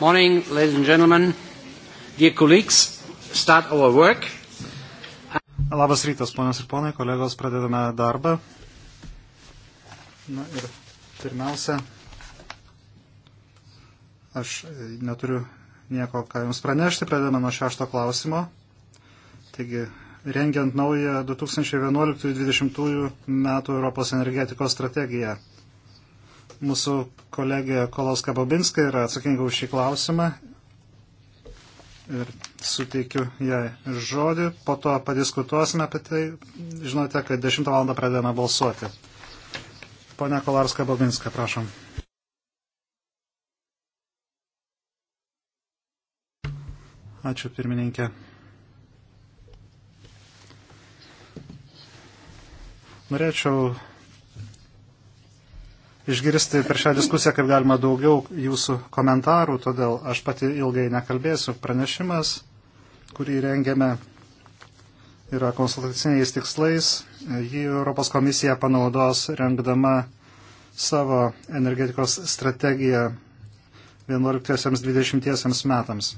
Morning, ladies and gentlemen, dear colleagues, start our work. Labas rytas, ponios ir ponai, kolegos, pradedame darbą. Na ir pirmiausia, aš neturiu nieko, ką Jums pranešti, pradedame nuo šešto klausimo. Taigi, rengiant naują 2011-2020 metų Europos energetikos strategiją. Mūsų kolegė Koloska Babinska yra atsakinga už šį klausimą ir suteikiu jai žodį. Po to padiskutuosime apie tai. Žinote, kad 10 val. pradėjome balsuoti. Pone Kolarska Babinska, prašom. Ačiū pirmininkė. Norėčiau išgirsti per šią diskusiją kaip galima daugiau jūsų komentarų, todėl aš pati ilgai nekalbėsiu. Pranešimas, kurį rengėme, yra konsultaciniais tikslais. Jį Europos komisija panaudos rengdama savo energetikos strategiją 11-20 metams.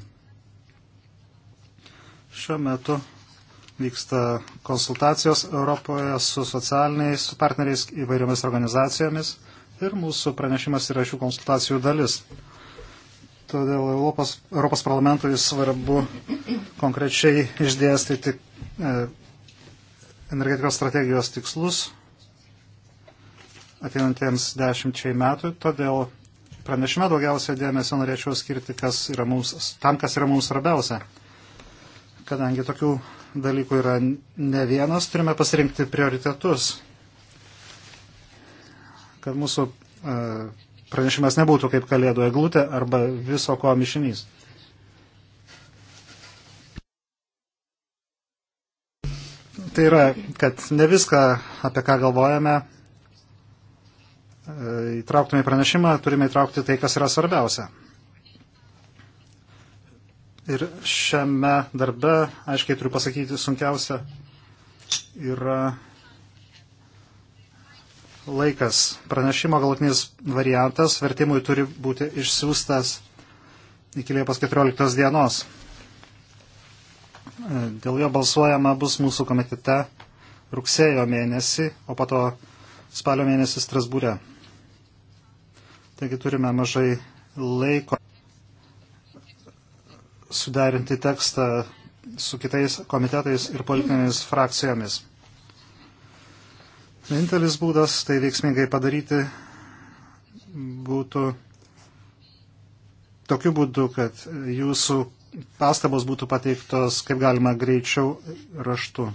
Šiuo metu vyksta konsultacijos Europoje su socialiniais su partneriais įvairiomis organizacijomis ir mūsų pranešimas yra šių konsultacijų dalis. Todėl Europos, Europos parlamentui svarbu konkrečiai išdėstyti e, energetikos strategijos tikslus ateinantiems dešimčiai metų. Todėl pranešime daugiausia dėmesio norėčiau skirti kas yra mums, tam, kas yra mums svarbiausia. Kadangi tokių dalykų yra ne vienas, turime pasirinkti prioritetus kad mūsų e, pranešimas nebūtų kaip kalėdų eglutė arba viso ko mišinys. Tai yra, kad ne viską, apie ką galvojame, e, įtrauktume į pranešimą, turime įtraukti tai, kas yra svarbiausia. Ir šiame darbe, aiškiai turiu pasakyti, sunkiausia yra laikas. Pranešimo galutinis variantas vertimui turi būti išsiųstas iki Liepos 14 dienos. E, dėl jo balsuojama bus mūsų komitete rugsėjo mėnesį, o po to spalio mėnesį Strasbūre. Taigi turime mažai laiko suderinti tekstą su kitais komitetais ir politinėmis frakcijomis. Vienintelis būdas tai veiksmingai padaryti būtų tokiu būdu, kad jūsų pastabos būtų pateiktos kaip galima greičiau raštu.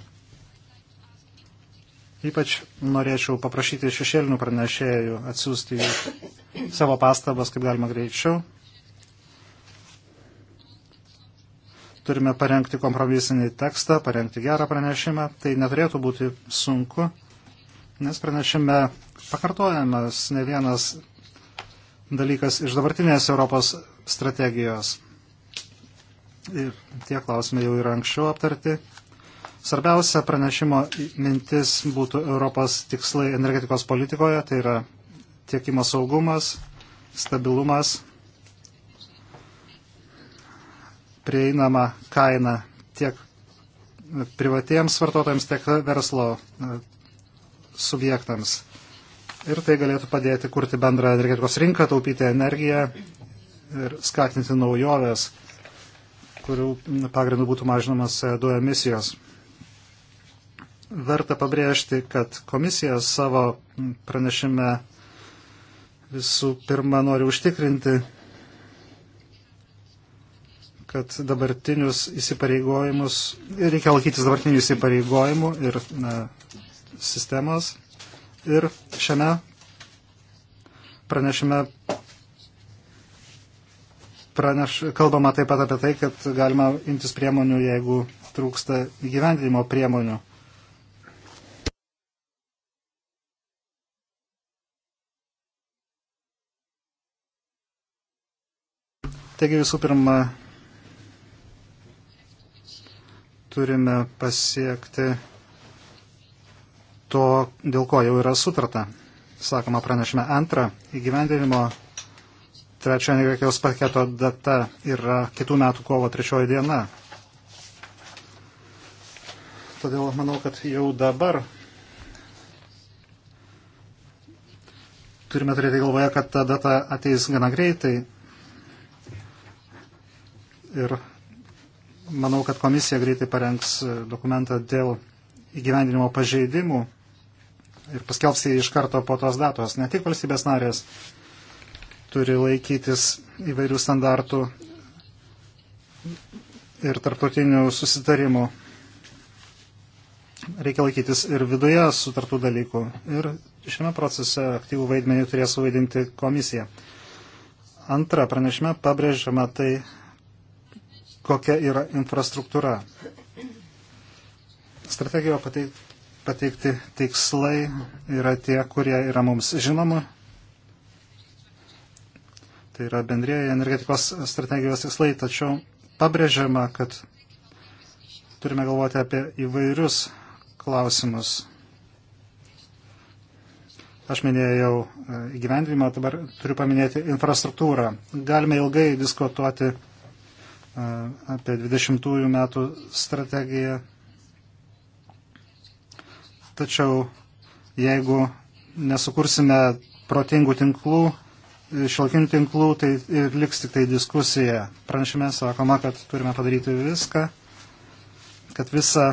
Ypač norėčiau paprašyti šešėlinių pranešėjų atsiųsti savo pastabas kaip galima greičiau. Turime parengti kompromisinį tekstą, parengti gerą pranešimą. Tai neturėtų būti sunku nes pranešime pakartojamas ne vienas dalykas iš dabartinės Europos strategijos. Ir tie klausimai jau yra anksčiau aptarti. Svarbiausia pranešimo mintis būtų Europos tikslai energetikos politikoje, tai yra tiekimo saugumas, stabilumas, prieinama kaina tiek privatiems vartotojams, tiek verslo subjektams. Ir tai galėtų padėti kurti bendrą energetikos rinką, taupyti energiją ir skatinti naujoves, kurių pagrindų būtų mažinamas CO2 emisijos. Verta pabrėžti, kad komisija savo pranešime visų pirma nori užtikrinti, kad dabartinius įsipareigojimus, reikia laikytis dabartinių įsipareigojimų ir na, sistemos. Ir šiame pranešime praneš, kalbama taip pat apie tai, kad galima imtis priemonių, jeigu trūksta įgyvendinimo priemonių. Taigi visų pirma, turime pasiekti to, dėl ko jau yra sutarta. Sakoma, pranešime antrą įgyvendinimo trečio energijos paketo data yra kitų metų kovo trečioji diena. Todėl manau, kad jau dabar turime turėti galvoje, kad ta data ateis gana greitai. Ir manau, kad komisija greitai parengs dokumentą dėl įgyvendinimo pažeidimų ir paskelbs jį iš karto po tos datos. Ne tik valstybės narės turi laikytis įvairių standartų ir tarptautinių susitarimų. Reikia laikytis ir viduje sutartų dalykų. Ir šiame procese aktyvų vaidmenį turės suvaidinti komisija. Antra, pranešime pabrėžiama tai, kokia yra infrastruktūra. Strategijoje pateikta pateikti tikslai yra tie, kurie yra mums žinomi. Tai yra bendrėjai energetikos strategijos tikslai, tačiau pabrėžiama, kad turime galvoti apie įvairius klausimus. Aš minėjau e, įgyvendinimą, dabar turiu paminėti infrastruktūrą. Galime ilgai diskutuoti e, apie 20 metų strategiją Tačiau jeigu nesukursime protingų tinklų, šilkinių tinklų, tai ir liks tik tai diskusija. Pranešime sakoma, kad turime padaryti viską, kad visą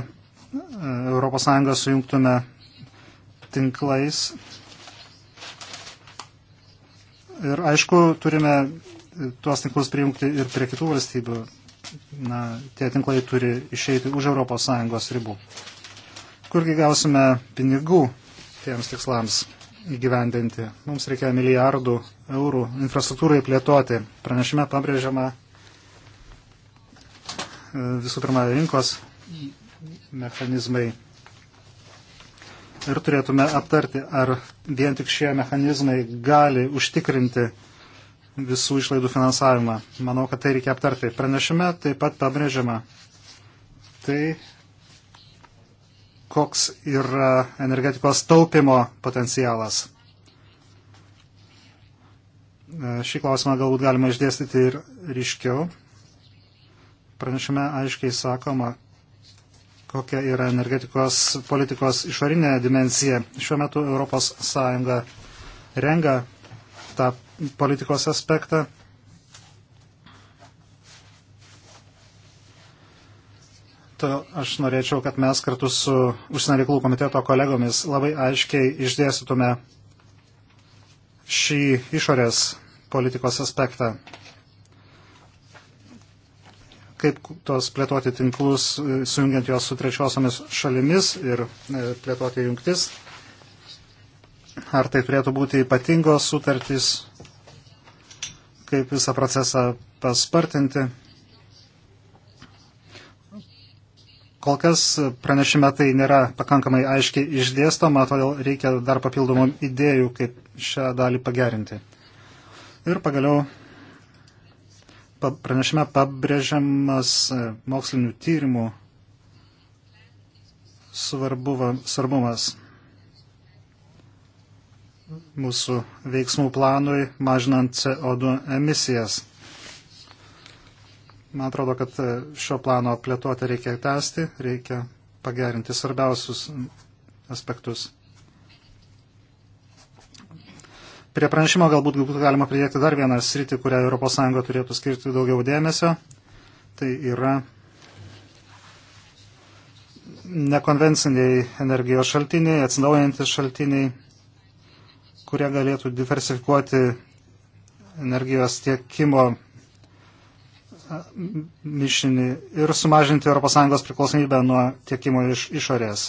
ES sujungtume tinklais. Ir aišku, turime tuos tinklus prijungti ir prie kitų valstybių. Na, tie tinklai turi išeiti už ES ribų kurgi gausime pinigų tiems tikslams įgyvendinti. Mums reikia milijardų eurų infrastruktūrai plėtoti. Pranešime pabrėžiama e, visų pirma rinkos mechanizmai. Ir turėtume aptarti, ar vien tik šie mechanizmai gali užtikrinti visų išlaidų finansavimą. Manau, kad tai reikia aptarti. Pranešime taip pat pabrėžiama tai, koks yra energetikos taupimo potencialas. E, šį klausimą galbūt galima išdėstyti ir ryškiau. Pranešime aiškiai sakoma, kokia yra energetikos politikos išorinė dimensija. Šiuo metu ES renga tą politikos aspektą Todėl aš norėčiau, kad mes kartu su užsienio reikalų komiteto kolegomis labai aiškiai išdėstytume šį išorės politikos aspektą. Kaip tos plėtoti tinklus, sujungiant juos su trečiosiomis šalimis ir e, plėtoti jungtis. Ar tai turėtų būti ypatingos sutartys, kaip visą procesą paspartinti. Kol kas pranešime tai nėra pakankamai aiškiai išdėstoma, todėl reikia dar papildomų idėjų, kaip šią dalį pagerinti. Ir pagaliau pranešime pabrėžiamas e, mokslinių tyrimų svarbuva, svarbumas mūsų veiksmų planui mažinant CO2 emisijas. Man atrodo, kad e, šio plano plėtoti reikia tęsti, reikia pagerinti svarbiausius aspektus. Prie pranešimo galbūt būtų galima pridėti dar vieną sritį, kurią ES turėtų skirti daugiau dėmesio. Tai yra nekonvenciniai energijos šaltiniai, atsinaujantis šaltiniai, kurie galėtų diversifikuoti energijos tiekimo mišinį ir sumažinti ES priklausomybę nuo tiekimo iš išorės.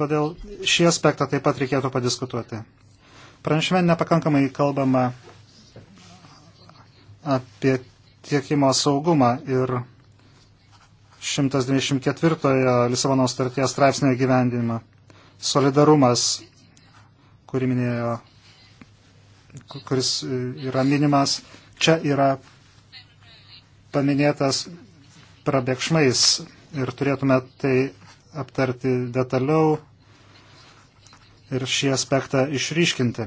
Todėl šį aspektą taip pat reikėtų padiskutuoti. Pranešime nepakankamai kalbama apie tiekimo saugumą ir 194 Lisabono starties straipsnio gyvendinimą. Solidarumas, kurį minėjo, kuris yra minimas, čia yra paminėtas prabėgšmais ir turėtume tai aptarti detaliau ir šį aspektą išryškinti.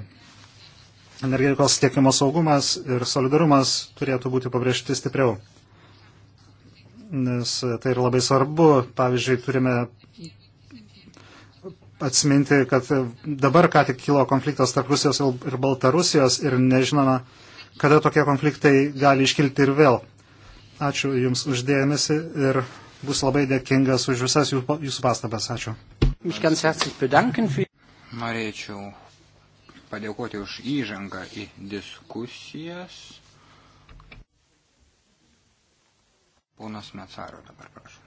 Energetikos tiekimo saugumas ir solidarumas turėtų būti pabrėžti stipriau, nes tai yra labai svarbu. Pavyzdžiui, turime atsiminti, kad dabar ką tik kilo konfliktas tarp Rusijos ir Baltarusijos ir nežinoma, kada tokie konfliktai gali iškilti ir vėl. Ačiū Jums uždėmesi ir bus labai dėkingas už visas Jūsų pastabas. Ačiū. Norėčiau padėkoti už įžangą į diskusijas. Ponas Mecaro dabar prašom.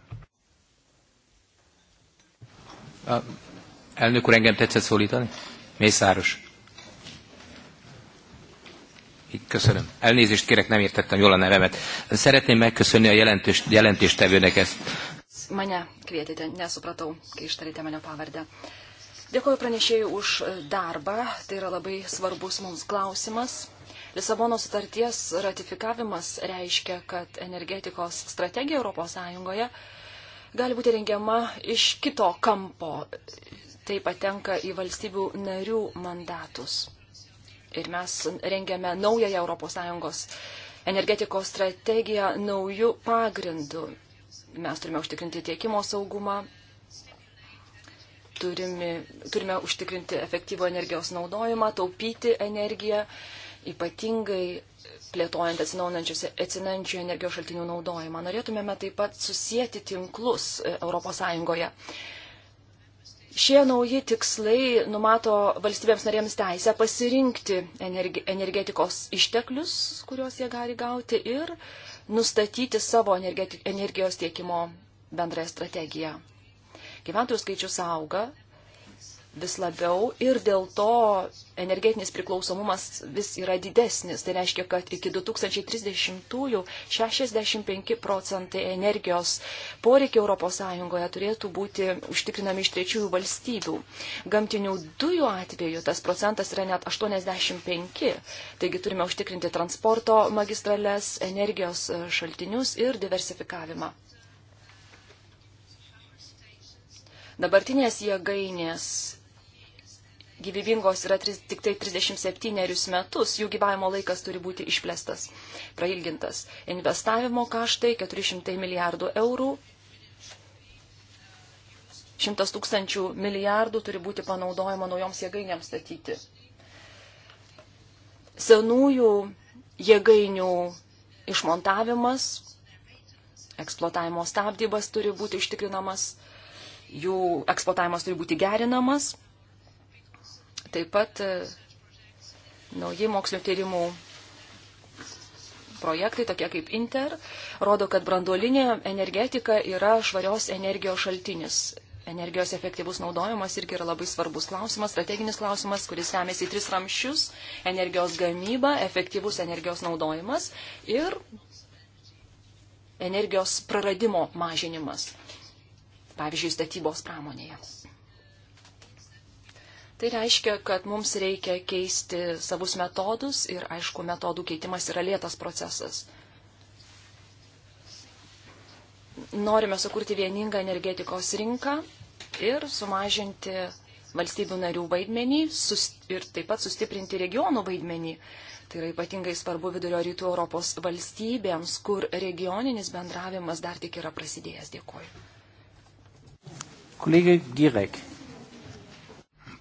Elnök úr, engem tetszett szólítani? Mészáros. Köszönöm. Elnézést kérek, nem értettem jól a nevemet. Szeretném megköszönni a jelentős, jelentéstevőnek ezt. Mane kvietėte, nesupratau, kai ištarėte mano pavardę. Dėkuoju pranešėjui už darbą, tai yra labai svarbus mums klausimas. Lisabono sutarties ratifikavimas reiškia, kad energetikos strategija ES gali būti rengiama iš kito kampo. Tai patenka į valstybių narių mandatus ir mes rengiame naująją ES energetikos strategiją naujų pagrindų. Mes turime užtikrinti tiekimo saugumą, turime, turime užtikrinti efektyvų energijos naudojimą, taupyti energiją, ypatingai plėtojant atsinaujančių energijos šaltinių naudojimą. Norėtumėme taip pat susijęti tinklus ES. Šie nauji tikslai numato valstybėms narėms teisę pasirinkti energetikos išteklius, kuriuos jie gali gauti, ir nustatyti savo energijos tiekimo bendrąją strategiją. Gyventojų skaičius auga, vis labiau ir dėl to energetinis priklausomumas vis yra didesnis. Tai reiškia, kad iki 2030-ųjų 65 procentai energijos poreikiai ES turėtų būti užtikrinami iš trečiųjų valstybių. Gamtinių dujų atveju tas procentas yra net 85. Taigi turime užtikrinti transporto magistrales, energijos šaltinius ir diversifikavimą. dabartinės jėgainės gyvybingos yra tris, tik tai 37 metus, jų gyvavimo laikas turi būti išplėstas, prailgintas. Investavimo kaštai 400 milijardų eurų, 100 tūkstančių milijardų turi būti panaudojama naujoms jėgainėms statyti. Senųjų jėgainių išmontavimas, eksploatavimo stabdybas turi būti užtikrinamas, jų eksploatavimas turi būti gerinamas Taip pat e, nauji mokslinio tyrimų projektai, tokie kaip Inter, rodo, kad branduolinė energetika yra švarios energijos šaltinis. Energijos efektyvus naudojimas irgi yra labai svarbus klausimas, strateginis klausimas, kuris semėsi į tris ramščius - energijos gamyba, efektyvus energijos naudojimas ir energijos praradimo mažinimas, pavyzdžiui, statybos pramonėje. Tai reiškia, kad mums reikia keisti savus metodus ir, aišku, metodų keitimas yra lėtas procesas. Norime sukurti vieningą energetikos rinką ir sumažinti valstybių narių vaidmenį ir taip pat sustiprinti regionų vaidmenį. Tai yra ypatingai svarbu vidurio rytų Europos valstybėms, kur regioninis bendravimas dar tik yra prasidėjęs. Dėkuoju. Kolegė Girek.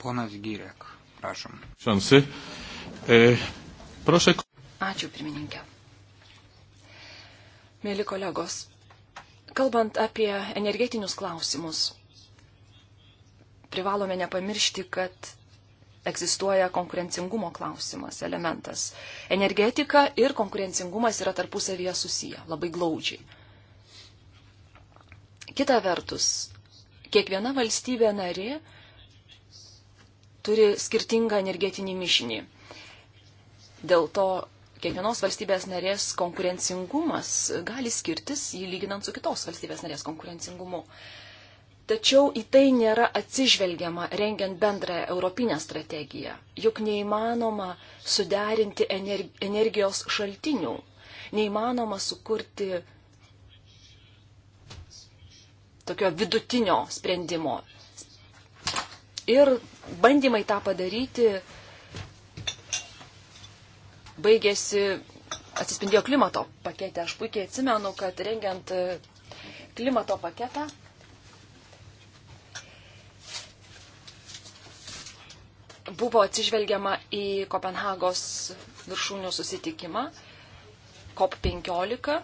Ponas Gyrek, prašom. Šansi. E, prašai. Ačiū, pirmininkė. Mėly kolegos, kalbant apie energetinius klausimus, privalome nepamiršti, kad egzistuoja konkurencingumo klausimas, elementas. Energetika ir konkurencingumas yra tarpusavyje susiję, labai glaudžiai. Kita vertus, kiekviena valstybė narė turi skirtingą energetinį mišinį. Dėl to kiekvienos valstybės narės konkurencingumas gali skirtis jį lyginant su kitos valstybės narės konkurencingumu. Tačiau į tai nėra atsižvelgiama rengiant bendrą europinę strategiją, juk neįmanoma suderinti energijos šaltinių, neįmanoma sukurti tokio vidutinio sprendimo. Ir bandymai tą padaryti baigėsi, atsispindėjo klimato pakete. Aš puikiai atsimenu, kad rengiant e, klimato paketą buvo atsižvelgiama į Kopenhagos viršūnių susitikimą COP15.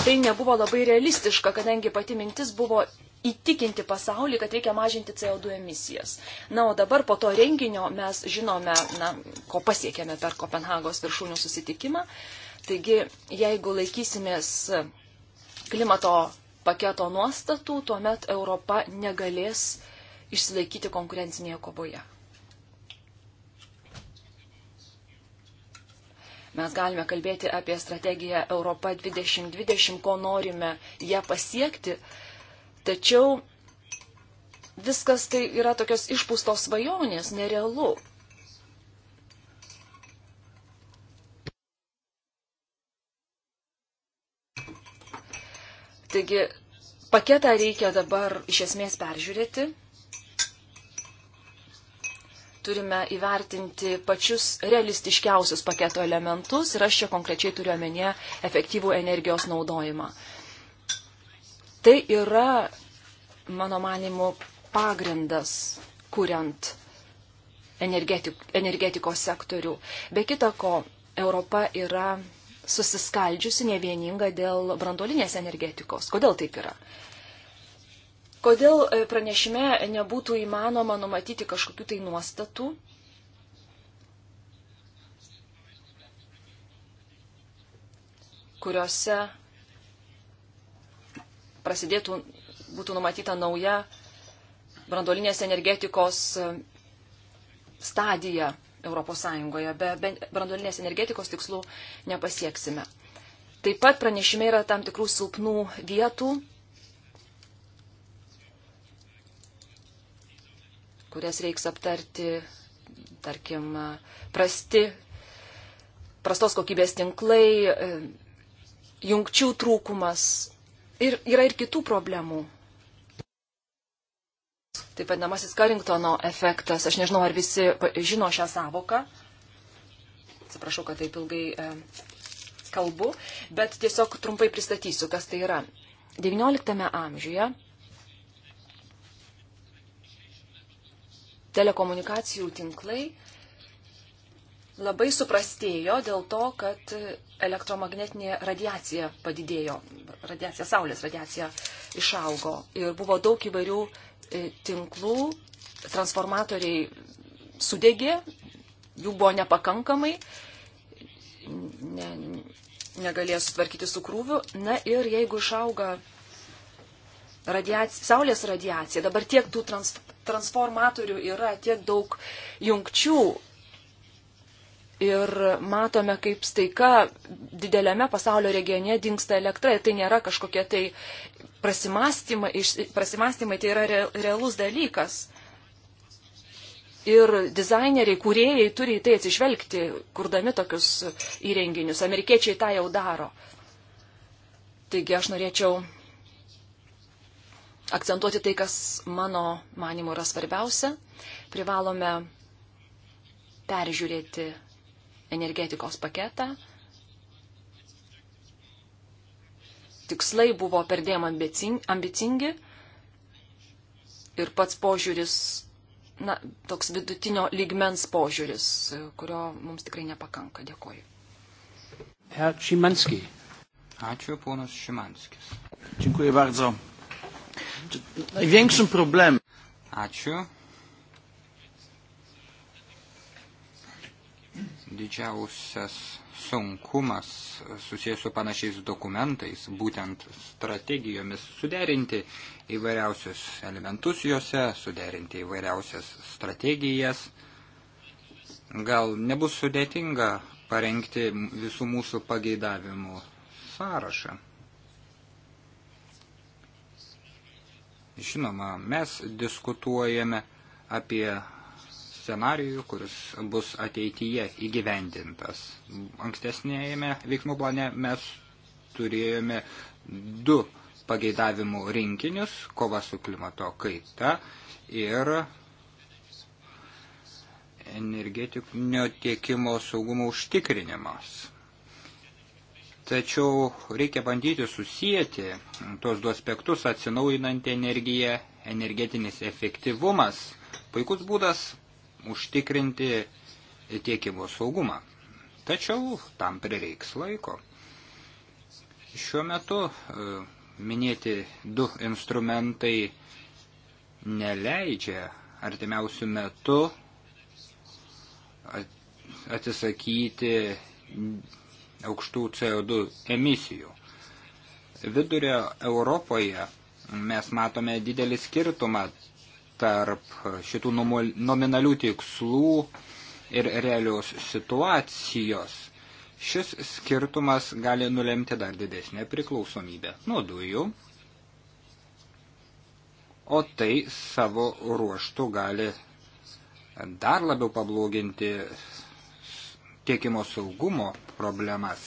Tai nebuvo labai realistiška, kadangi pati mintis buvo įtikinti pasaulį, kad reikia mažinti CO2 emisijas. Na, o dabar po to renginio mes žinome, na, ko pasiekėme per Kopenhagos viršūnių susitikimą. Taigi, jeigu laikysimės klimato paketo nuostatų, tuomet Europa negalės išsilaikyti konkurencinėje kovoje. Mes galime kalbėti apie strategiją Europa 2020, ko norime ją pasiekti, Tačiau viskas tai yra tokios išpūstos svajonės, nerealu. Taigi paketą reikia dabar iš esmės peržiūrėti. Turime įvertinti pačius realistiškiausius paketo elementus ir aš čia konkrečiai turiu omenyje efektyvų energijos naudojimą. Tai yra, mano manimu, pagrindas, kuriant energetik, energetikos sektorių. Be kita ko, Europa yra susiskaldžiusi nevieninga dėl brandolinės energetikos. Kodėl taip yra? Kodėl e, pranešime nebūtų įmanoma numatyti kažkokių tai nuostatų? kuriuose prasidėtų, būtų numatyta nauja brandolinės energetikos e, stadija ES. Be, be brandolinės energetikos tikslų nepasieksime. Taip pat pranešime yra tam tikrų silpnų vietų, kurias reiks aptarti, tarkim, prasti, prastos kokybės tinklai, e, jungčių trūkumas, ir yra ir kitų problemų. Taip vadinamasis Karingtono efektas. Aš nežinau, ar visi žino šią savoką. Atsiprašau, kad taip ilgai e, kalbu, bet tiesiog trumpai pristatysiu, kas tai yra. XIX amžiuje telekomunikacijų tinklai labai suprastėjo dėl to, kad elektromagnetinė radiacija padidėjo, radiacija, saulės radiacija išaugo ir buvo daug įvairių e, tinklų, transformatoriai sudegė, jų buvo nepakankamai, ne, negalėjo sutvarkyti su krūviu. Na ir jeigu išauga radiacija, saulės radiacija, dabar tiek tų trans, transformatorių yra, tiek daug jungčių Ir matome, kaip staika dideliame pasaulio regione dinksta elektra. Ir tai nėra kažkokie tai prasimastymai, prasimastymai tai yra realus dalykas. Ir dizaineriai, kūrėjai turi į tai atsižvelgti, kurdami tokius įrenginius. Amerikiečiai tą jau daro. Taigi aš norėčiau akcentuoti tai, kas mano manimo yra svarbiausia. Privalome peržiūrėti energetikos paketą. Tikslai buvo perdėm ambicingi ir pats požiūris, na, toks vidutinio lygmens požiūris, kurio mums tikrai nepakanka. Dėkoju. Herr Šimanski. Ačiū, ponas Šimanskis. Dziękuję bardzo. Największym problemem. Ačiū. didžiausias sunkumas susijęs su panašiais dokumentais, būtent strategijomis suderinti įvairiausius elementus juose, suderinti įvairiausias strategijas. Gal nebus sudėtinga parengti visų mūsų pageidavimų sąrašą. Žinoma, mes diskutuojame apie scenarijų, kuris bus ateityje įgyvendintas. Ankstesnėjame veiksmų plane mes turėjome du pageidavimų rinkinius - kova su klimato kaita ir energetinio tiekimo saugumo užtikrinimas. Tačiau reikia bandyti susijęti tuos du aspektus - atsinaujinanti energija, energetinis efektyvumas. Puikus būdas užtikrinti tiekimo saugumą. Tačiau tam prireiks laiko. Šiuo metu e, minėti du instrumentai neleidžia artimiausių metų atsisakyti aukštų CO2 emisijų. Vidurio Europoje mes matome didelį skirtumą tarp šitų nominalių tikslų ir realios situacijos. Šis skirtumas gali nulemti dar didesnę priklausomybę nuo dujų, o tai savo ruoštų gali dar labiau pabloginti tiekimo saugumo problemas.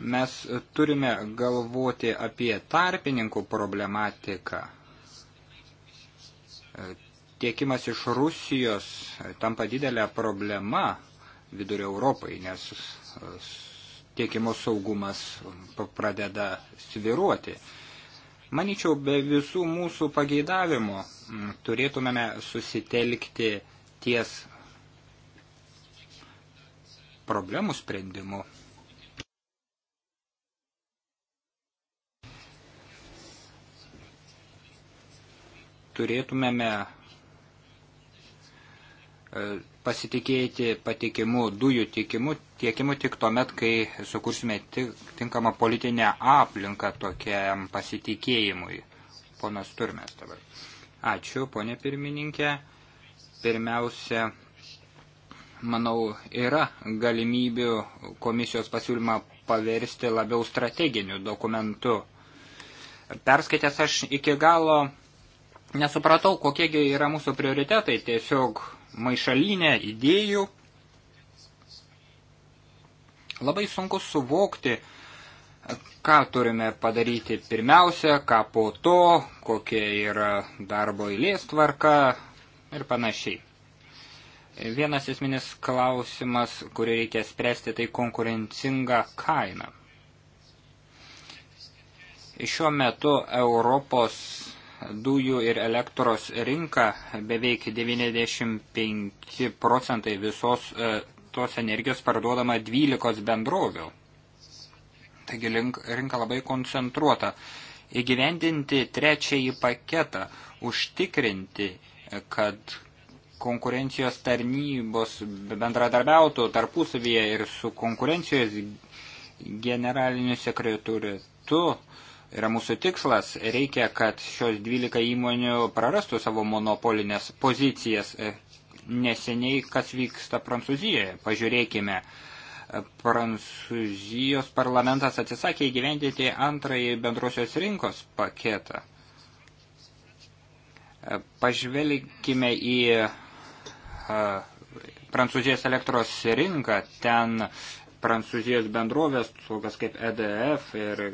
Mes turime galvoti apie tarpininkų problematiką. Tiekimas iš Rusijos tampa didelė problema vidurio Europai, nes tiekimo saugumas pradeda sviruoti. Maničiau, be visų mūsų pageidavimų turėtumėme susitelkti ties problemų sprendimu. turėtumėme e, pasitikėti patikimu dujų tiekimu, tiekimu tik tuomet, kai sukursime tinkamą politinę aplinką tokiam pasitikėjimui. Ponas Turmės dabar. Ačiū, ponė pirmininkė. Pirmiausia, manau, yra galimybių komisijos pasiūlymą paversti labiau strateginiu dokumentu. Perskaitęs aš iki galo nesupratau, kokiegi yra mūsų prioritetai, tiesiog maišalinė idėjų. Labai sunku suvokti, ką turime padaryti pirmiausia, ką po to, kokia yra darbo eilės tvarka ir panašiai. Vienas esminis klausimas, kurį reikia spręsti, tai konkurencinga kaina. Šiuo metu Europos dujų ir elektros rinką beveik 95 procentai visos e, tos energijos parduodama 12 bendrovių. Taigi rinka labai koncentruota. Įgyvendinti trečiąjį paketą, užtikrinti, e, kad konkurencijos tarnybos bendradarbiautų tarpusavyje ir su konkurencijos generaliniu sekretoriu yra mūsų tikslas. Reikia, kad šios 12 įmonių prarastų savo monopolinės pozicijas. Neseniai, kas vyksta Prancūzijoje, pažiūrėkime. Prancūzijos parlamentas atsisakė įgyvendinti antrąjį bendrosios rinkos paketą. Pažvelgime į Prancūzijos elektros rinką, ten Prancūzijos bendrovės, tokias kaip EDF ir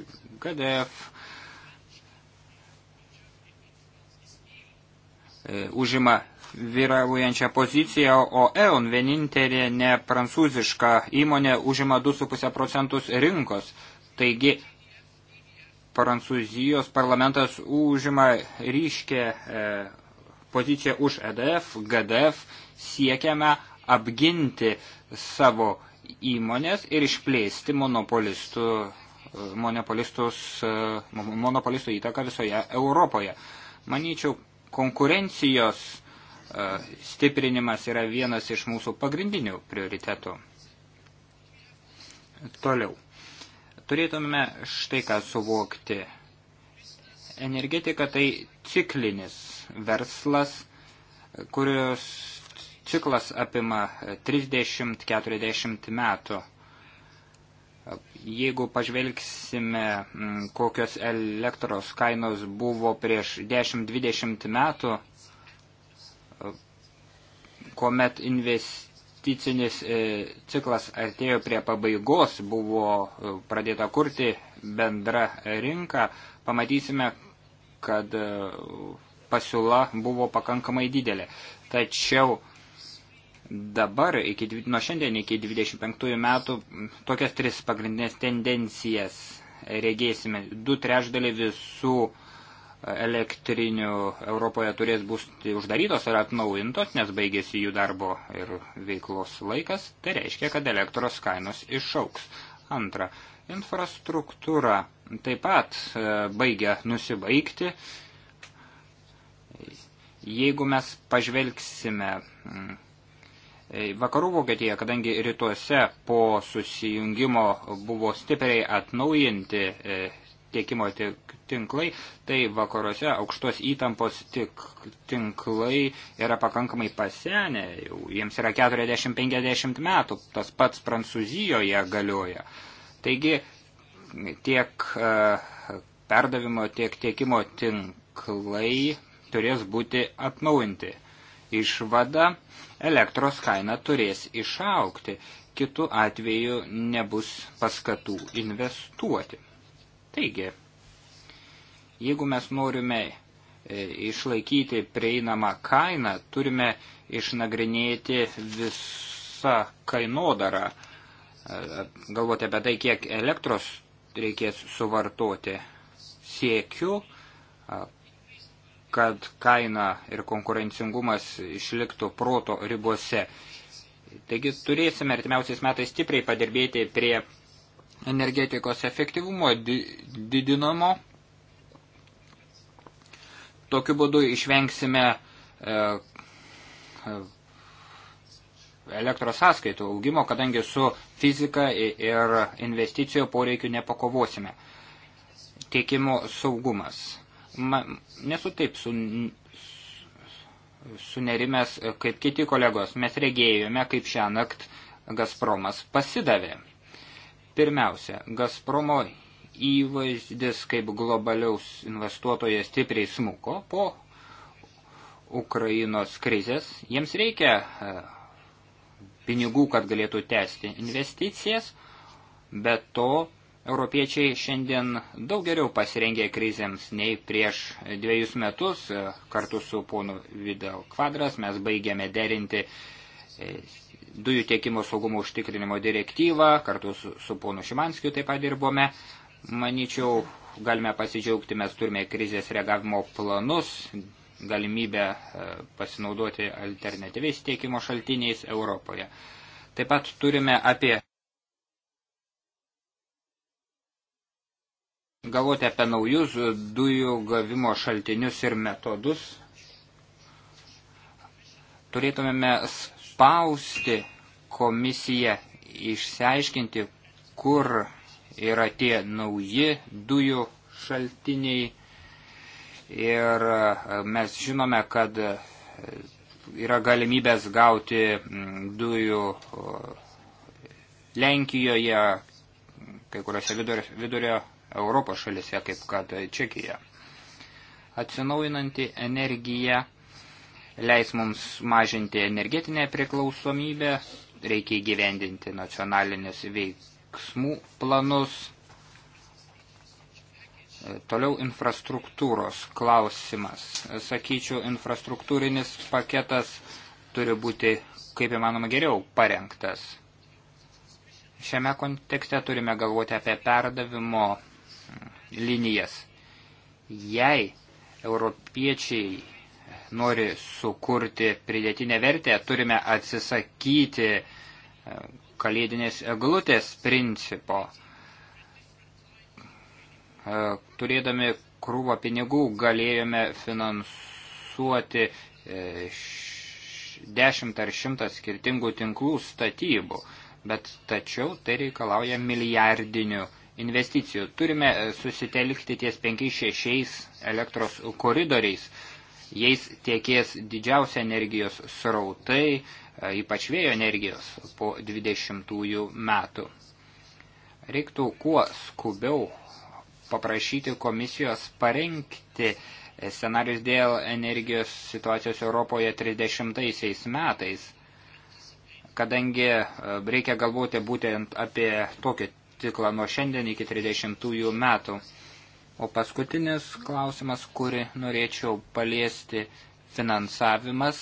KDF e, užima vyraujančią poziciją, o EON vienintelė ne prancūziška įmonė užima 2,5 procentus rinkos. Taigi Prancūzijos parlamentas užima ryškę e, poziciją už EDF, GDF, siekiame apginti savo įmonės ir išplėsti monopolistų E, monopolistų įtaką visoje Europoje. Manyčiau, konkurencijos e, stiprinimas yra vienas iš mūsų pagrindinių prioritetų. Toliau. Turėtume štai ką suvokti. Energetika tai ciklinis verslas, kurios ciklas apima 30-40 metų. Jeigu pažvelgsime, mm, kokios elektros kainos buvo prieš 10-20 metų, kuomet investicinis e, ciklas artėjo prie pabaigos, buvo e, pradėta kurti bendra rinka, pamatysime, kad e, pasiūla buvo pakankamai didelė. Tačiau dabar, iki, nuo šiandien iki 25 metų, tokias tris pagrindinės tendencijas regėsime. Du trešdaliai visų elektrinių Europoje turės būti uždarytos ar atnaujintos, nes baigėsi jų darbo ir veiklos laikas. Tai reiškia, kad elektros kainos išauks. Antra, infrastruktūra taip pat e, baigia nusibaigti. Jeigu mes pažvelgsime Vakarų Vokietija, kadangi rytuose po susijungimo buvo stipriai atnaujinti e, tiekimo tinklai, tai vakaruose aukštos įtampos tik, tinklai yra pakankamai pasenę, jiems yra 40-50 metų, tas pats Prancūzijoje galioja. Taigi tiek e, perdavimo, tiek tiekimo tinklai turės būti atnaujinti. Išvada elektros kaina turės išaukti, kitu atveju nebus paskatų investuoti. Taigi, jeigu mes norime e, išlaikyti prieinamą kainą, turime išnagrinėti visą kainodarą, e, galvoti apie tai, kiek elektros reikės suvartoti. Siekiu kad kaina ir konkurencingumas išliktų proto ribose. Taigi turėsime artimiausiais metais stipriai padirbėti prie energetikos efektyvumo didinamo. Tokiu būdu išvengsime e, e, elektros sąskaitų augimo, kadangi su fizika ir investicijų poreikiu nepakovosime. Tiekimo saugumas ma, nesu taip su, sunerimęs kaip kiti kolegos. Mes regėjome, kaip šią nakt Gazpromas pasidavė. Pirmiausia, Gazpromo įvaizdis kaip globaliaus investuotoje stipriai smuko po Ukrainos krizės. Jiems reikia e, pinigų, kad galėtų tęsti investicijas, bet to Europiečiai šiandien daug geriau pasirengė krizėms nei prieš dviejus metus. Kartu su ponu Vidal Kvadras mes baigėme derinti e, dujų tiekimo saugumo užtikrinimo direktyvą, kartu su, su ponu Šimanskiu taip pat dirbome. Manyčiau, galime pasidžiaugti, mes turime krizės reagavimo planus, galimybę e, pasinaudoti alternatyviais tiekimo šaltiniais Europoje. Taip pat turime apie galvoti apie naujus dujų gavimo šaltinius ir metodus. Turėtumėme spausti komisiją išsiaiškinti, kur yra tie nauji dujų šaltiniai. Ir e, mes žinome, kad e, yra galimybės gauti dujų Lenkijoje, kai kuriuose vidurio, vidurio Europos šalise, kaip kad Čekija. Atsinaujinanti energija leis mums mažinti energetinę priklausomybę, reikia įgyvendinti nacionalinius veiksmų planus. Toliau infrastruktūros klausimas. Sakyčiau, infrastruktūrinis paketas turi būti kaip įmanoma geriau parengtas. Šiame kontekste turime galvoti apie perdavimo linijas. Jei europiečiai nori sukurti pridėtinę vertę, turime atsisakyti e, kalėdinės eglutės principo. E, turėdami krūvą pinigų galėjome finansuoti e, dešimt ar šimtas skirtingų tinklų statybų, bet tačiau tai reikalauja milijardinių investicijų. Turime e, susitelkti ties 5-6 elektros koridoriais. Jais tiekės didžiausia energijos srautai, e, ypač vėjo energijos po 20 metų. Reiktų kuo skubiau paprašyti komisijos parengti e, scenarius dėl energijos situacijos Europoje 30 metais, kadangi reikia galvoti būtent apie tokį ciklą nuo šiandien iki 30 metų. O paskutinis klausimas, kurį norėčiau paliesti, finansavimas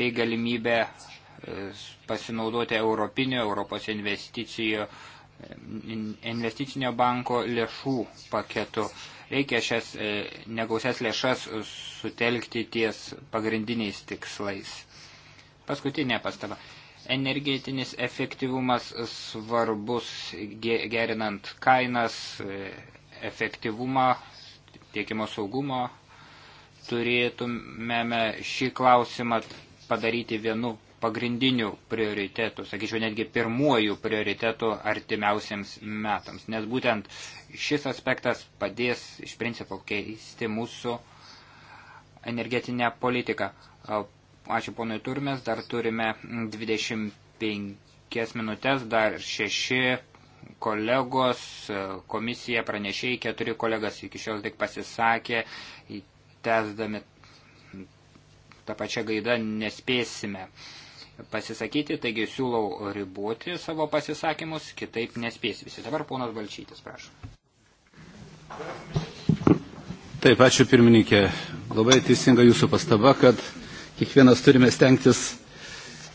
bei galimybė e, pasinaudoti Europinio Europos investicijų, investicinio banko lėšų paketu. Reikia šias e, negausias lėšas sutelkti ties pagrindiniais tikslais. Paskutinė pastaba energetinis efektyvumas svarbus gerinant kainas, efektyvumą, tiekimo saugumo. Turėtumėme šį klausimą padaryti vienu pagrindinių prioritetų, sakyčiau, netgi pirmuoju prioritetu artimiausiams metams, nes būtent šis aspektas padės iš principo keisti mūsų energetinę politiką. Ačiū ponui Turmės, dar turime 25 minutės, dar 6 kolegos, komisija pranešėjai, 4 kolegas iki šiol tik pasisakė, tesdami tą pačią gaidą nespėsime pasisakyti, taigi siūlau riboti savo pasisakymus, kitaip nespės visi. Dabar ponas Balčytis, prašom. Taip, ačiū pirmininkė. Labai teisinga jūsų pastaba, kad kiekvienas turime stengtis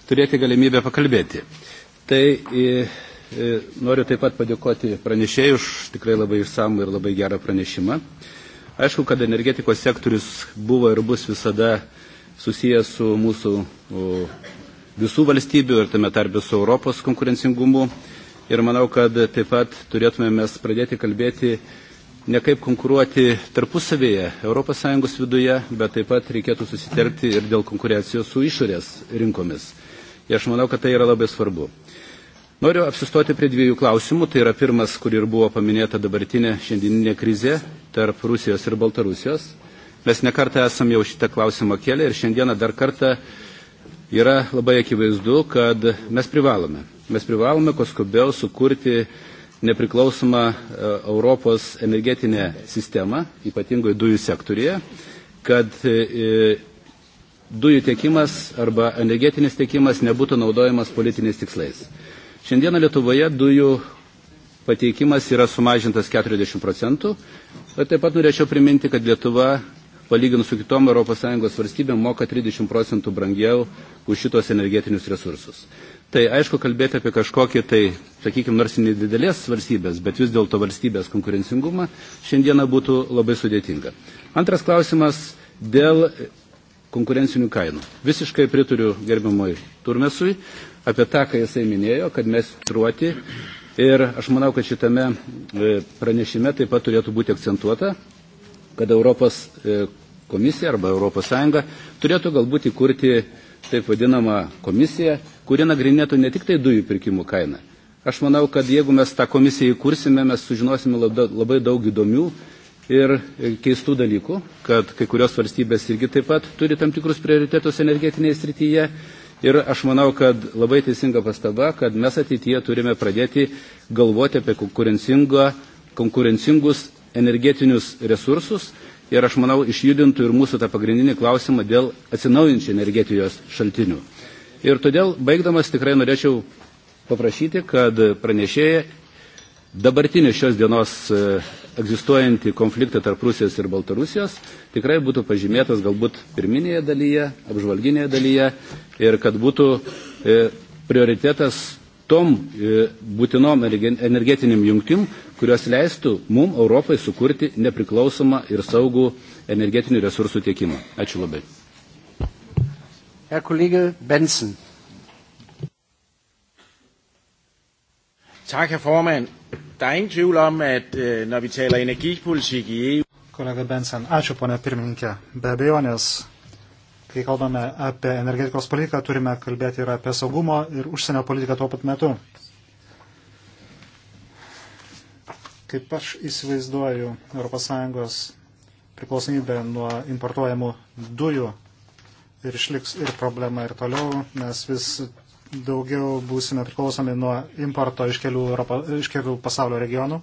turėti galimybę pakalbėti. Tai e, e, noriu taip pat padėkoti pranešėjai už tikrai labai išsamų ir labai gerą pranešimą. Aišku, kad energetikos sektorius buvo ir bus visada susijęs su mūsų visų valstybių ir tame tarpe su Europos konkurencingumu. Ir manau, kad taip pat turėtume mes pradėti kalbėti ne kaip konkuruoti tarpusavėje ES viduje, bet taip pat reikėtų susitelkti ir dėl konkurencijos su išorės rinkomis. Ir aš manau, kad tai yra labai svarbu. Noriu apsistoti prie dviejų klausimų. Tai yra pirmas, kur ir buvo paminėta dabartinė šiandieninė krizė tarp Rusijos ir Baltarusijos. Mes nekartą esam jau šitą klausimą kėlę ir šiandieną dar kartą yra labai akivaizdu, kad mes privalome. Mes privalome, kuo skubiau sukurti nepriklausomą e, Europos energetinę sistemą, ypatingai dujų sektorėje, kad e, e, dujų tiekimas arba energetinis tiekimas nebūtų naudojamas politiniais tikslais. Šiandieną Lietuvoje dujų pateikimas yra sumažintas 40 procentų, bet taip pat norėčiau priminti, kad Lietuva palyginus su kitom ES valstybėm moka 30 procentų brangiau už šitos energetinius resursus. Tai aišku, kalbėti apie kažkokį tai, sakykime, nors nedidelės valstybės, bet vis dėlto valstybės konkurencingumą šiandieną būtų labai sudėtinga. Antras klausimas dėl konkurencinių kainų. Visiškai prituriu gerbiamui Turmesui apie tą, ką jisai minėjo, kad mes truoti. Ir aš manau, kad šitame e, pranešime taip pat turėtų būti akcentuota, kad Europos e, komisija arba Europos Sąjunga turėtų galbūt įkurti taip vadinamą komisiją kuri nagrinėtų ne tik tai dujų pirkimų kainą. Aš manau, kad jeigu mes tą komisiją įkursime, mes sužinosime labai daug įdomių ir keistų dalykų, kad kai kurios valstybės irgi taip pat turi tam tikrus prioritetus energetinėje srityje. Ir aš manau, kad labai teisinga pastaba, kad mes ateityje turime pradėti galvoti apie konkurencingus energetinius resursus. Ir aš manau, išjudintų ir mūsų tą pagrindinį klausimą dėl atsinaujinčių energetijos šaltinių. Ir todėl, baigdamas, tikrai norėčiau paprašyti, kad pranešėjai dabartinį šios dienos e, egzistuojantį konfliktą tarp Rusijos ir Baltarusijos tikrai būtų pažymėtas galbūt pirminėje dalyje, apžvalginėje dalyje ir kad būtų e, prioritetas tom e, būtinom energetiniam jungtim, kurios leistų mum Europai sukurti nepriklausomą ir saugų energetinių resursų tiekimą. Ačiū labai. Herr Kollege Benson. Tak, herr formand. Der er ingen tvivl om, at øh, når vi taler energipolitik i EU... Kolega Benson, ačiū, ponia pirmininkė. Be abejonės, kai kalbame apie energetikos politiką, turime kalbėti ir apie saugumo ir užsienio politiką tuo pat metu. Kaip aš įsivaizduoju ES priklausomybę nuo importuojamų dujų ir išliks ir problema ir toliau, nes vis daugiau būsime priklausomi nuo importo iš kelių, Europo, iš kelių pasaulio regionų.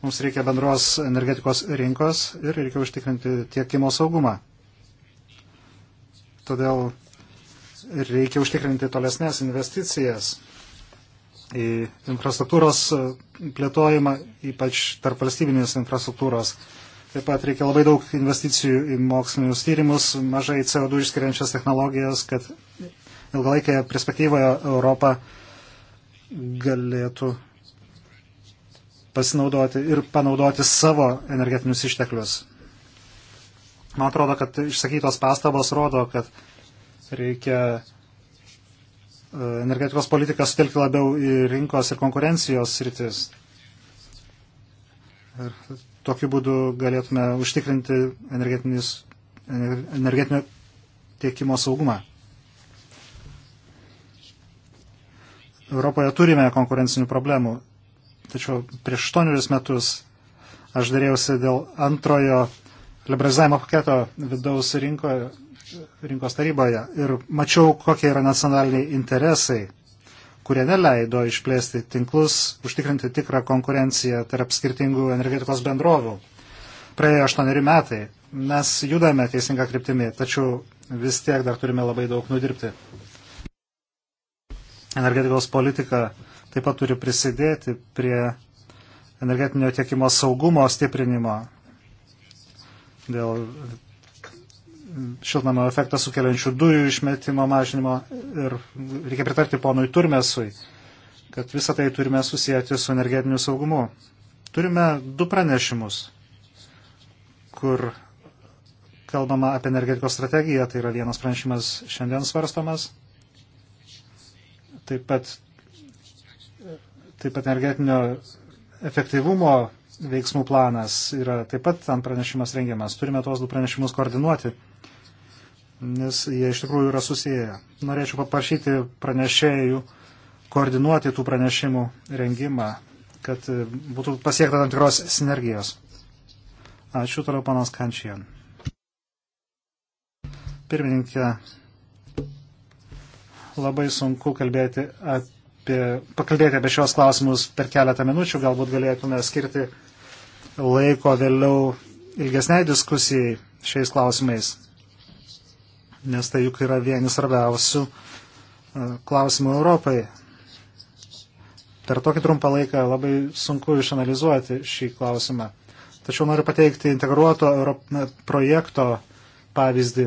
Mums reikia bendros energetikos rinkos ir reikia užtikrinti tiekimo saugumą. Todėl reikia užtikrinti tolesnės investicijas į infrastruktūros plėtojimą, ypač tarp valstybinės infrastruktūros. Taip pat reikia labai daug investicijų į mokslinius tyrimus, mažai CO2 išskiriančias technologijas, kad ilgalaikėje perspektyvoje Europa galėtų pasinaudoti ir panaudoti savo energetinius išteklius. Man atrodo, kad išsakytos pastabos rodo, kad reikia e, energetikos politiką sutelkti labiau į rinkos ir konkurencijos sritis. Ir Tokiu būdu galėtume užtikrinti energetinio tiekimo saugumą. Europoje turime konkurencinių problemų, tačiau prieš 8 metus aš darėjausi dėl antrojo liberalizavimo paketo vidaus rinkoje, rinkos taryboje ir mačiau, kokie yra nacionaliniai interesai kurie neleido išplėsti tinklus, užtikrinti tikrą konkurenciją tarp skirtingų energetikos bendrovų. Praėjo aštuoneri metai. Mes judame teisinga kryptimi, tačiau vis tiek dar turime labai daug nudirbti. Energetikos politika taip pat turi prisidėti prie energetinio tiekimo saugumo stiprinimo dėl šiltnamio efektą sukeliančių dujų išmetimo mažinimo ir reikia pritarti ponui Turmesui, kad visą tai turime susijęti su energetiniu saugumu. Turime du pranešimus, kur kalbama apie energetikos strategiją, tai yra vienas pranešimas šiandien svarstomas, taip pat, taip pat energetinio efektyvumo veiksmų planas yra taip pat tam pranešimas rengiamas. Turime tuos du pranešimus koordinuoti nes jie iš tikrųjų yra susiję. Norėčiau paprašyti pranešėjų koordinuoti tų pranešimų rengimą, kad e, būtų pasiekta tam tikros sinergijos. Ačiū toliau panas Kančijan. Pirmininkė, labai sunku kalbėti apie, pakalbėti apie šios klausimus per keletą minučių, galbūt galėtume skirti laiko vėliau ilgesnei diskusijai šiais klausimais nes tai juk yra vienis svarbiausių e, klausimų Europai. Per tokį trumpą laiką labai sunku išanalizuoti šį klausimą. Tačiau noriu pateikti integruoto Europ... projekto pavyzdį.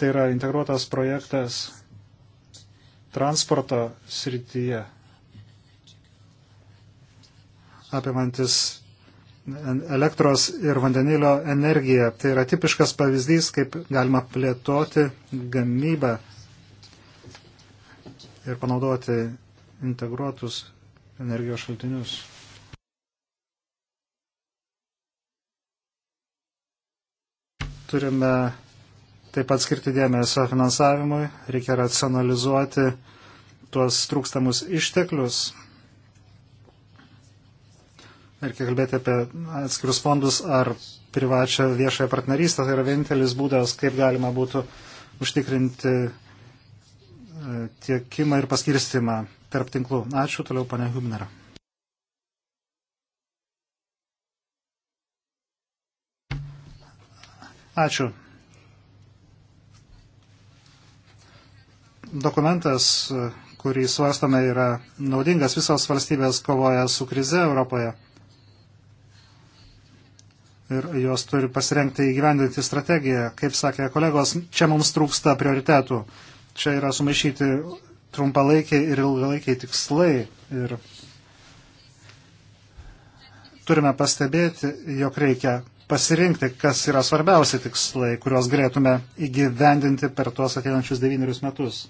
Tai yra integruotas projektas transporto srityje apimantis elektros ir vandenilio energiją. Tai yra tipiškas pavyzdys, kaip galima plėtoti gamybą ir panaudoti integruotus energijos šaltinius. Turime taip pat skirti dėmesio finansavimui, reikia racionalizuoti tuos trūkstamus išteklius reikia kalbėti apie atskirius fondus ar privačią viešąją partnerystę, tai yra vienintelis būdas, kaip galima būtų užtikrinti e, tiekimą ir paskirstimą tarp tinklų. Ačiū, toliau pane Hubner. Ačiū. Dokumentas, kurį svarstome, yra naudingas. Visos valstybės kovoja su krize Europoje ir jos turi pasirengti įgyvendinti strategiją. Kaip sakė kolegos, čia mums trūksta prioritetų. Čia yra sumaišyti trumpalaikiai ir ilgalaikiai tikslai. Ir turime pastebėti, jog reikia pasirinkti, kas yra svarbiausi tikslai, kuriuos galėtume įgyvendinti per tuos ateinančius devynerius metus.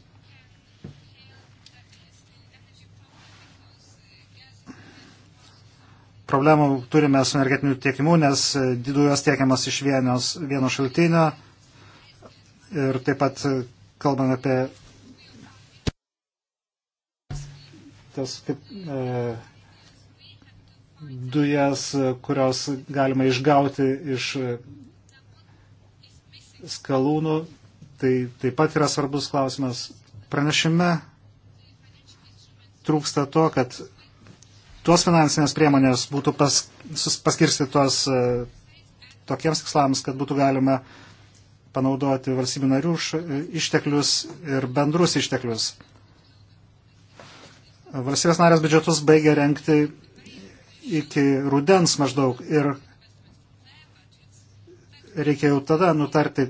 problemų turime su energetiniu tiekimu, nes e, didujos tiekiamas iš vienos, vieno šaltinio ir taip pat e, kalbant apie tas kaip, e, dujas, e, kurios galima išgauti iš skalūnų, tai taip pat yra svarbus klausimas. Pranešime trūksta to, kad tuos finansinės priemonės būtų pas, paskirstytos e, tokiems tikslams, kad būtų galima panaudoti valstybių narių e, išteklius ir bendrus išteklius. Valstybės narės biudžetus baigia renkti iki rudens maždaug ir reikia jau tada nutarti,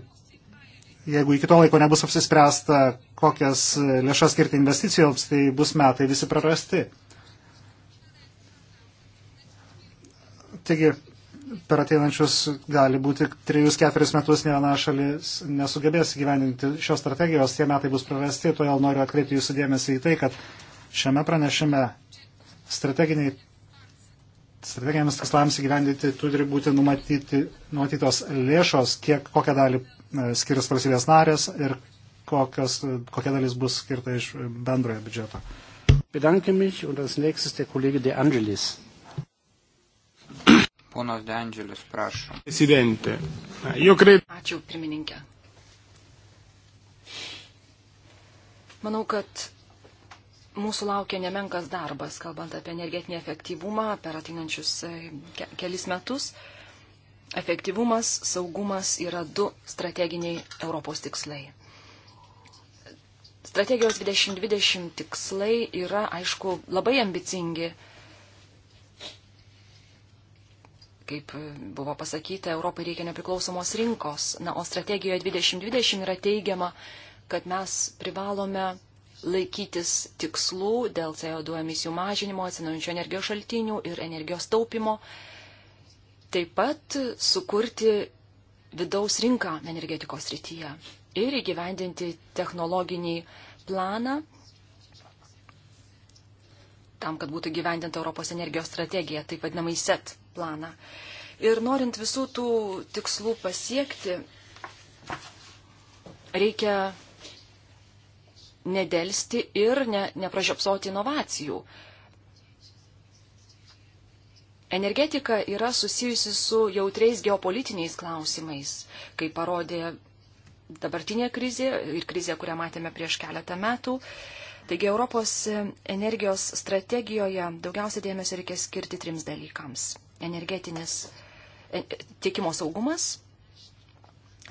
jeigu iki to laiko nebus apsispręsta, kokias lėšas skirti investicijoms, tai bus metai visi prarasti. Taigi, per ateinančius gali būti 3-4 metus ne viena šalis nesugebės gyveninti šios strategijos, tie metai bus prarasti, todėl noriu atkreipti jūsų dėmesį į tai, kad šiame pranešime strateginiai strateginiams tikslams įgyvendyti turi būti numatyti, numatytos lėšos, kiek, kokią dalį e, skirs valstybės narės ir kokios, kokia dalis bus skirta iš bendrojo biudžeto. Bedanke mich und als nächstes der Kollege De Angelis. Ponas Dendžiulis, prašom. Presidente, jo kreip. Ačiū, pirmininkė. Manau, kad mūsų laukia nemenkas darbas, kalbant apie energetinį efektyvumą per ateinančius e, ke kelis metus. Efektyvumas, saugumas yra du strateginiai Europos tikslai. Strategijos 2020 tikslai yra, aišku, labai ambicingi kaip buvo pasakyta, Europai reikia nepriklausomos rinkos. Na, o strategijoje 2020 yra teigiama, kad mes privalome laikytis tikslų dėl CO2 emisijų mažinimo, atsinaujančių energijos šaltinių ir energijos taupimo. Taip pat sukurti vidaus rinką energetikos rytyje ir įgyvendinti technologinį planą tam, kad būtų gyvendinta Europos energijos strategija, taip vadinamai SET planą. Ir norint visų tų tikslų pasiekti, reikia nedelsti ir ne, nepražiopsoti inovacijų. Energetika yra susijusi su jautriais geopolitiniais klausimais, kaip parodė dabartinė krizė ir krizė, kurią matėme prieš keletą metų. Taigi Europos energijos strategijoje daugiausia dėmesio reikia skirti trims dalykams energetinis e, tiekimo saugumas,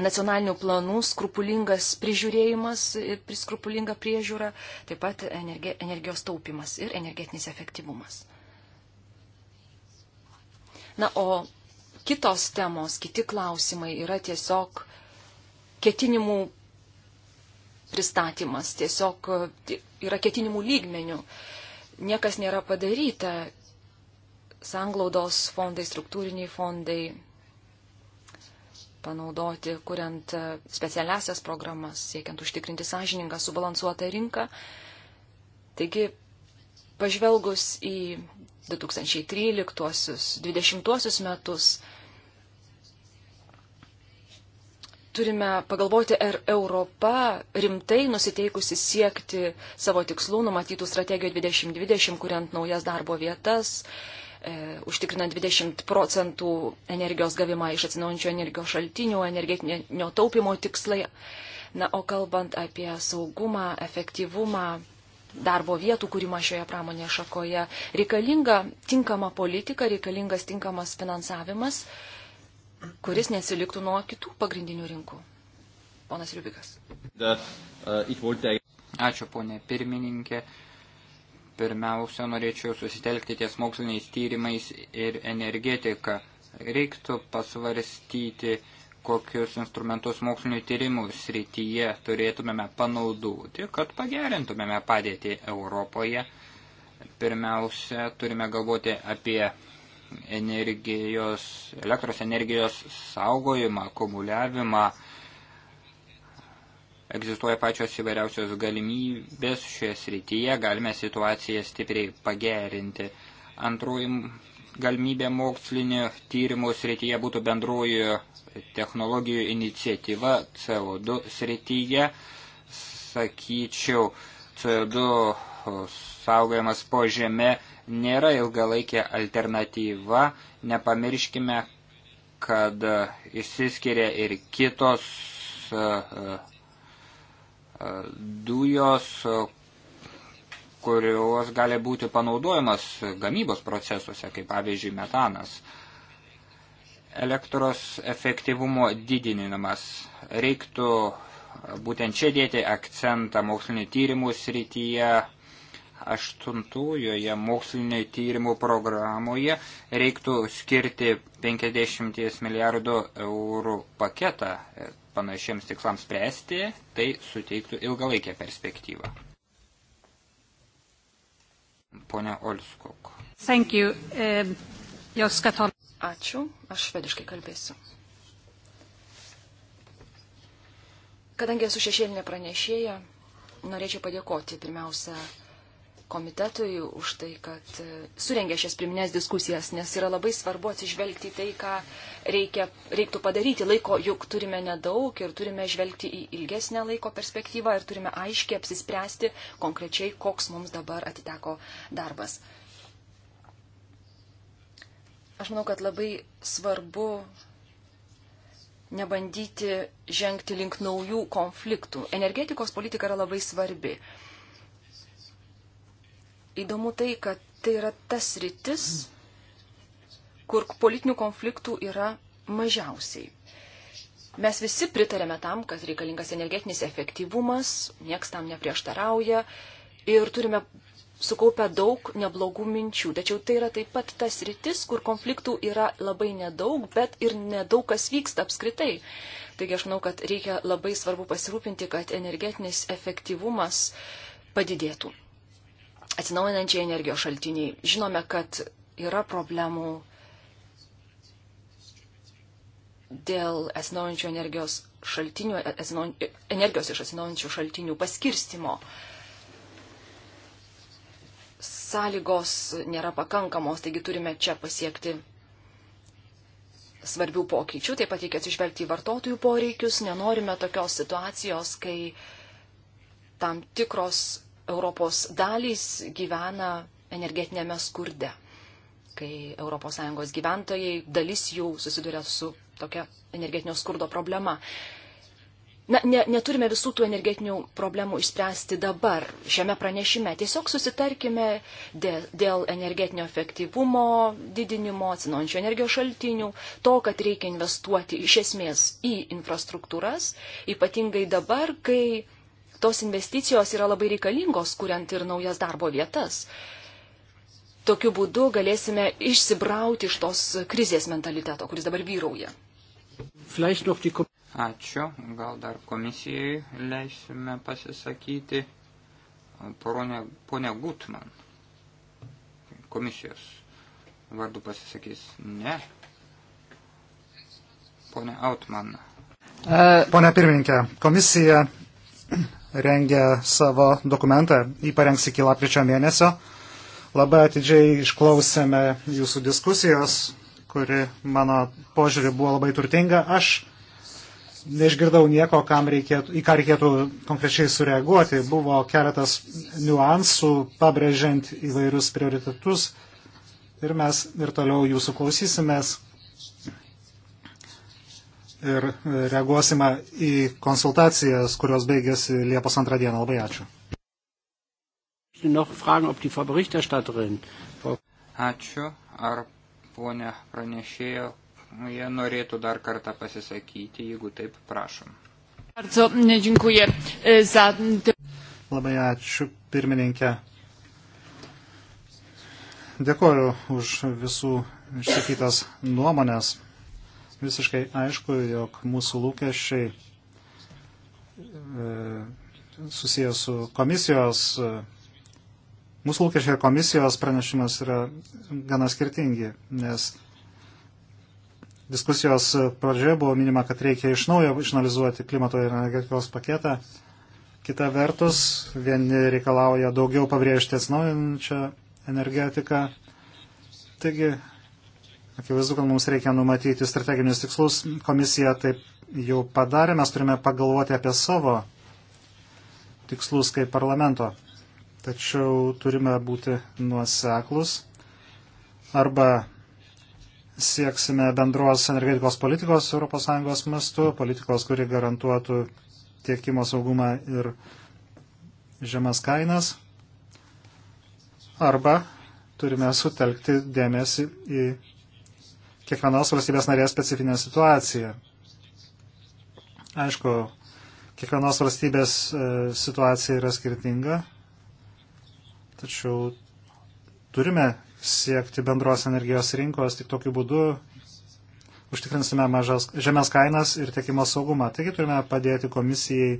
nacionalinių planų skrupulingas prižiūrėjimas ir priskrupulinga priežiūra, taip pat energijos taupimas ir energetinis efektyvumas. Na, o kitos temos, kiti klausimai yra tiesiog ketinimų pristatymas, tiesiog e, yra ketinimų lygmenių. Niekas nėra padaryta, sanglaudos fondai, struktūriniai fondai panaudoti, kuriant e, specialiasias programas, siekiant užtikrinti sąžiningą, subalansuotą rinką. Taigi, pažvelgus į 2013-2020 metus, turime pagalvoti, ar Europa rimtai nusiteikusi siekti savo tikslų numatytų strategijoje 2020, kuriant naujas darbo vietas, E, užtikrinant 20 procentų energijos gavimą iš atsinaujančių energijos šaltinių, energetinio taupimo tikslai. Na, o kalbant apie saugumą, efektyvumą, darbo vietų kūrimą šioje pramonėje šakoje, reikalinga tinkama politika, reikalingas tinkamas finansavimas, kuris nesiliktų nuo kitų pagrindinių rinkų. Ponas Riubikas. Uh, Ačiū, ponė pirmininkė. Uh, Pirmiausia, norėčiau susitelkti ties moksliniais tyrimais ir energetika. Reiktų pasvarstyti, kokius instrumentus mokslinių tyrimų srityje turėtumėme panaudoti, kad pagerintumėme padėtį Europoje. Pirmiausia, turime galvoti apie energijos, elektros energijos saugojimą, akumuliavimą egzistuoja pačios įvairiausios galimybės šioje srityje, galime situaciją stipriai pagerinti. Antroji galimybė mokslinio tyrimų srityje būtų bendroji technologijų iniciatyva CO2 srityje. Sakyčiau, CO2 saugojimas po žeme nėra ilgalaikė alternatyva. Nepamirškime, kad išsiskiria ir kitos e, e, dujos, kurios gali būti panaudojamas gamybos procesuose, kaip pavyzdžiui metanas. Elektros efektyvumo didinimas. Reiktų būtent čia dėti akcentą mokslinio tyrimų srityje, aštuntuojoje mokslinio tyrimų programoje reiktų skirti 50 milijardų eurų paketą e, panašiems tikslams spręsti, tai suteiktų ilgalaikę perspektyvą. Pone Olskuk. Thank you. Um, e, jos katon. Ačiū, aš švediškai kalbėsiu. Kadangi esu šešėlinė pranešėja, norėčiau padėkoti pirmiausia komitetui už tai, kad e, surengė šias priminės diskusijas, nes yra labai svarbu atsižvelgti į tai, ką reikia, reiktų padaryti. Laiko juk turime nedaug ir turime žvelgti į ilgesnę laiko perspektyvą ir turime aiškiai apsispręsti konkrečiai, koks mums dabar atiteko darbas. Aš manau, kad labai svarbu nebandyti žengti link naujų konfliktų. Energetikos politika yra labai svarbi įdomu tai, kad tai yra tas rytis, kur politinių konfliktų yra mažiausiai. Mes visi pritarėme tam, kad reikalingas energetinis efektyvumas, nieks tam neprieštarauja ir turime sukaupę daug neblogų minčių. Tačiau tai yra taip pat tas rytis, kur konfliktų yra labai nedaug, bet ir nedaug kas vyksta apskritai. Taigi aš manau, kad reikia labai svarbu pasirūpinti, kad energetinis efektyvumas padidėtų atsinaujinančiai energijos šaltiniai. Žinome, kad yra problemų dėl atsinaujančių energijos šaltinių, energijos iš atsinaujančių šaltinių paskirstimo. Sąlygos nėra pakankamos, taigi turime čia pasiekti svarbių pokyčių, taip pat reikia atsižvelgti į vartotojų poreikius, nenorime tokios situacijos, kai tam tikros Europos dalys gyvena energetinėme skurde, kai ES gyventojai dalis jų susiduria su tokia energetinio skurdo problema. Na, ne, neturime visų tų energetinių problemų išspręsti dabar, šiame pranešime. Tiesiog susitarkime dėl, dėl energetinio efektyvumo, didinimo, atsinaujančių energijos šaltinių, to, kad reikia investuoti iš esmės į infrastruktūras, ypatingai dabar, kai tos investicijos yra labai reikalingos, kuriant ir naujas darbo vietas. Tokiu būdu galėsime išsibrauti iš tos krizės mentaliteto, kuris dabar vyrauja. Ačiū, gal dar komisijai leisime pasisakyti. Poronė, ponė Gutman komisijos vardu pasisakys. Ne. Pone Autman. E, pone pirmininkė, komisija rengia savo dokumentą, jį parengs iki lapkričio mėnesio. Labai atidžiai išklausėme jūsų diskusijos, kuri mano požiūrį buvo labai turtinga. Aš neišgirdau nieko, reikėtų, į ką reikėtų konkrečiai sureaguoti. Buvo keletas niuansų, pabrėžiant įvairius prioritetus. Ir mes ir toliau jūsų klausysimės ir reaguosime į konsultacijas, kurios baigėsi Liepos antrą dieną. Labai ačiū. Ačiū. Ar ponė pranešėjo, jie norėtų dar kartą pasisakyti, jeigu taip, prašom. Mm, e, Labai ačiū, pirmininkė. Dėkoju už visų išsakytas nuomonės visiškai aišku, jog mūsų lūkesčiai e, susijęs su komisijos, e, mūsų lūkesčiai ir komisijos pranešimas yra gana skirtingi, nes diskusijos pradžioje buvo minima, kad reikia iš naujo išanalizuoti klimato ir energetikos paketą. Kita vertus, vieni reikalauja daugiau pabrėžti atsinaujinančią energetiką. Taigi Akivaizdu, kad mums reikia numatyti strateginius tikslus. Komisija taip jau padarė, mes turime pagalvoti apie savo tikslus kaip parlamento. Tačiau turime būti nuoseklus arba sieksime bendros energetikos politikos ES mastu, politikos, kuri garantuotų tiekimo saugumą ir žemas kainas, arba turime sutelkti dėmesį į kiekvienos valstybės narės specifinė situacija. Aišku, kiekvienos valstybės e, situacija yra skirtinga, tačiau turime siekti bendros energijos rinkos, tik tokiu būdu užtikrinsime mažas, žemės kainas ir tiekimo saugumą. Taigi turime padėti komisijai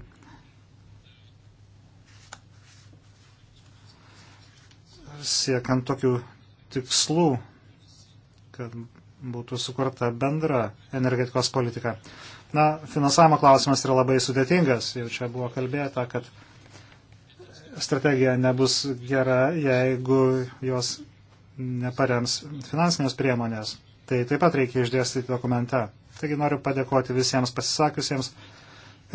siekant tokių tikslų, kad būtų sukurta bendra energetikos politika. Na, finansavimo klausimas yra labai sudėtingas. Jau čia buvo kalbėta, kad strategija nebus gera, jeigu jos neparems finansinės priemonės. Tai taip pat reikia išdėstyti dokumente. Taigi noriu padėkoti visiems pasisakiusiems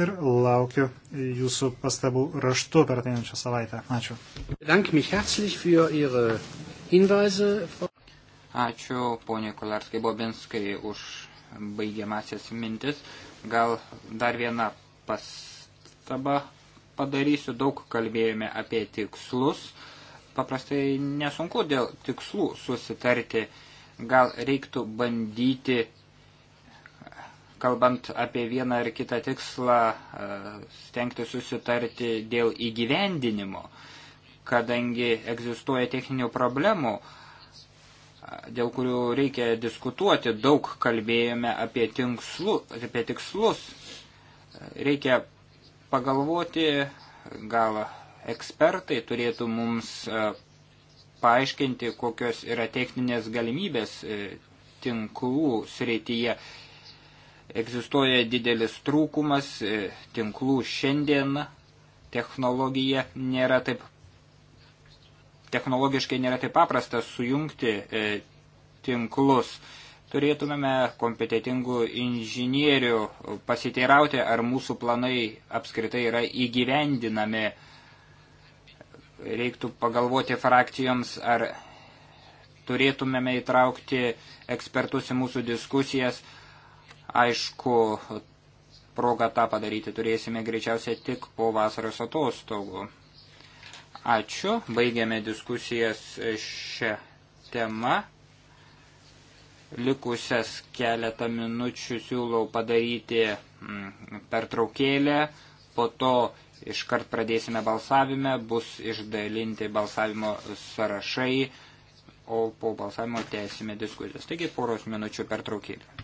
ir laukiu jūsų pastabų raštu per ateinančią savaitę. Ačiū. Dank mich herzlich für Ihre Hinweise, Frau Ačiū poniai Kolarskai Bobinskai už baigiamasias mintis. Gal dar vieną pastabą padarysiu. Daug kalbėjome apie tikslus. Paprastai nesunku dėl tikslų susitarti. Gal reiktų bandyti, kalbant apie vieną ar kitą tikslą, stengti susitarti dėl įgyvendinimo, kadangi egzistuoja techninių problemų dėl kurių reikia diskutuoti, daug kalbėjome apie, tinkslu, apie tikslus. Reikia pagalvoti, gal ekspertai turėtų mums e, paaiškinti, kokios yra techninės galimybės e, tinklų srityje. Egzistuoja didelis trūkumas e, tinklų šiandien, technologija nėra taip technologiškai nėra taip paprasta sujungti e, tinklus. Turėtumėme kompetitingų inžinierių pasiteirauti, ar mūsų planai apskritai yra įgyvendinami. Reiktų pagalvoti frakcijoms, ar turėtumėme įtraukti ekspertus į mūsų diskusijas. Aišku, progą tą padaryti turėsime greičiausiai tik po vasaros atostogų. Ačiū, baigiame diskusijas šią temą. Likusias keletą minučių siūlau padaryti mm, pertraukėlę, po to iškart pradėsime balsavime, bus išdalinti balsavimo sąrašai, o po balsavimo tęsime diskusijas. Taigi poros minučių pertraukėlė.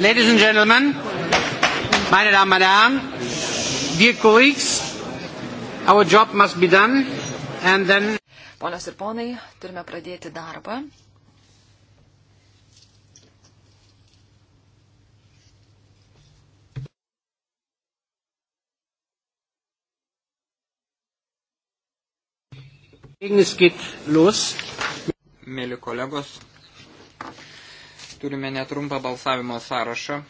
Ladies and gentlemen, meine Damen, meine Herren, dear colleagues, our job must be done and then. Ponios ir ponai, turime pradėti darbą. Mėly kolegos, turime netrumpą balsavimo sąrašą,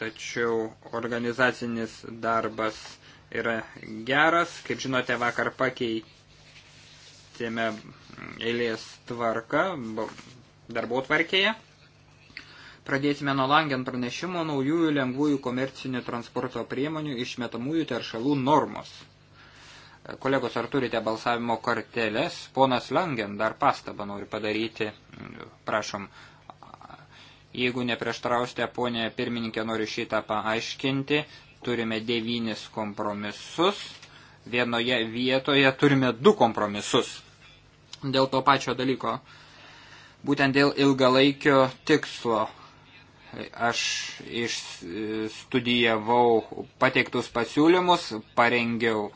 tačiau organizacinis darbas yra geras. Kaip žinote, vakar pakeitėme eilės tvarką darbo tvarkėje. Pradėsime nuo Langen pranešimo naujųjų lengvųjų komercinių transporto priemonių išmetamųjų teršalų normos. Kolegos, ar turite balsavimo korteles? Ponas Langen dar pastabą nori padaryti. Prašom, Jeigu neprieštrausite, ponė pirmininkė, noriu šitą paaiškinti. Turime devynis kompromisus. Vienoje vietoje turime du kompromisus. Dėl to pačio dalyko. Būtent dėl ilgalaikio tikslo aš išstudijavau pateiktus pasiūlymus, parengiau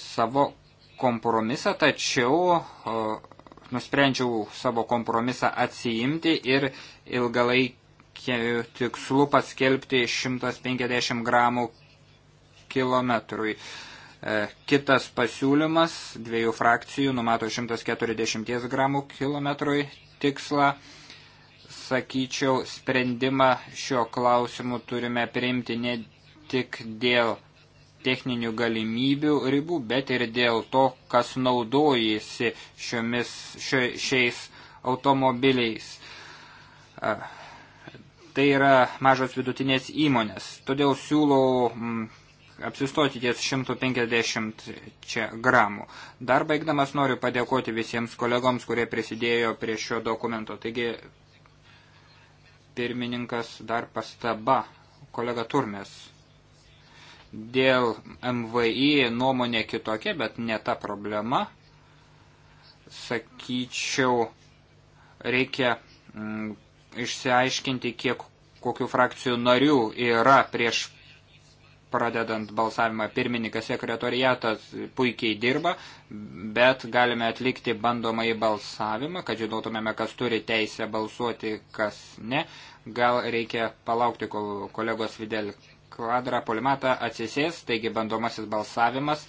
savo kompromisą, tačiau nusprendžiau savo kompromisą atsiimti ir ilgalaikį tikslu paskelbti 150 gramų kilometrui. E, kitas pasiūlymas dviejų frakcijų numato 140 gramų kilometrui tikslą. Sakyčiau, sprendimą šio klausimu turime priimti ne tik dėl techninių galimybių ribų, bet ir dėl to, kas naudojasi šiomis, šio, šiais automobiliais. Tai yra mažos vidutinės įmonės. Todėl siūlau m, mm, apsistoti ties 150 čia gramų. Dar baigdamas noriu padėkoti visiems kolegoms, kurie prisidėjo prie šio dokumento. Taigi, pirmininkas dar pastaba, kolega Turmės. Dėl MVI nuomonė kitokia, bet ne ta problema. Sakyčiau, reikia m, mm, išsiaiškinti, kiek kokių frakcijų narių yra prieš pradedant balsavimą pirmininkas sekretoriatas puikiai dirba, bet galime atlikti bandomąjį balsavimą, kad žinotumėme, kas turi teisę balsuoti, kas ne. Gal reikia palaukti, kol kolegos Videl Kvadra Polimata atsisės, taigi bandomasis balsavimas.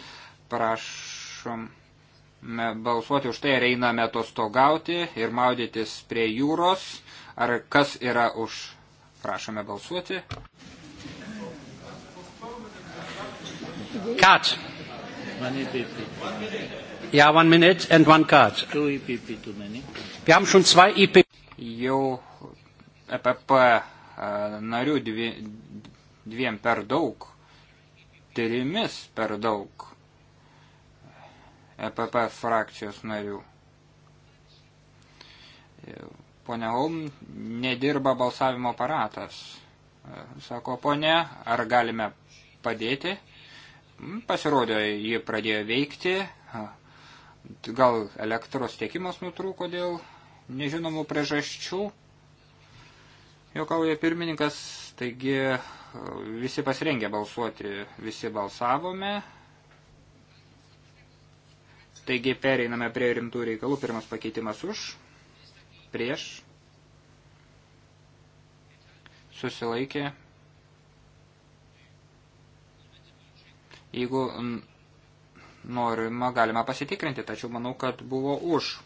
Prašom balsuoti už tai, ar einame atostogauti ir maudytis prie jūros, ar kas yra už. Prašome balsuoti. Cut. Ja, e one minute and one card. Two EPP too many. Wir haben schon zwei EPP. Jau EPP e, narių dvi, dviem per daug, trimis per daug EPP frakcijos narių. Pone Holm, nedirba balsavimo aparatas. Sako, ponė, ar galime padėti? Mm, pasirodė, ji pradėjo veikti, gal elektros tiekimas nutrūko dėl nežinomų priežasčių. Jokauja pirmininkas Taigi visi pasirengę balsuoti, visi balsavome. Taigi pereiname prie rimtų reikalų. Pirmas pakeitimas už, prieš, susilaikė. Jeigu norima, galima pasitikrinti, tačiau manau, kad buvo už.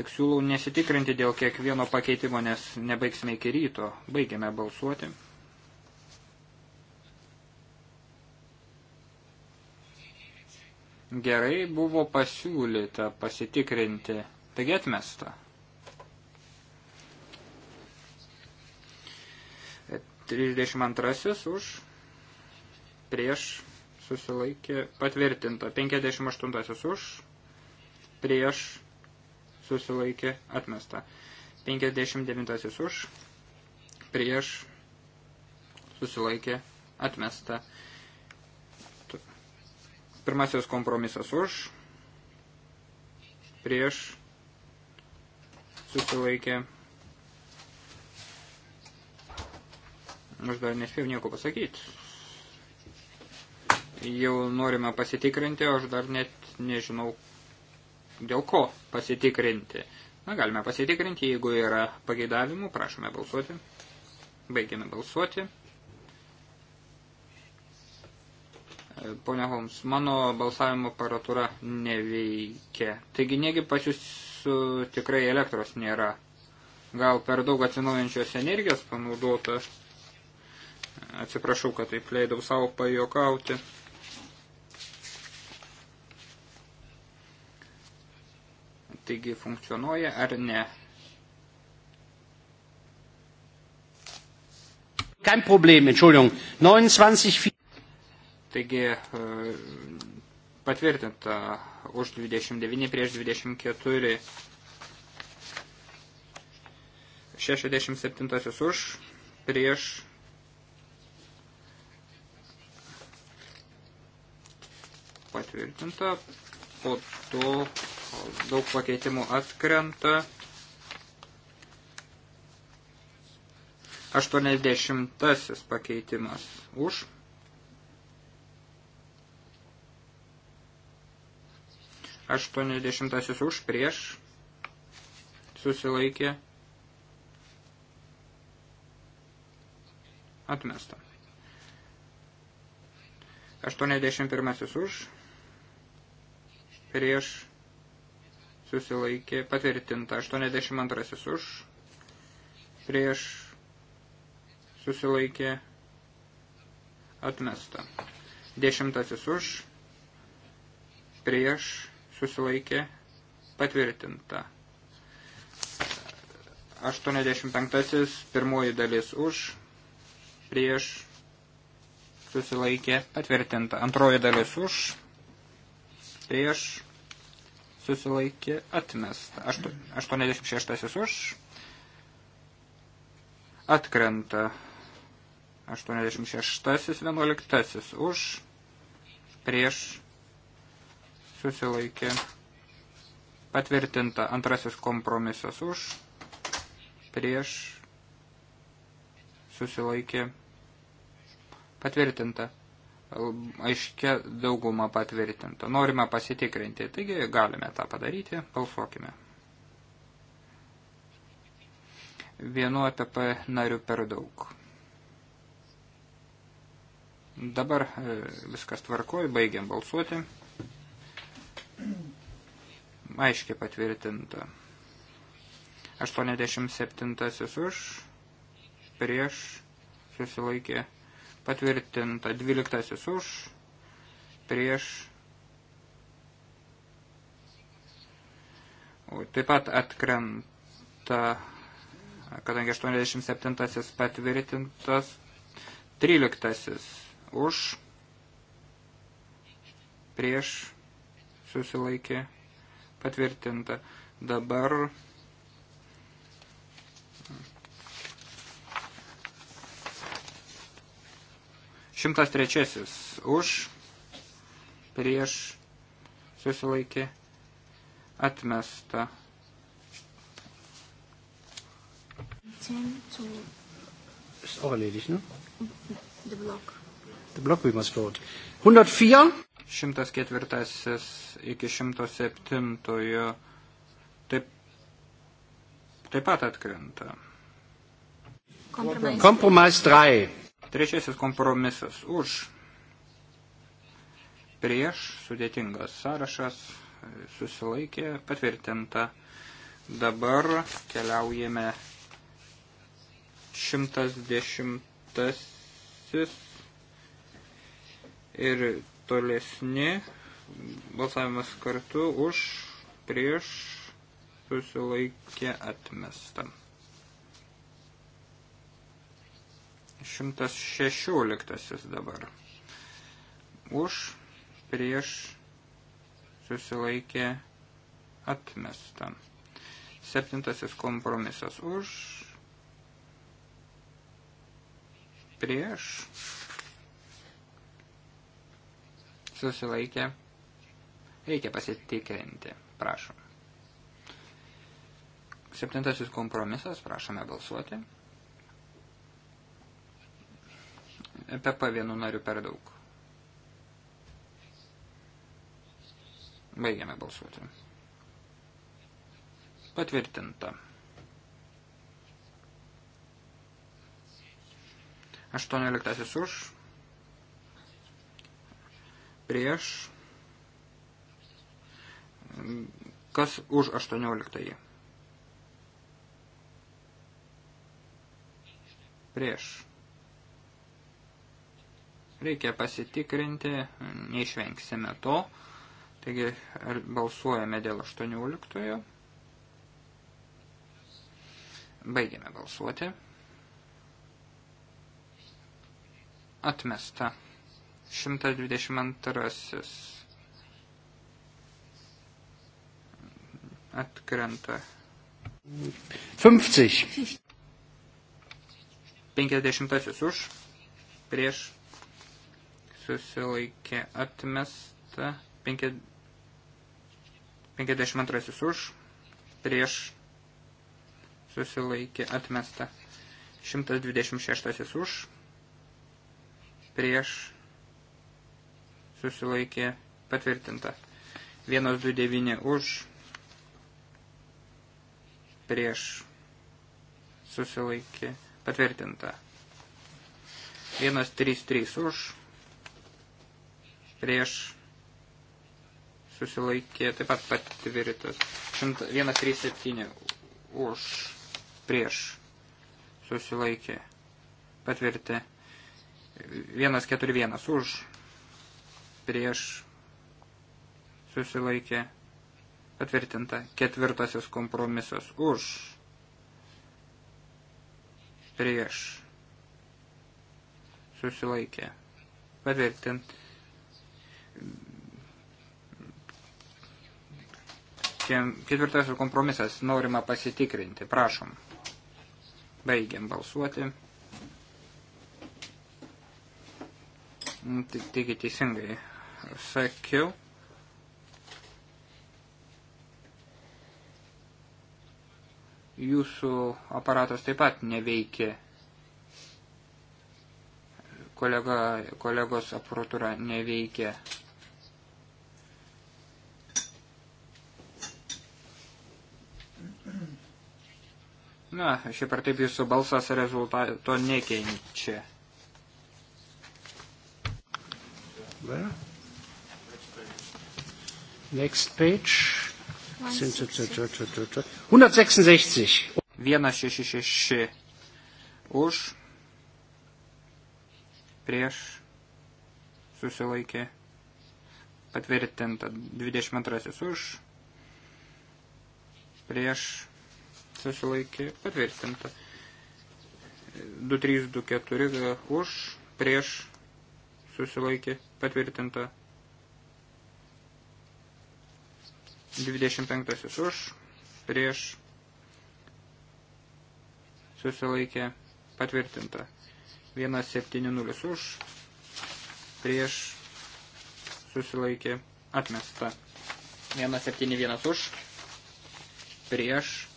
Tik siūlau nesitikrinti dėl kiekvieno pakeitimo, nes nebaigsime iki ryto. Baigiame balsuoti. Gerai buvo pasiūlyta pasitikrinti. Taigi atmesta. 32 už prieš susilaikė patvirtinta. 58 už prieš susilaikė atmesta. 59 už, prieš susilaikė atmesta. Pirmasis kompromisas už, prieš susilaikė. Aš dar nespėjau nieko pasakyti. Jau norime pasitikrinti, aš dar net nežinau, dėl ko pasitikrinti. Na, galime pasitikrinti, jeigu yra pageidavimų, prašome balsuoti. Baigiame balsuoti. E, Pone Holmes, mano balsavimo aparatūra neveikia. Taigi, negi pas jūs e, tikrai elektros nėra. Gal per daug atsinaujančios energijos panaudota. Atsiprašau, kad taip leidau savo pajokauti. taigi funkcionuoja ar ne. Kein problem, entschuldigung. 29. Taigi e, patvirtinta už 29 prieš 24. 67 už prieš patvirtinta, po to daug pakeitimų atkrenta. 80 pakeitimas už. Aštuoniasdešimtasis už prieš susilaikė atmesta. Aštuoniasdešimt pirmasis už prieš susilaikė patvirtinta 82 už, prieš susilaikė atmesta. Dešimtasis už, prieš susilaikė patvirtinta. 85. pirmoji dalis už, prieš susilaikė patvirtinta. Antroji dalis už, prieš susilaikė atmesta. 86 už atkrenta. 86 11 už prieš susilaikė patvirtinta antrasis kompromisas už prieš susilaikė patvirtinta aiškia dauguma patvirtinta. Norime pasitikrinti, taigi galime tą padaryti, balsuokime. Vienu EPP nariu per daug. Dabar e, viskas tvarkoj, baigiam balsuoti. Aiškiai patvirtinta. 87 už, prieš, susilaikė patvirtinta 12 už, prieš. O taip pat atkrenta, kadangi 87 patvirtintas, 13 už, prieš susilaikė patvirtinta. Dabar 103 už, prieš, susilaikė, atmesta. Ist auch erledigt, ne? The block. The block we must vote. 104. 104 iki 107 taip, taip pat atkrenta. Kompromis 3. Trečiasis kompromisas už prieš sudėtingas sąrašas susilaikė patvirtinta. Dabar keliaujame 110 ir tolesni balsavimas kartu už prieš susilaikė atmestam. 116 dabar. Už, prieš, susilaikė, atmesta. Septintasis kompromisas už, prieš, susilaikė, reikia pasitikrinti, prašom. Septintasis kompromisas, prašome balsuoti. PP e vienu nariu per daug. Baigiame balsuoti. Patvirtinta. 18 už. Prieš. Kas už 18? Prieš. Reikia pasitikrinti, neišvengsime to. Taigi balsuojame dėl 18. Baigiame balsuoti. Atmesta. 122. Atkrenta. 50. 50 už. Prieš susilaikė atmesta, 52 už, prieš susilaikė atmesta, 126 už, prieš susilaikė patvirtinta, 129 už, prieš susilaikė patvirtinta, 133 už, prieš susilaikė taip pat patvirtas. 137 už prieš susilaikė patvirti. 141 už prieš susilaikė patvirtinta. Ketvirtasis kompromisas už prieš susilaikė patvirtinti. Ketvirtasis kompromisas norima pasitikrinti. Prašom. Baigiam balsuoti. Mm, taigi teisingai sakiau. Jūsų aparatas taip pat neveikia. Kolega, kolegos aparatūra neveikia. Na, šiaip ar taip jūsų balsas rezultato nekeičia. Where? Next page. 166. 166. Už. Prieš. Susilaikė. Patvirtinta. 22 už. Prieš susilaikė patvirtinta. 2324 už, prieš susilaikė patvirtinta. 25 už, prieš susilaikė patvirtinta. 170 už, prieš susilaikė atmesta. 171 už, prieš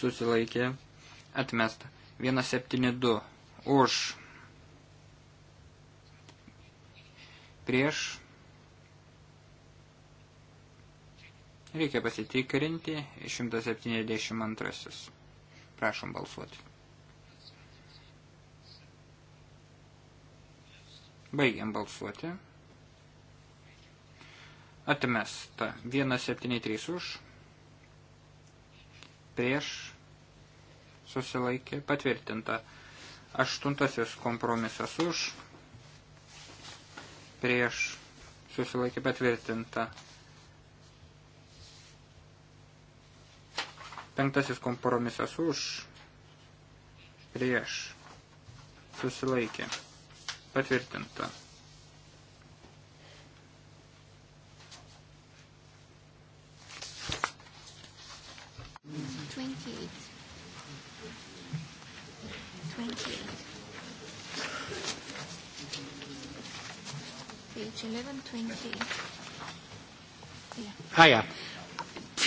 susilaikė, atmesta. 172 už, prieš, reikia pasitikrinti, 172. Prašom balsuoti. Baigiam balsuoti. Atmesta 173 už. Prieš susilaikė patvirtinta. Aštuntasis kompromisas už, prieš susilaikė patvirtinta. Penktasis kompromisas už, prieš susilaikė patvirtinta.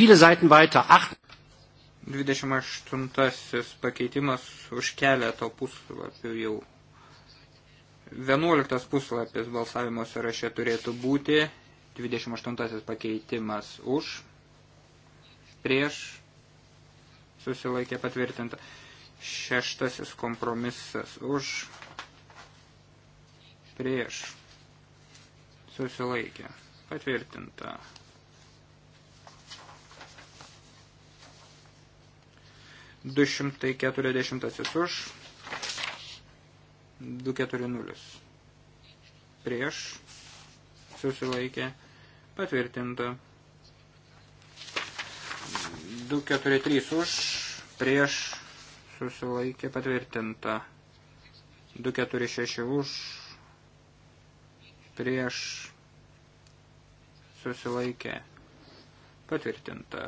viele Seiten weiter. Acht. 28 pakeitimas už keletą puslapių jau. 11 puslapis balsavimo sąraše turėtų būti. 28 pakeitimas už. Prieš. Susilaikė patvirtinta. Šeštasis kompromisas už. Prieš. Susilaikė. Patvirtinta. 240 už, 240 prieš, susilaikė, patvirtinta. 243 už, prieš, susilaikė, patvirtinta. 246 už, prieš, susilaikė, patvirtinta.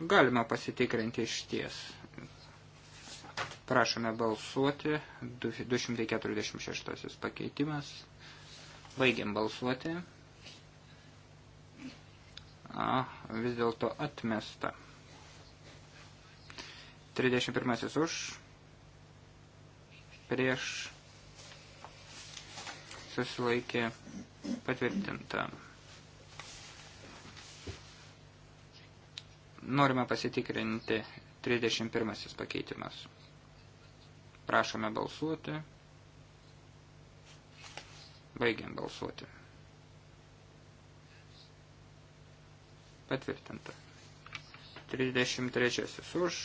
Galima pasitikrinti iš ties. Prašome balsuoti. 246 pakeitimas. Baigiam balsuoti. A, vis dėlto atmesta. 31 už. Prieš. Susilaikė patvirtinta. Norime pasitikrinti 31 pakeitimas. Prašome balsuoti. Baigiam balsuoti. Patvirtinta. 33 už,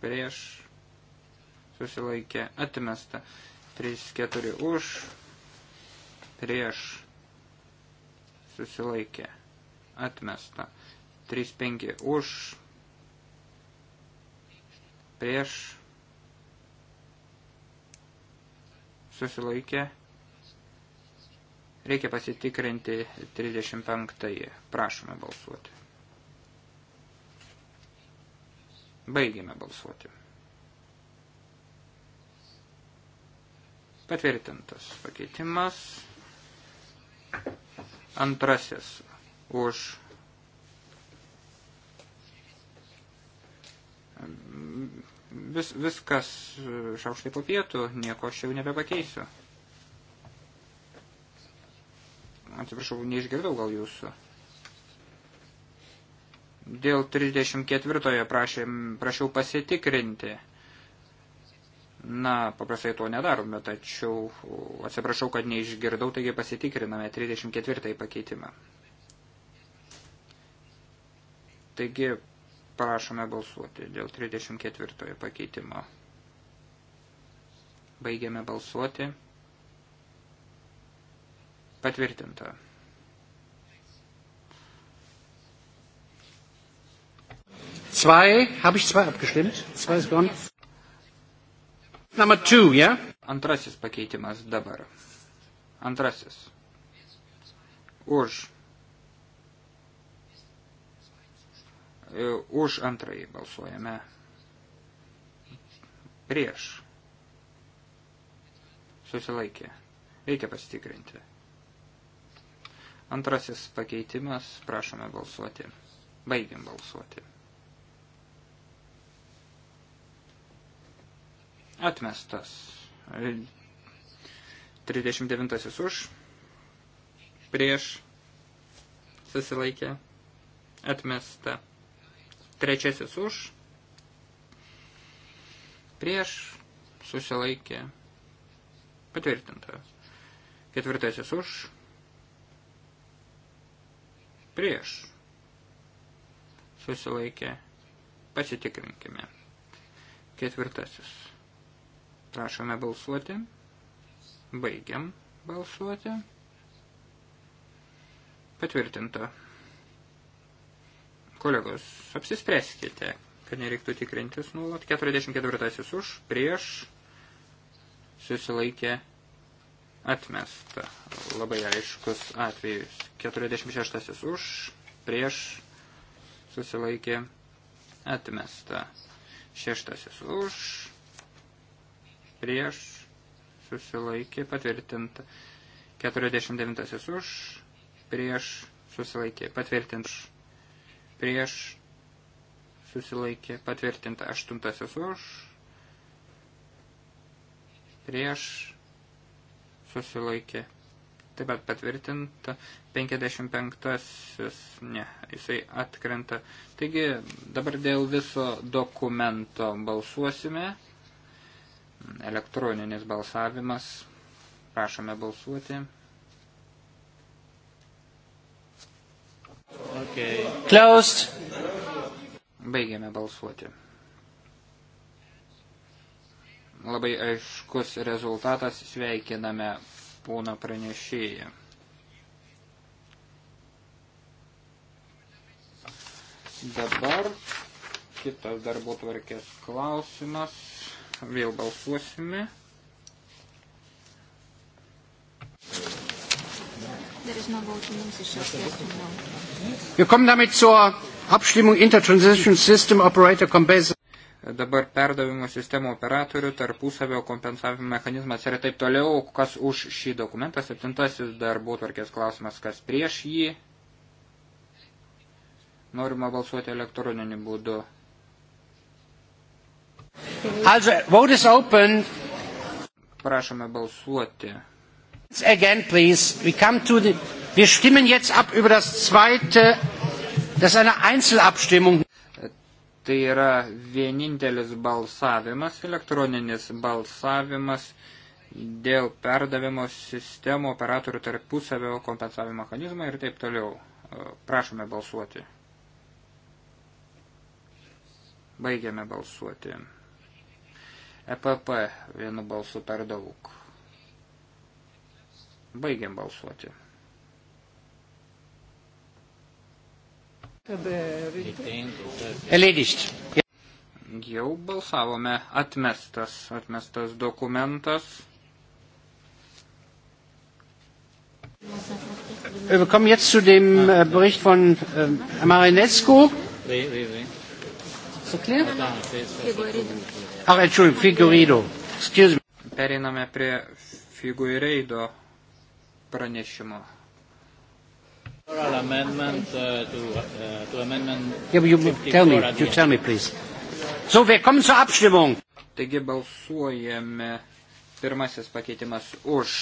prieš, susilaikė, atmesta. 34 už, prieš, susilaikė, atmesta. 3-5 už, prieš, susilaikė, reikia pasitikrinti 35-ąjį, prašome balsuoti. Baigime balsuoti. Patvirtintas pakeitimas. Antrasis už Vis, viskas e, šauštai po pietų, nieko aš jau nebepakeisiu. Atsiprašau, neišgirdau gal jūsų. Dėl 34 prašėm, prašiau pasitikrinti. Na, paprastai to nedarome, tačiau atsiprašau, kad neišgirdau, taigi pasitikriname 34 pakeitimą. Taigi Prašome balsuoti dėl 34 pakeitimo. Baigiame balsuoti. Patvirtinta. Zwei, habe ich zwei abgestimmt? Zwei ist gone. Number two, ja? Yeah? Antrasis pakeitimas dabar. Antrasis. Už E, už antrąjį balsuojame. Prieš. Susilaikė. Reikia pasitikrinti. Antrasis pakeitimas. Prašome balsuoti. Baigiam balsuoti. Atmestas. 39 už, prieš, susilaikė, atmesta. Trečiasis už. Prieš susilaikė. Patvirtinta. Ketvirtasis už. Prieš susilaikė. Pasitikrinkime. Ketvirtasis. Prašome balsuoti. Baigiam balsuoti. Patvirtinta. Kolegos, apsispręskite, kad nereiktų tikrintis nuolat. 44 už, prieš, susilaikė atmesta. Labai aiškus atvejus. 46 už, prieš, susilaikė atmesta. Šeštasis už, prieš, susilaikė patvirtinta. 49 už, prieš, susilaikė patvirtinta prieš susilaikė patvirtinta aštuntasis už, prieš susilaikė taip pat patvirtinta 55-asis, ne, jisai atkrenta. Taigi dabar dėl viso dokumento balsuosime, elektroninis balsavimas, prašome balsuoti. Okay. Closed. Baigiame balsuoti. Labai aiškus rezultatas sveikiname pūną pranešėją. Dabar kitas darbo tvarkės klausimas. Vėl balsuosime. There is no voting in the short term, no. Wir kommen damit zur Abstimmung Intertransition System Operator Compensation. Dabar perdavimo sistemų operatorių tarpusavio kompensavimo mechanizmas ir taip toliau, kas už šį dokumentą. Septintasis darbo tvarkės klausimas, kas prieš jį. Norima balsuoti elektroniniu būdu. Also, vote is open. Prašome balsuoti. Again, please. We come to the Wir stimmen jetzt ab über das zweite, das ist eine Einzelabstimmung. Tai yra vienintelis balsavimas, elektroninis balsavimas dėl perdavimo sistemų operatorių tarpusavio kompensavimo mechanizmą ir taip toliau. E, prašome balsuoti. Baigiame balsuoti. EPP vienu balsu per daug. Baigiam balsuoti. Elidist. Jau balsavome atmestas, atmestas dokumentas. Wir kommen jetzt zu dem äh, Bericht von äh, Marinescu. Oui, oui, oui. C'est clair? Ach, Entschuldigung, Figueiredo. Excuse me. Pereiname prie Figueiredo pranešimo. Oral amendment uh, to, uh, to amendment yeah, you, tell me, you tell me, please. So, wir kommen zur Abstimmung. Taigi balsuojame pirmasis pakeitimas už.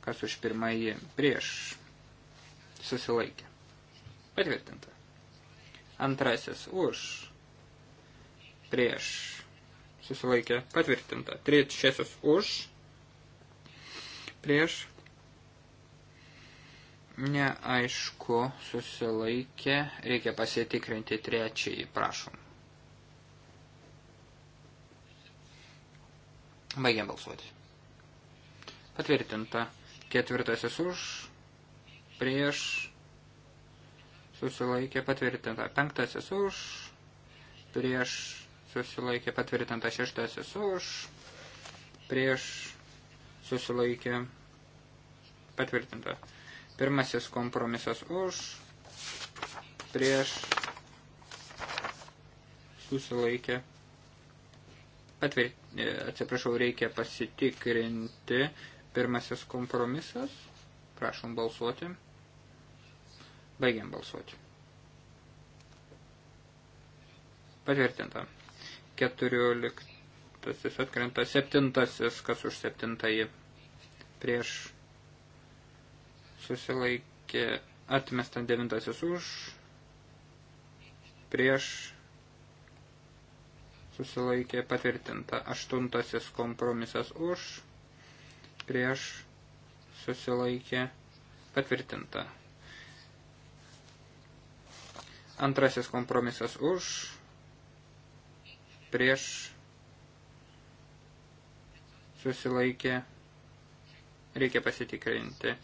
Kas už pirmąjį prieš. Susilaikė. Patvirtinta. Antrasis už. Prieš. Susilaikė. Patvirtinta. Trečiasis už. Prieš Neaišku, susilaikė, reikia pasitikrinti trečiąjį, prašom. Baigiam balsuoti. Patvirtinta. Ketvirtasis už, prieš, susilaikė, patvirtinta. Penktasis už, prieš, susilaikė, patvirtinta. Šeštasis už, prieš, susilaikė, patvirtinta. Pirmasis kompromisas už, prieš, susilaikė. Atvir, e, atsiprašau, reikia pasitikrinti. Pirmasis kompromisas. Prašom balsuoti. Baigiam balsuoti. Patvirtinta. 14 atkrenta. 7 kas už 7 prieš susilaikė atmestant devintasis už, prieš susilaikė patvirtinta aštuntasis kompromisas už, prieš susilaikė patvirtinta. Antrasis kompromisas už, prieš susilaikė, reikia pasitikrinti.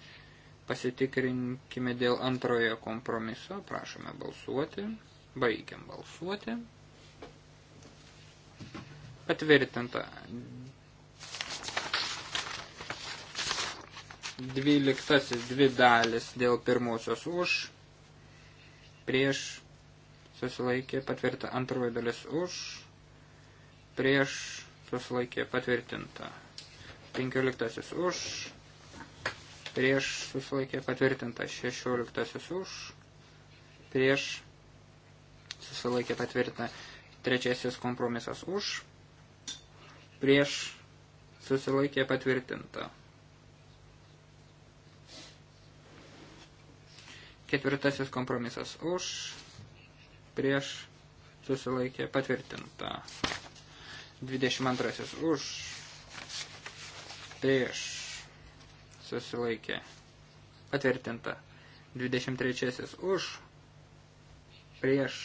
Pasitikrinkime dėl antrojo kompromiso. Prašome balsuoti. Baigiam balsuoti. Patvirtinta. 12 dvi dalis dėl pirmosios už, prieš susilaikė patvirtinta antroji dalis už, prieš susilaikė patvirtinta 15 už, prieš susilaikė patvirtinta 16 už, prieš susilaikė patvirtinta trečiasis kompromisas už, prieš susilaikė patvirtinta. Ketvirtasis kompromisas už, prieš susilaikė patvirtinta. 22 už, prieš susilaikė patvirtinta. 23 už, prieš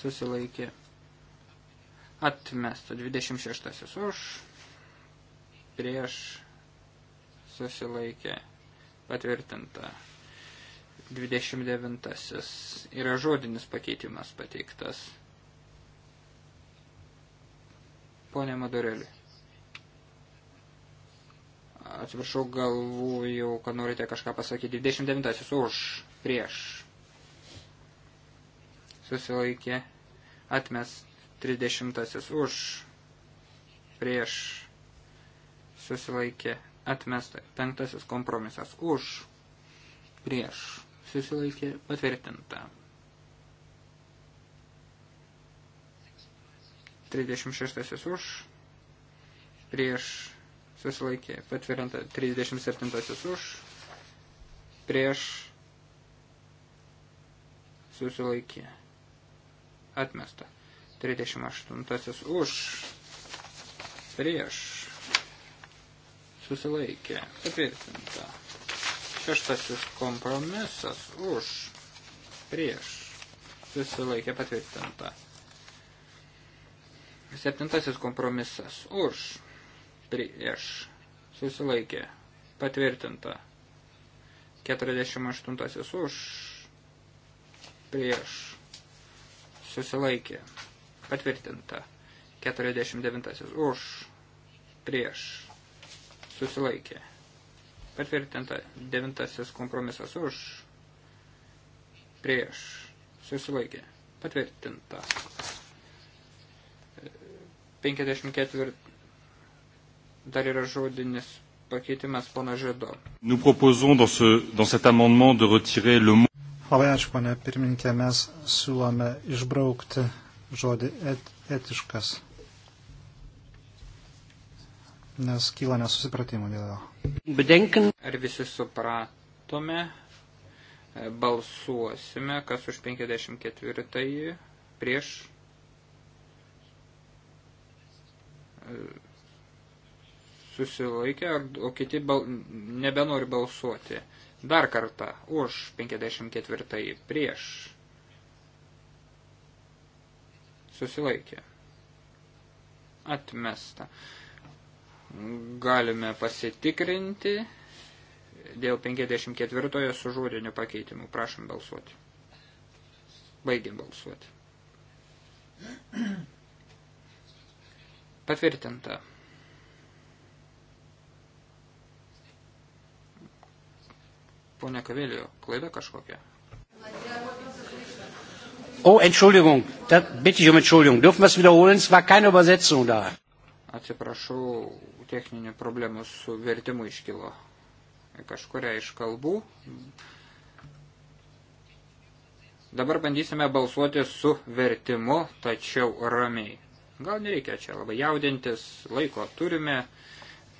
susilaikė atmesta. 26 už, prieš susilaikė patvirtinta. 29 yra žodinis pakeitimas pateiktas. Pone Madureliui. Atsiprašau, galvojau, kad norite kažką pasakyti. 29 už, prieš. Susilaikė. Atmes 30 už, prieš. Susilaikė. Atmesta. Penktasis kompromisas už, prieš. Susilaikė. Patvirtinta. 36 už, prieš susilaikė patvirtinta 37 už, prieš susilaikė atmesta 38 už, prieš susilaikė patvirtinta šeštasis kompromisas už, prieš susilaikė patvirtinta septintasis kompromisas už prieš, susilaikė, patvirtinta. 48 už, prieš, susilaikė, patvirtinta. 49 už, prieš, susilaikė, patvirtinta. 9 kompromisas už, prieš, susilaikė, patvirtinta. 54 Dar yra žodinis pakeitimas pana Žedo. Labai ačiū, pane pirmininkė, mes siūlome išbraukti žodį et, etiškas, nes kyla nesusipratimų dėl jo. Ar visi supratome, e, balsuosime, kas už 54 prieš e, susilaikė, o kiti bal, nebenori balsuoti. Dar kartą už 54 prieš susilaikė. Atmesta. Galime pasitikrinti dėl 54 su žodiniu pakeitimu. Prašom balsuoti. Baigiam balsuoti. Patvirtinta. Pone Kavelijo, klaida kažkokia. O, oh, Entschuldigung, da bitte ich um Entschuldigung. Dürfen wir es wiederholen? Es war keine Übersetzung da. Atsiprašau, techninių problemų su vertimu iškilo kažkuria iš kalbų. Dabar bandysime balsuoti su vertimu, tačiau ramiai. Gal nereikia čia labai jaudintis, laiko turime.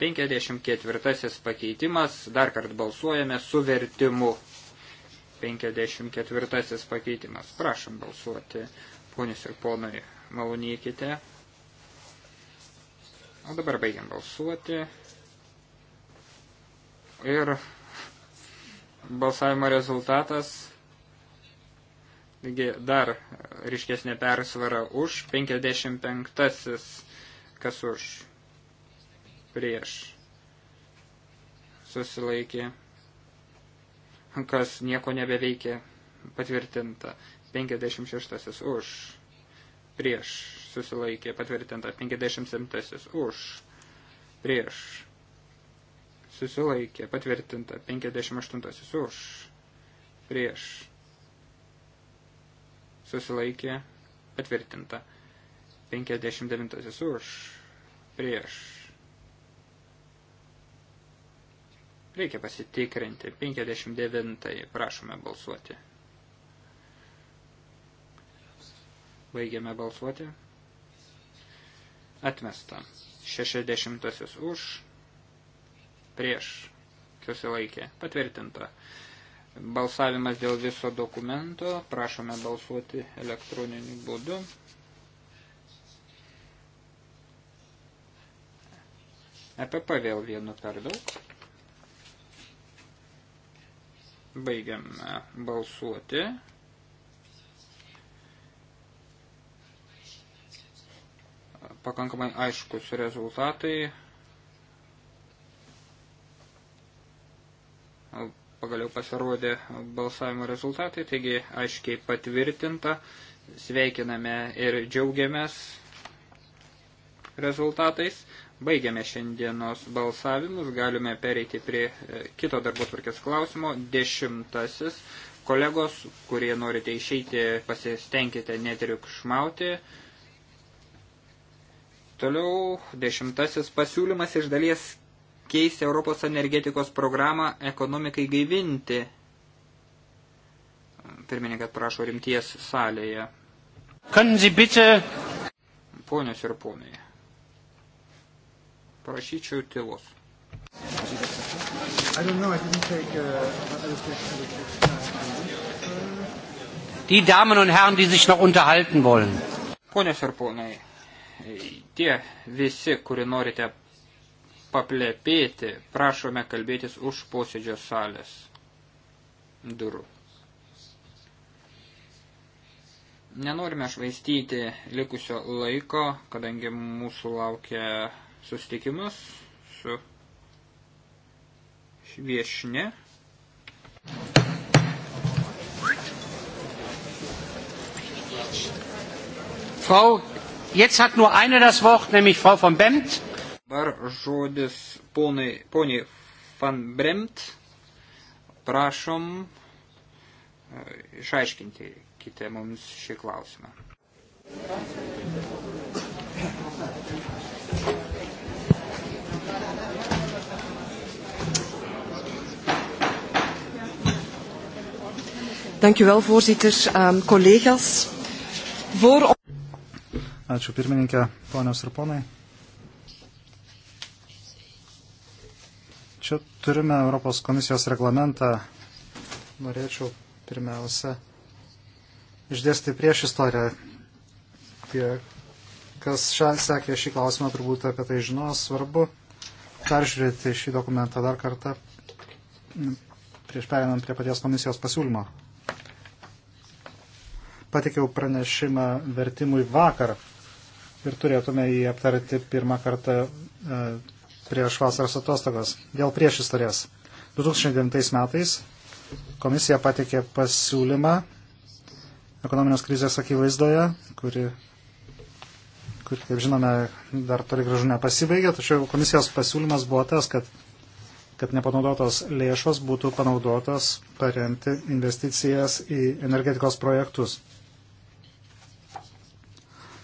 54 pakeitimas, dar kart balsuojame su vertimu. 54 pakeitimas. Prašom balsuoti, ponius ir ponai, malonykite. O dabar baigiam balsuoti. Ir balsavimo rezultatas. Taigi dar ryškesnė persvara už 55 kas už prieš susilaikė, kas nieko nebeveikė, patvirtinta, 56 už, prieš susilaikė, patvirtinta, 57 už, prieš susilaikė, patvirtinta, 58 už, prieš susilaikė, patvirtinta, 59 už, prieš Reikia pasitikrinti. 59. Prašome balsuoti. Baigiame balsuoti. Atmesta. 60 už. Prieš. Susilaikė. Patvirtinta. Balsavimas dėl viso dokumento. Prašome balsuoti elektroniniu būdu. EPP vėl vienu per daug. Baigiame balsuoti. Pakankamai aiškus rezultatai. Pagaliau pasirodė balsavimo rezultatai, taigi aiškiai patvirtinta. Sveikiname ir džiaugiamės rezultatais. Baigiame šiandienos balsavimus, galime pereiti prie e, kito darbo tvarkės klausimo. Dešimtasis. Kolegos, kurie norite išeiti, pasistengkite netriukšmauti. Toliau dešimtasis pasiūlymas iš dalies keisti Europos energetikos programą ekonomikai gaivinti. Pirmininkas prašo rimties salėje. Können Sie bitte. Ponios ir ponai. Prašyčiau tylos. Uh, die Damen und Herren, die sich noch unterhalten wollen. Ponios ir ponai, tie visi, kurie norite paplepėti, prašome kalbėtis už posėdžio salės durų. Nenorime švaistyti likusio laiko, kadangi mūsų laukia susitikimas su viešne. Frau, jetzt hat nur eine das Wort, nämlich Frau von Bremt. Dabar žodis poniai, poniai van Bremt. Prašom e, išaiškinti kite mums šį klausimą. Thank you. Dank u wel, voorzitter. Um, collega's, voor... Ačiū pirmininkė, ponios ir ponai. Čia turime Europos komisijos reglamentą. Norėčiau pirmiausia išdėsti prieš istoriją. Tie, kas šią, sekė šį klausimą, turbūt apie tai žinos, svarbu peržiūrėti šį dokumentą dar kartą prieš perinant prie paties komisijos pasiūlymo pateikiau pranešimą vertimui vakar ir turėtume jį aptarti pirmą kartą e, prieš vasaros atostogas dėl priešistorės. 2009 metais komisija pateikė pasiūlymą ekonominės krizės akivaizdoje, kuri, kuri, kaip žinome, dar toli gražu nepasibaigė, tačiau komisijos pasiūlymas buvo tas, kad, kad nepanaudotos lėšos būtų panaudotos paremti investicijas į energetikos projektus.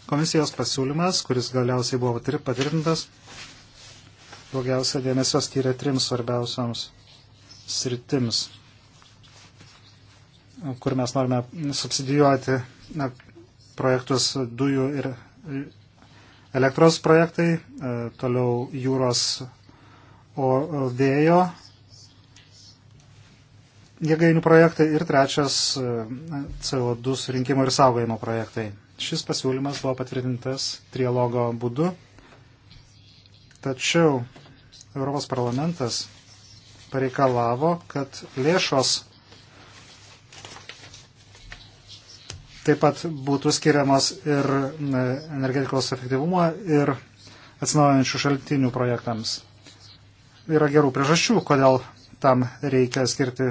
Komisijos pasiūlymas, kuris galiausiai buvo patvirtintas, daugiausia dėmesio skiria trims svarbiausiams sritims, kur mes norime subsidijuoti na, projektus dujų ir elektros projektai, e, toliau jūros vėjo jėgainių projektai ir trečias e, CO2 surinkimo ir saugojimo projektai. Šis pasiūlymas buvo patvirtintas trialogo būdu, tačiau Europos parlamentas pareikalavo, kad lėšos taip pat būtų skiriamas ir e, energetikos efektyvumo ir atsinaujančių šaltinių projektams. Yra gerų priežasčių, kodėl tam reikia skirti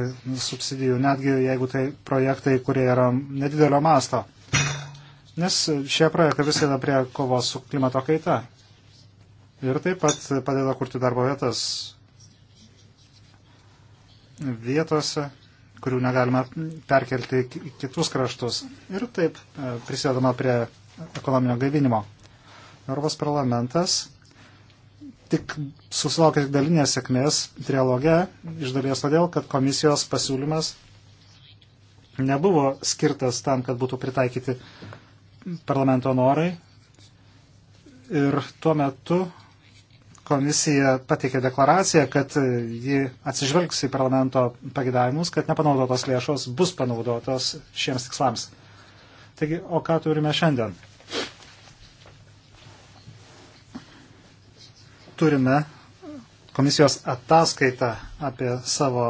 subsidijų, netgi jeigu tai projektai, kurie yra nedidelio masto. Nes šie projektai prisideda prie kovos su klimato kaita. Ir taip pat padeda kurti darbo vietas vietose, kurių negalima perkelti į kitus kraštus. Ir taip e, prisidedama prie ekonominio gaivinimo. Europos parlamentas tik susilaukė dalinės sėkmės trialoge, iš dalies todėl, kad komisijos pasiūlymas nebuvo skirtas tam, kad būtų pritaikyti parlamento norai. Ir tuo metu komisija pateikė deklaraciją, kad ji atsižvelgs į parlamento pagidavimus, kad nepanaudotos lėšos bus panaudotos šiems tikslams. Taigi, o ką turime šiandien? Turime komisijos ataskaitą apie savo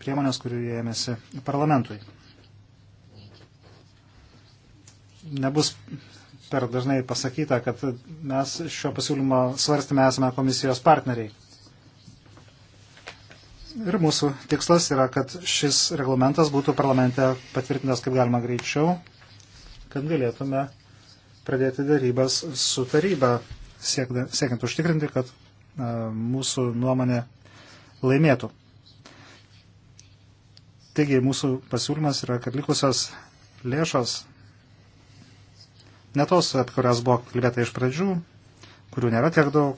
priemonės, kurių jėmėsi parlamentui. nebus per dažnai pasakyta, kad mes šio pasiūlymo svarstymę esame komisijos partneriai. Ir mūsų tikslas yra, kad šis reglamentas būtų parlamente patvirtintas kaip galima greičiau, kad galėtume pradėti darybas su taryba, siekiant užtikrinti, kad e, mūsų nuomonė laimėtų. Taigi mūsų pasiūlymas yra, kad likusios lėšos ne tos, apie kurias buvo kalbėta iš pradžių, kurių nėra tiek daug,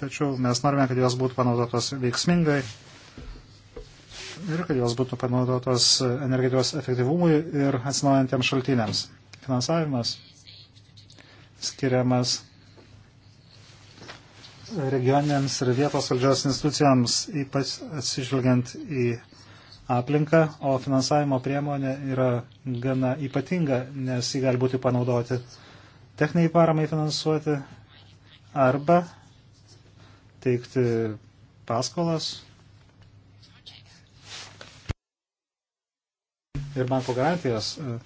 tačiau mes norime, kad jos būtų panaudotos veiksmingai ir kad jos būtų panaudotos energetikos efektyvumui ir atsinaujantiems šaltiniams. Finansavimas skiriamas regioniniams ir vietos valdžios institucijams, ypač atsižvelgiant į aplinką, o finansavimo priemonė yra gana ypatinga, nes jį gali būti panaudoti techniniai paramai finansuoti arba teikti paskolas ir banko garantijas e,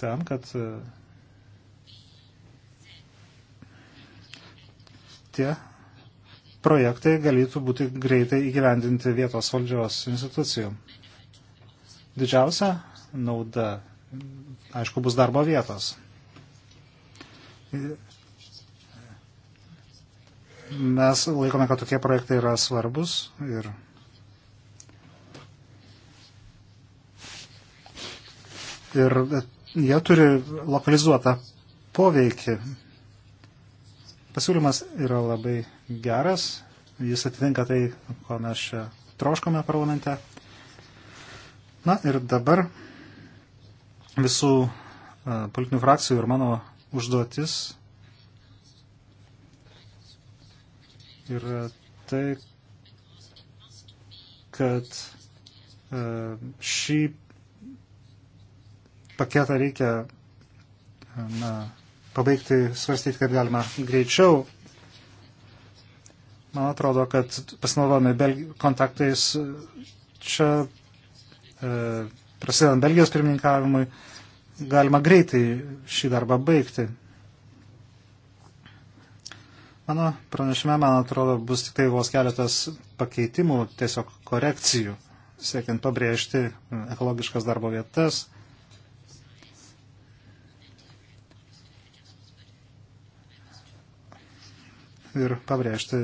tam, kad e, tie projektai galėtų būti greitai įgyvendinti vietos valdžios institucijų. Didžiausia nauda, aišku, bus darbo vietos. Mes laikome, kad tokie projektai yra svarbus ir ir jie turi lokalizuotą poveikį. Pasiūlymas yra labai geras, jis atitinka tai, ko mes čia troškome parlamente. Na ir dabar visų e, politinių frakcijų ir mano užduotis yra tai, kad e, šį paketą reikia na, pabaigti svarstyti, kaip galima greičiau. Man atrodo, kad pasinaudodami kontaktais čia e, prasidedant Belgijos pirmininkavimui, e, galima greitai šį darbą baigti. Mano pranešime, man atrodo, bus tik tai vos keletas pakeitimų, tiesiog korekcijų, siekiant pabrėžti ekologiškas darbo vietas. Ir pabrėžti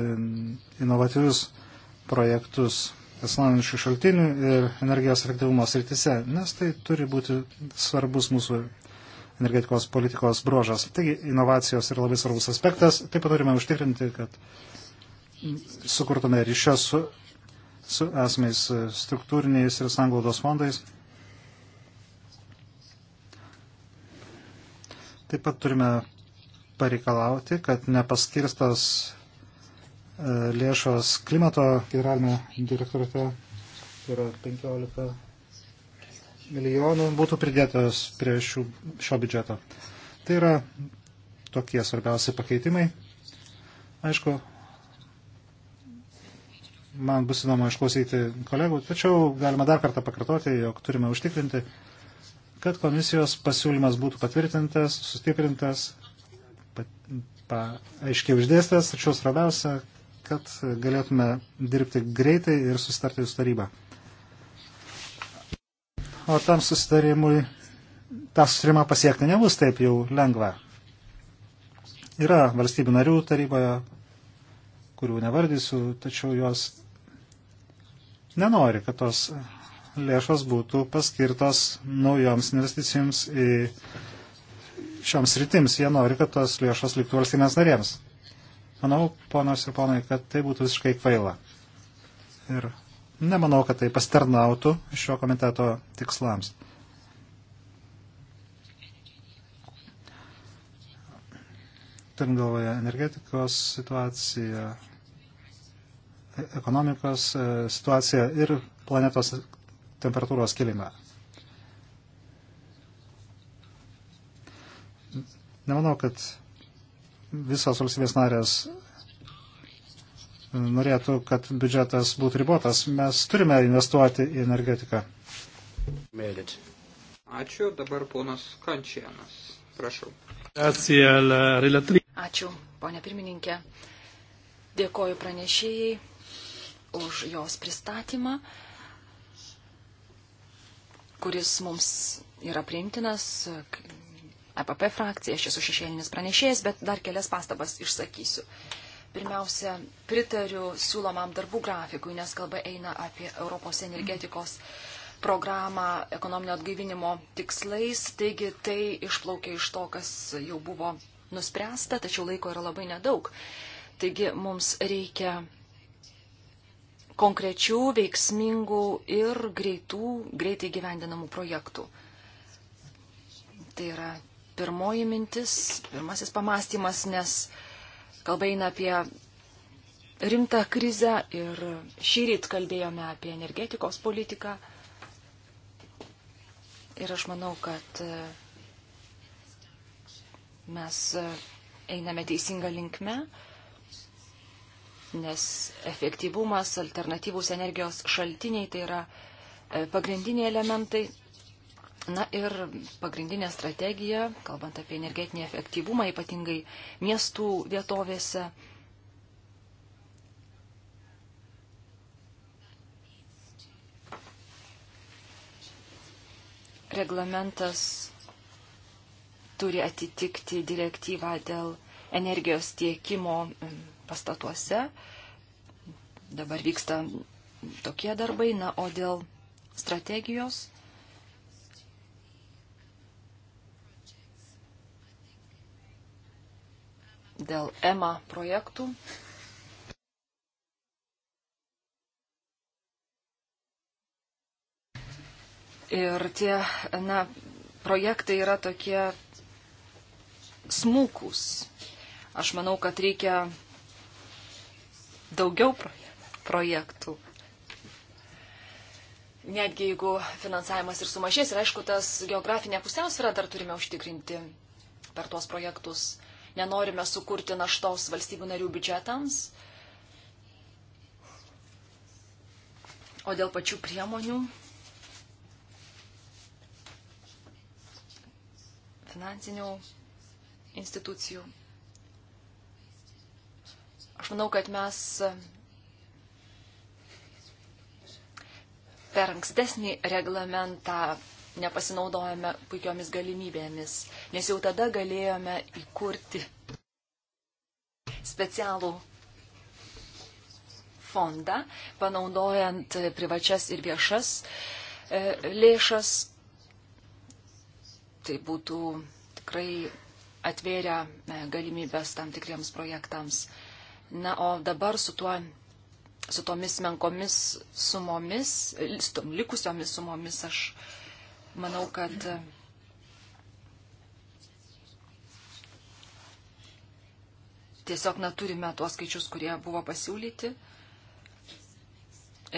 inovatyvius projektus atsinaujinančių šaltinių ir energijos efektyvumo srityse, nes tai turi būti svarbus mūsų energetikos politikos brožas. Taigi inovacijos yra labai svarbus aspektas. Taip pat turime užtikrinti, kad sukurtume ryšio su, su esmais struktūriniais ir sanglaudos fondais. Taip pat turime pareikalauti, kad nepaskirstas lėšos klimato generalinė direktorate tai yra 15 milijonų būtų pridėtos prie šių, šio biudžeto. Tai yra tokie svarbiausi pakeitimai. Aišku, man bus įdomu išklausyti kolegų, tačiau galima dar kartą pakartoti, jog turime užtikrinti, kad komisijos pasiūlymas būtų patvirtintas, sustiprintas, pat, pa, aiškiai uždėstas, tačiau svarbiausia, kad galėtume dirbti greitai ir susitarti su taryba. O tam susitarimui, tą susitarimą pasiekti nebus taip jau lengva. Yra valstybių narių taryboje, kurių nevardysiu, tačiau jos nenori, kad tos lėšos būtų paskirtos naujoms investicijoms į šioms rytims. Jie nori, kad tos lėšos liktų valstybės narėms. Manau, ponos ir ponai, kad tai būtų visiškai kvaila. Ir nemanau, kad tai pastarnautų šio komiteto tikslams. Turim galvoje energetikos situaciją, e- ekonomikos e, situaciją ir planetos temperatūros kilimą. Nemanau, kad visos valstybės narės norėtų, kad biudžetas būtų ribotas, mes turime investuoti į energetiką. Mėlyt. Ačiū, dabar ponas Kančianas. Prašau. Ačiū, ponė pirmininkė. Dėkoju pranešėjai už jos pristatymą, kuris mums yra priimtinas, EPP frakciją, aš esu šešėlinis pranešėjas, bet dar kelias pastabas išsakysiu. Pirmiausia, pritariu siūlomam darbų grafikui, nes kalba eina apie Europos energetikos programą ekonominio atgaivinimo tikslais, taigi tai išplaukia iš to, kas jau buvo nuspręsta, tačiau laiko yra labai nedaug. Taigi mums reikia konkrečių, veiksmingų ir greitų, greitai gyvendinamų projektų. Tai yra pirmoji mintis, pirmasis pamastymas, nes kalba eina apie rimtą krizę ir šį rytą kalbėjome apie energetikos politiką. Ir aš manau, kad e, mes e, einame teisingą linkmę, nes efektyvumas, alternatyvūs energijos šaltiniai tai yra e, pagrindiniai elementai Na ir pagrindinė strategija, kalbant apie energetinį efektyvumą, ypatingai miestų vietovėse. Reglamentas turi atitikti direktyvą dėl energijos tiekimo pastatuose. Dabar vyksta tokie darbai, na, o dėl strategijos dėl EMA projektų. Ir tie, na, projektai yra tokie smūkus. Aš manau, kad reikia daugiau projektų. Netgi jeigu finansavimas ir sumažės, ir aišku, tas geografinė pusiausvyrą dar turime užtikrinti per tuos projektus nenorime sukurti naštos valstybių narių biudžetams. O dėl pačių priemonių finansinių institucijų. Aš manau, kad mes per ankstesnį reglamentą nepasinaudojame puikiomis galimybėmis, nes jau tada galėjome įkurti specialų fondą, panaudojant privačias ir viešas e, lėšas. Tai būtų tikrai atvėrę e, galimybės tam tikriems projektams. Na, o dabar su tuo su tomis menkomis sumomis, e, su tom likusiomis sumomis aš Manau, kad tiesiog neturime tuos skaičius, kurie buvo pasiūlyti.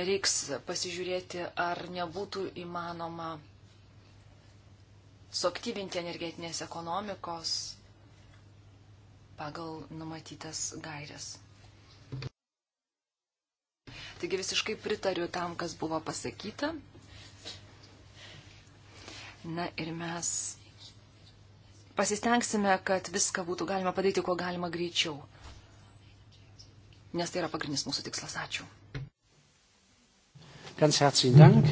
Reiks pasižiūrėti, ar nebūtų įmanoma suaktyvinti energetinės ekonomikos pagal numatytas gairias. Taigi visiškai pritariu tam, kas buvo pasakyta. Na ir mes pasistengsime, kad viską būtų galima padaryti, kuo galima greičiau. Nes tai yra pagrindinis mūsų tikslas. Ačiū. Ganz herzlichen Dank.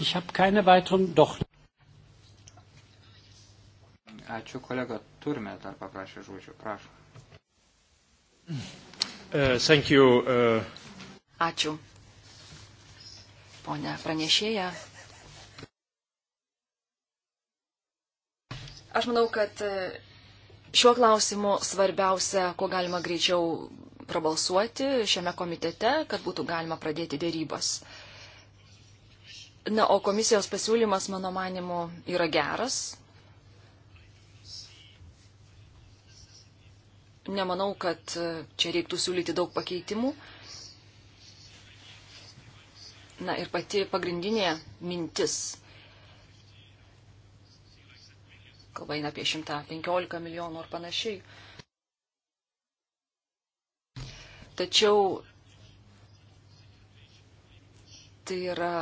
Ich habe keine weiteren doch. Ačiū, kolega. Turime dar paprašę žodžių. Prašau. Uh, thank you. Uh... Ačiū. Pone pranešėja, Aš manau, kad e, šiuo klausimu svarbiausia, kuo galima greičiau prabalsuoti šiame komitete, kad būtų galima pradėti dėrybas. Na, o komisijos pasiūlymas, mano manimu, yra geras. Nemanau, kad e, čia reiktų siūlyti daug pakeitimų. Na ir pati pagrindinė mintis kalba eina apie 115 milijonų ar panašiai. Tačiau tai yra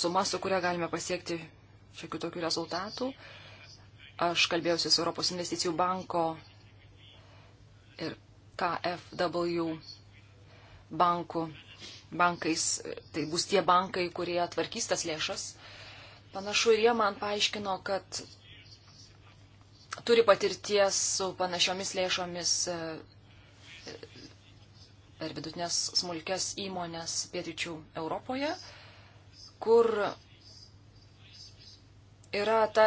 suma, su kuria galime pasiekti šiokių tokių rezultatų. Aš kalbėjausi su Europos investicijų banko ir KFW banku, bankais, tai bus tie bankai, kurie atvarkys tas lėšas. Panašu ir jie man paaiškino, kad turi patirties su panašiomis lėšomis e, per vidutinės smulkės įmonės pietryčių Europoje, kur yra ta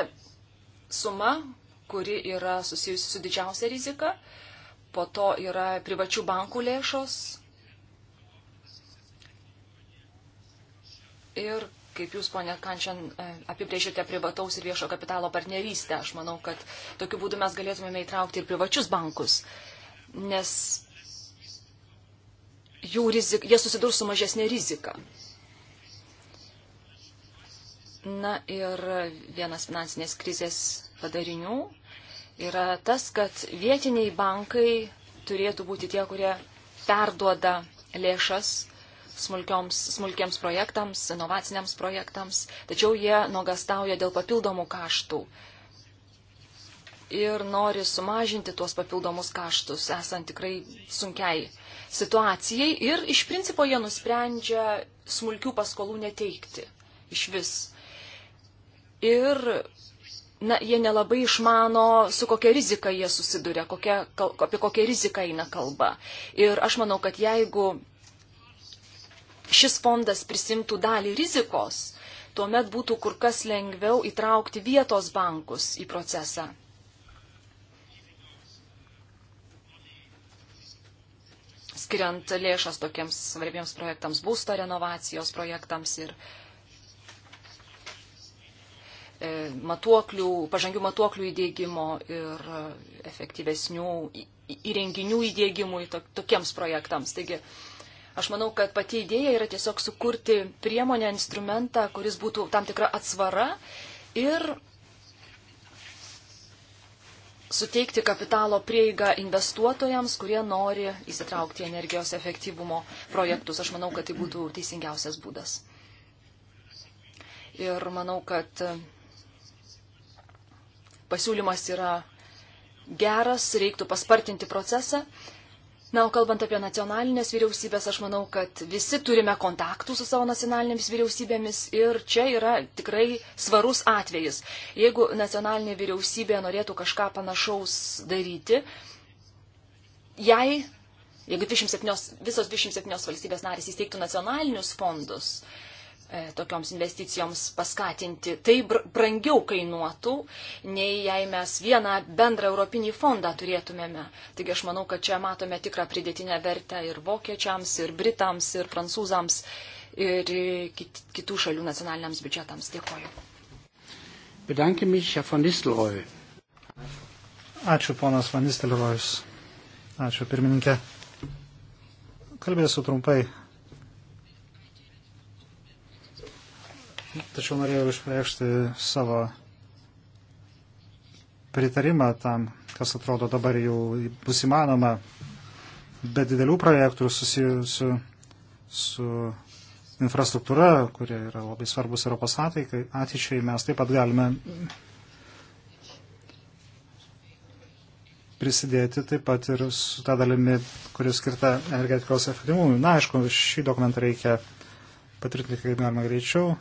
suma, kuri yra susijusi su didžiausia rizika, po to yra privačių bankų lėšos ir kaip jūs, ponė Kančian, e, apibrėžėte privataus ir viešo kapitalo partnerystę. Aš manau, kad tokiu būdu mes galėtumėme įtraukti ir privačius bankus, nes rizik, jie susidurs su mažesnė rizika. Na ir vienas finansinės krizės padarinių yra tas, kad vietiniai bankai turėtų būti tie, kurie perduoda lėšas smulkiams projektams, inovaciniams projektams, tačiau jie nuogastauja dėl papildomų kaštų ir nori sumažinti tuos papildomus kaštus, esant tikrai sunkiai situacijai ir iš principo jie nusprendžia smulkių paskolų neteikti iš vis. Ir na, jie nelabai išmano, su kokia rizika jie susiduria, kokia, apie kokią riziką eina kalba. Ir aš manau, kad jeigu šis fondas prisimtų dalį rizikos, tuomet būtų kur kas lengviau įtraukti vietos bankus į procesą. Skiriant lėšas tokiems svarbiems projektams, būsto renovacijos projektams ir e, matuoklių, pažangių matuoklių įdėgymo ir e, efektyvesnių įrenginių įdėgymui tokiems projektams. Taigi, Aš manau, kad pati idėja yra tiesiog sukurti priemonę, instrumentą, kuris būtų tam tikra atsvara ir suteikti kapitalo prieigą investuotojams, kurie nori įsitraukti į energijos efektyvumo projektus. Aš manau, kad tai būtų teisingiausias būdas. Ir manau, kad pasiūlymas yra geras, reiktų paspartinti procesą. Na, o kalbant apie nacionalinės vyriausybės, aš manau, kad visi turime kontaktų su savo nacionalinėmis vyriausybėmis ir čia yra tikrai svarus atvejis. Jeigu nacionalinė vyriausybė norėtų kažką panašaus daryti, jai, jeigu 27, visos 27 valstybės narys įsteigtų nacionalinius fondus, uh, E, tokioms investicijoms paskatinti. Tai brangiau kainuotų, nei jei mes vieną bendrą europinį fondą turėtumėme. Taigi aš manau, kad čia matome tikrą pridėtinę vertę ir vokiečiams, ir britams, ir prancūzams, ir kit kitų šalių nacionaliniams biudžetams. Dėkoju. Bedanke mich, Herr von Nistelrooy. Ačiū, ponas van Nistelrooy. Ačiū, pirmininkė. Kalbėsiu trumpai tačiau norėjau išreikšti savo pritarimą tam, kas atrodo dabar jau bus įmanoma be didelių projektų susijusių su infrastruktūra, kurie yra labai svarbus Europos ateičiai, mes taip pat galime prisidėti taip pat ir su tą dalimi, kuris skirta energetikos efektyvumui. Na, aišku, šį dokumentą reikia patvirtinti kaip galima greičiau,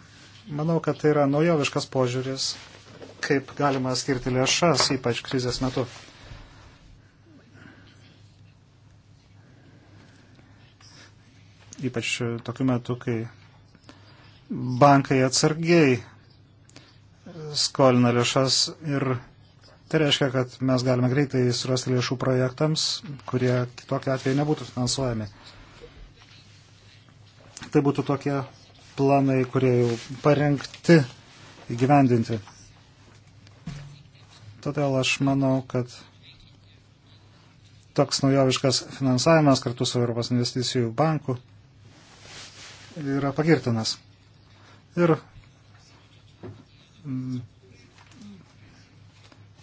Manau, kad tai yra naujoviškas požiūris, kaip galima skirti lėšas, ypač krizės metu. Ypač tokiu metu, kai bankai atsargiai skolina lėšas ir Tai reiškia, kad mes galime greitai surasti lėšų projektams, kurie kitokia atveju nebūtų finansuojami. Tai būtų tokie planai, kurie jau parengti įgyvendinti. Todėl aš manau, kad toks naujoviškas finansavimas kartu su Europos investicijų banku yra pagirtinas. Ir mm,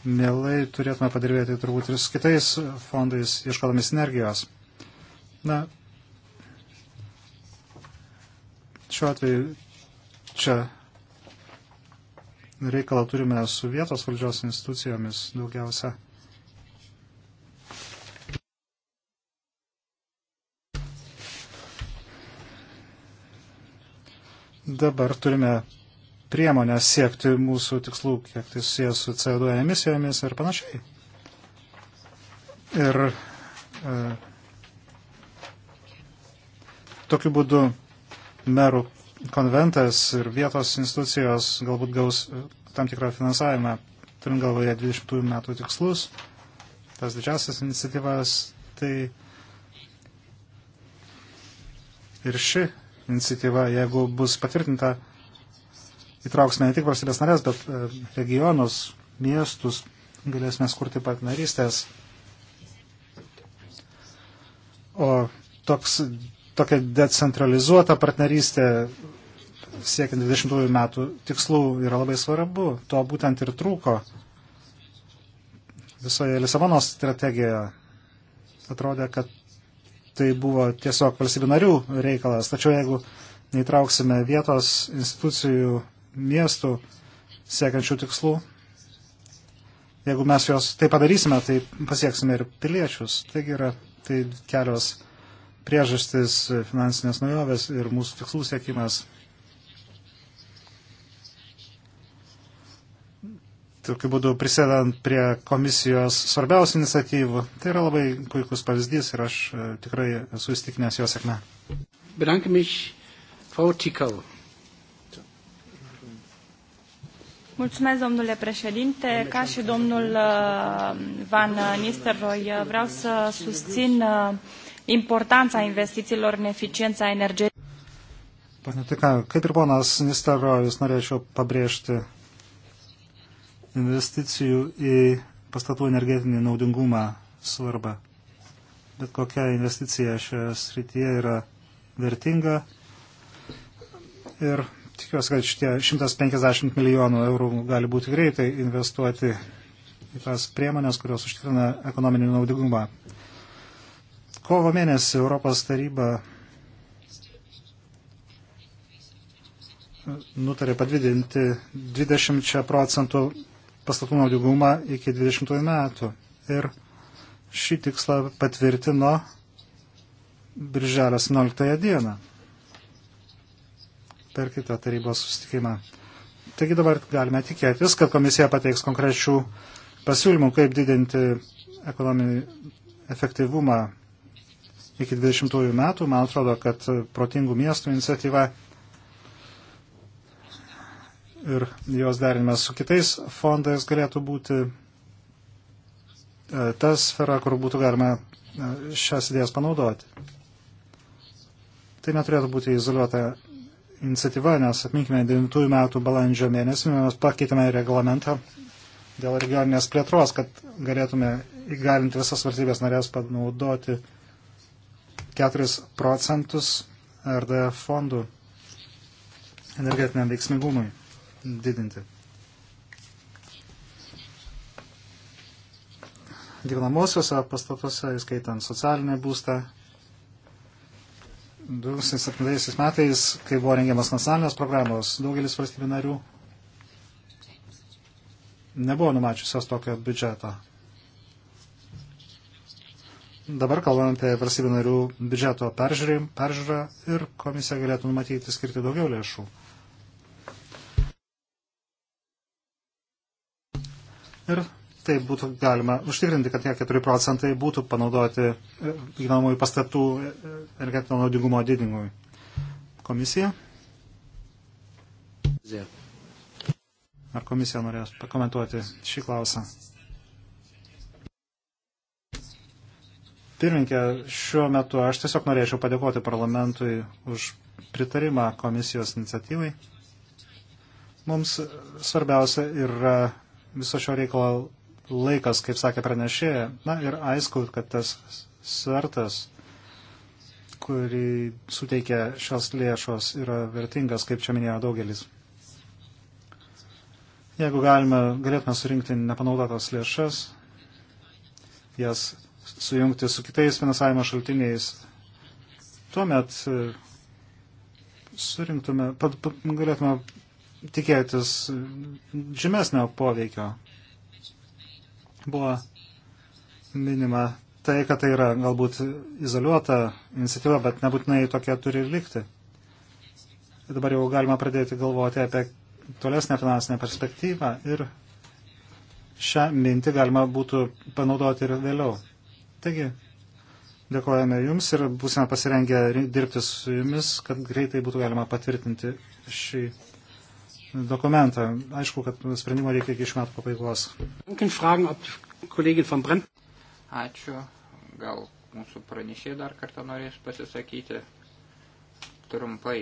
mielai turėtume padirbėti turbūt ir su kitais fondais, ieškodami sinergijos. Na, Šiuo atveju čia reikalą turime su vietos valdžios institucijomis daugiausia. Dabar turime priemonę siekti mūsų tikslų, kiek tai susijęs su CO2 emisijomis ir panašiai. Ir e, tokiu būdu merų konventas ir vietos institucijos galbūt gaus e, tam tikrą finansavimą, turint galvoje 20 metų tikslus, tas didžiasias iniciatyvas, tai ir ši iniciatyva, jeigu bus patvirtinta, įtrauksime ne tik valstybės narės, bet e, regionus, miestus, galėsime skurti partnerystės. O toks tokia decentralizuota partnerystė siekiant 20 metų tikslų yra labai svarbu. To būtent ir trūko visoje Lisabonos strategijoje. Atrodė, kad tai buvo tiesiog valstybių narių reikalas. Tačiau jeigu neįtrauksime vietos institucijų, miestų siekiančių tikslų, jeigu mes juos tai padarysime, tai pasieksime ir piliečius. Taigi yra tai kelios priežastis finansinės naujovės ir mūsų tikslų siekimas. Tokiu būdu prisėdant prie komisijos svarbiausių iniciatyvų. Tai yra labai puikus pavyzdys ir aš e, tikrai esu įstikinęs jo sėkme. Bedanke mich, Frau Tikau. Mulțumesc, domnule președinte. Ca și domnul e, Van Nistelrooy, e, vreau să susțin uh, importanța investițiilor în eficiența energetică. Pane Tikau, kaip ir ponas Nisterojus, norėčiau pabrėžti investicijų į pastatų energetinį naudingumą svarbą. Bet kokia investicija šioje srityje yra vertinga. Ir tikiuosi, kad šitie 150 milijonų eurų gali būti greitai investuoti į tas priemonės, kurios užtikrina ekonominį naudingumą. Kovo mėnesį Europos taryba nutarė padvidinti 20 procentų pastatų naudingumą iki 20 metų. Ir šį tikslą patvirtino Birželio 17 dieną per kitą tarybos sustikimą. Taigi dabar galime tikėtis, kad komisija pateiks konkrečių pasiūlymų, kaip didinti ekonominį efektyvumą iki 20 metų. Man atrodo, kad protingų miestų iniciatyva ir jos derinimas su kitais fondais galėtų būti e, ta sfera, kur būtų galima e, šias idėjas panaudoti. Tai neturėtų būti izoliuota iniciatyva, nes atminkime 9 metų balandžio mėnesį mes pakeitėme reglamentą dėl regioninės plėtros, kad galėtume įgalinti visas valstybės narės panaudoti uh, 4 procentus RDF fondų energetiniam veiksmingumui didinti. Gyvenamosiuose pastatuose, įskaitant socialinį būstą, 2007 metais, kai buvo rengiamas nacionalinės programos, daugelis valstybių narių nebuvo numačiusios tokio biudžeto. Dabar kalbame apie valstybių narių biudžeto peržiūrą ir komisija galėtų numatyti skirti daugiau lėšų. Ir tai būtų galima užtikrinti, kad tie 4 procentai būtų panaudoti gyvenamųjų e, pastatų e, energetinio naudingumo didinimui. Komisija? Ar komisija norės pakomentuoti šį klausimą? Pirminkė, šiuo metu aš tiesiog norėčiau padėkoti parlamentui už pritarimą komisijos iniciatyvai. Mums svarbiausia yra viso šio reikalo laikas, kaip sakė pranešėja. Na ir aišku, kad tas svertas, kurį suteikia šios lėšos, yra vertingas, kaip čia minėjo daugelis. Jeigu galime, galėtume surinkti nepanaudotas lėšas, jas sujungti su kitais finansavimo šaltiniais. Tuomet e, surinktume, pat, pat, galėtume tikėtis žymesnio poveikio. Buvo minima tai, kad tai yra galbūt izoliuota iniciatyva, bet nebūtinai tokia turi ir likti. Dabar jau galima pradėti galvoti apie tolesnę finansinę perspektyvą ir šią mintį galima būtų panaudoti ir vėliau. Taigi, dėkojame Jums ir būsime pasirengę dirbti su Jumis, kad greitai būtų galima patvirtinti šį dokumentą. Aišku, kad sprendimo reikia iki šių metų pabaigos. Ačiū. Gal mūsų pranešė dar kartą norės pasisakyti trumpai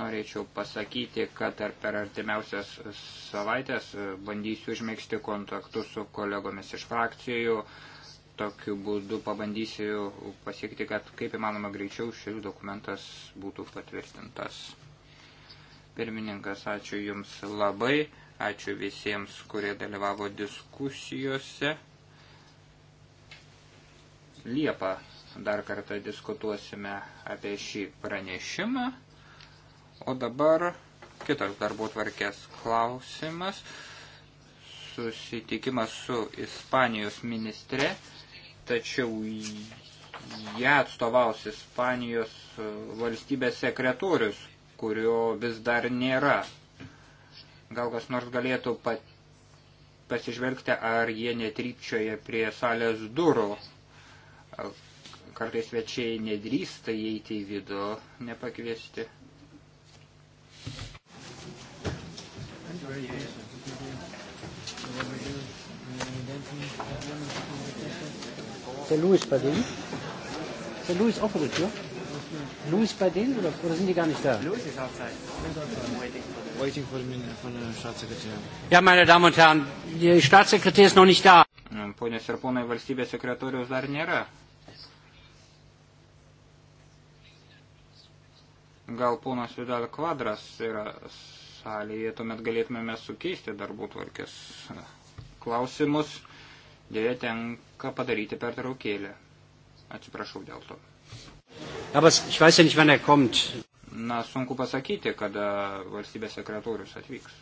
norėčiau pasakyti, kad ar per artimiausias savaitės bandysiu užmėgsti kontaktus su kolegomis iš frakcijų, tokiu būdu pabandysiu pasiekti, kad kaip įmanoma greičiau šis dokumentas būtų patvirtintas. Pirmininkas, ačiū Jums labai, ačiū visiems, kurie dalyvavo diskusijose. Liepą dar kartą diskutuosime apie šį pranešimą. O dabar kitas darbo tvarkės klausimas susitikimas su Ispanijos ministre tačiau ją atstovaus Ispanijos e, valstybės sekretorius, kurio vis dar nėra. Gal kas nors galėtų pasižvelgti, ar jie netrypčioja prie salės durų. E, kartais svečiai nedrįsta įeiti į vidų, nepakviesti. Thank you. Der Louis bei denen? Ist der Louis auch vor der Tür? Louis bei denen oder, oder sind die gar nicht da? Louis ist outside. Waiting for uh, the minute von der Staatssekretär. Ja, meine Damen und Herren, die Staatssekretär ist noch nicht da. Mm, ponios ir ponai, valstybės sekretoriaus dar nėra. Gal ponas Vidal Kvadras yra salėje, tuomet galėtumėme sukeisti darbų tvarkės uh, klausimus. Dėja tenka padaryti per traukėlę. Atsiprašau dėl to. Er Na, sunku pasakyti, kada valstybės sekretorius atvyks.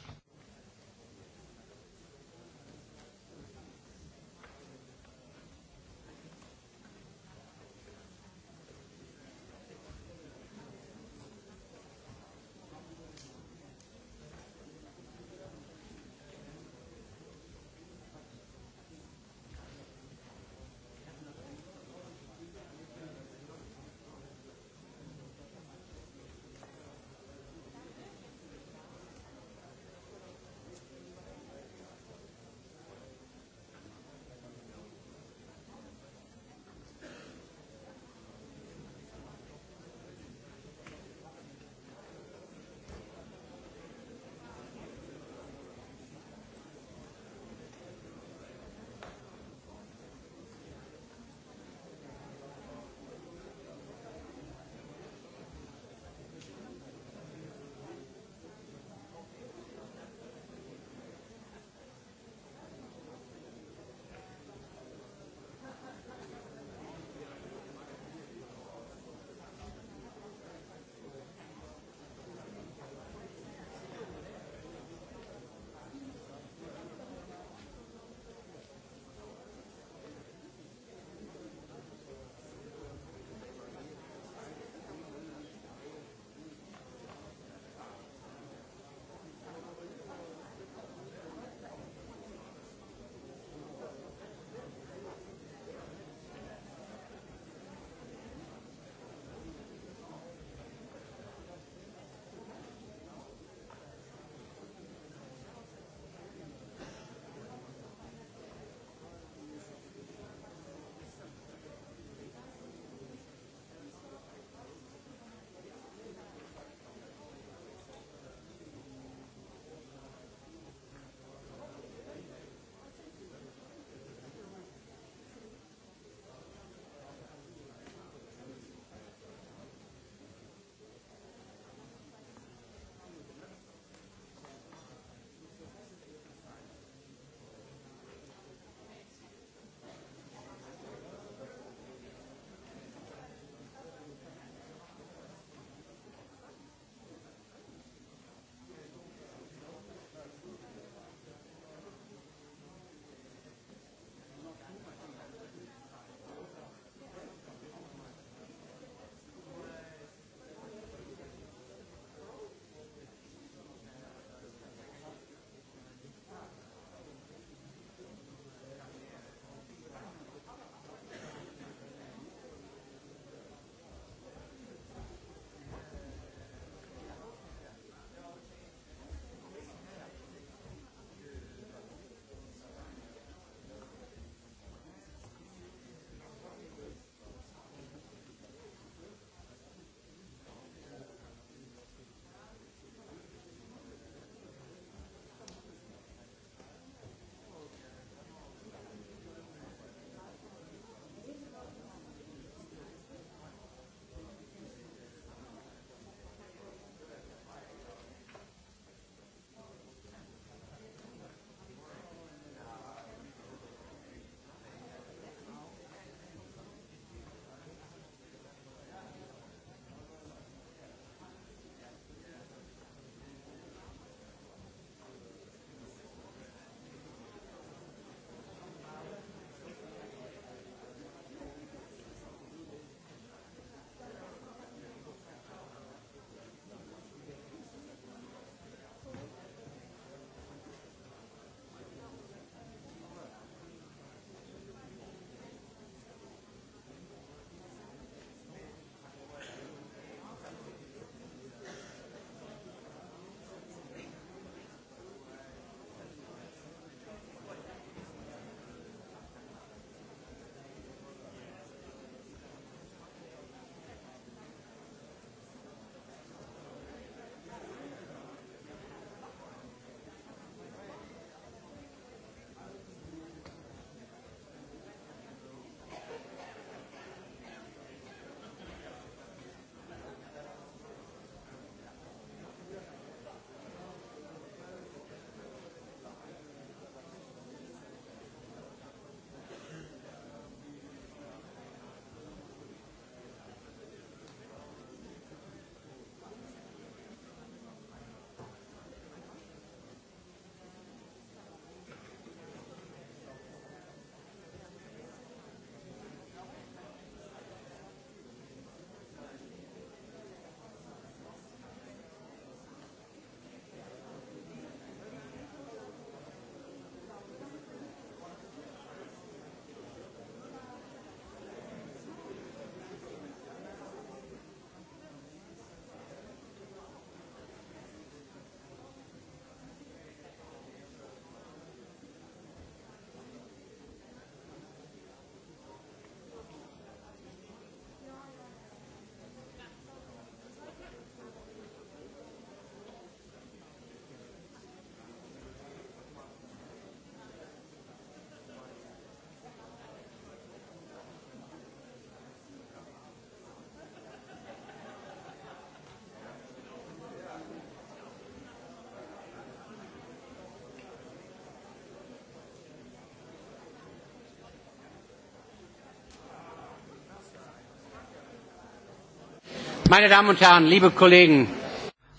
Meine Damen und Herren, liebe Kollegen.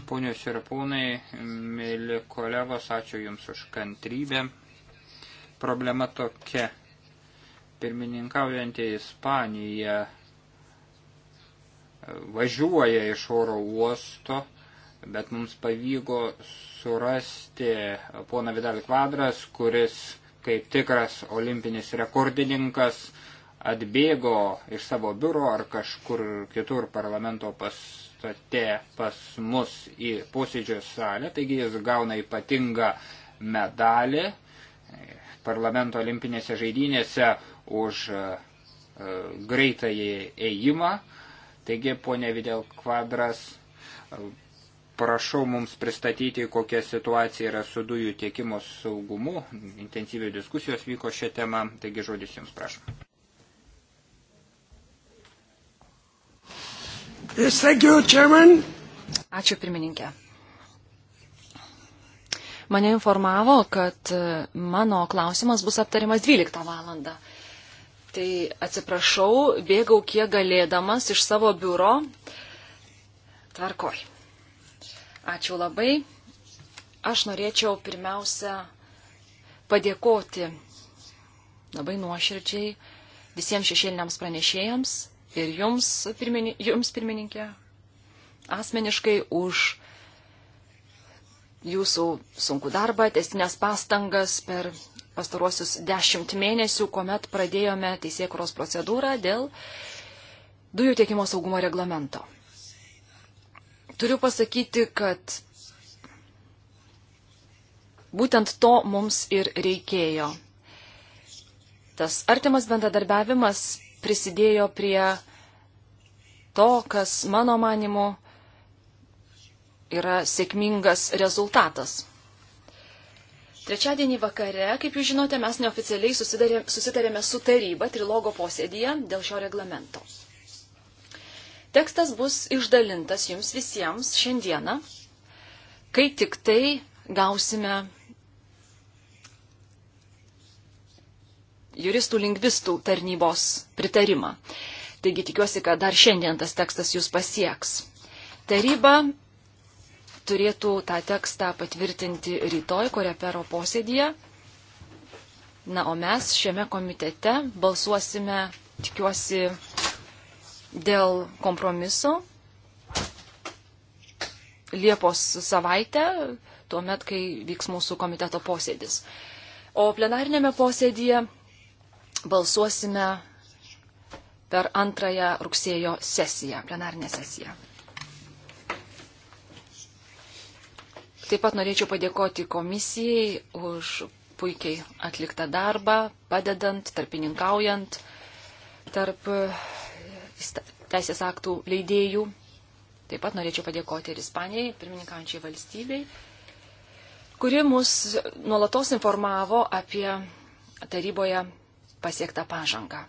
Ponios ir ponai, mėly kolegos, ačiū Jums už kantrybę. Problema tokia. Pirmininkaujantį Ispaniją e, važiuoja iš oro uosto, bet mums pavyko surasti poną Vidal Kvadras, kuris kaip tikras olimpinis rekordininkas atbėgo iš savo biuro ar kažkur kitur parlamento pastate pas mus į posėdžio salę, taigi jis gauna ypatingą medalį e, parlamento olimpinėse žaidynėse už e, e, greitąjį ėjimą. Taigi, ponė Videl Kvadras, prašau mums pristatyti, kokia situacija yra su dujų tiekimo saugumu. Intensyviai diskusijos vyko šią temą, taigi žodis jums prašom. Yes, thank you, Chairman. Ačiū pirmininkė. Mane informavo, kad e, mano klausimas bus aptariamas 12 valandą. Tai atsiprašau, bėgau kiek galėdamas iš savo biuro. Tvarkoj. Ačiū labai. Aš norėčiau pirmiausia padėkoti labai nuoširdžiai visiems šešėliniams pranešėjams ir jums, pirmini, jums pirmininkė, asmeniškai už jūsų sunku darbą, testinės pastangas per pastaruosius dešimt mėnesių, kuomet pradėjome teisėkuros procedūrą dėl dujų tiekimo saugumo reglamento. Turiu pasakyti, kad būtent to mums ir reikėjo. Tas artimas bendradarbiavimas prisidėjo prie to, kas mano manimu yra sėkmingas rezultatas. Trečiadienį vakare, kaip jūs žinote, mes neoficialiai susidarė, susitarėme su taryba trilogo posėdėje dėl šio reglamento. Tekstas bus išdalintas jums visiems šiandieną, kai tik tai gausime juristų lingvistų tarnybos pritarimą. Taigi tikiuosi, kad dar šiandien tas tekstas jūs pasieks. Taryba turėtų tą tekstą patvirtinti rytoj korepero posėdėje. Na, o mes šiame komitete balsuosime, tikiuosi, dėl kompromiso Liepos savaitę, tuo met, kai vyks mūsų komiteto posėdis. O plenarinėme posėdėje balsuosime per antrąją rugsėjo sesiją, plenarinę sesiją. Taip pat norėčiau padėkoti komisijai už puikiai atliktą darbą, padedant, tarpininkaujant tarp teisės aktų leidėjų. Taip pat norėčiau padėkoti ir Ispanijai, pirmininkaujančiai valstybei, kuri mus nuolatos informavo apie taryboje pasiektą pažangą.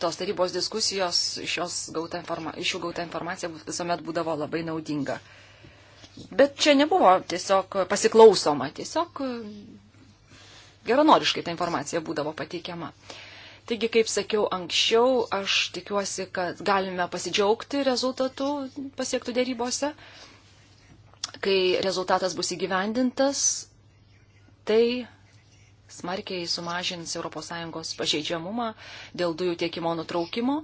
tos tarybos diskusijos, iš, gauta informa, iš jų gauta informacija visuomet būdavo labai naudinga. Bet čia nebuvo tiesiog pasiklausoma, tiesiog e, geronoriškai ta informacija būdavo pateikiama. Taigi, kaip sakiau anksčiau, aš tikiuosi, kad galime pasidžiaugti rezultatų pasiektų dėrybose kai rezultatas bus įgyvendintas, tai smarkiai sumažins ES pažeidžiamumą dėl dujų tiekimo nutraukimo,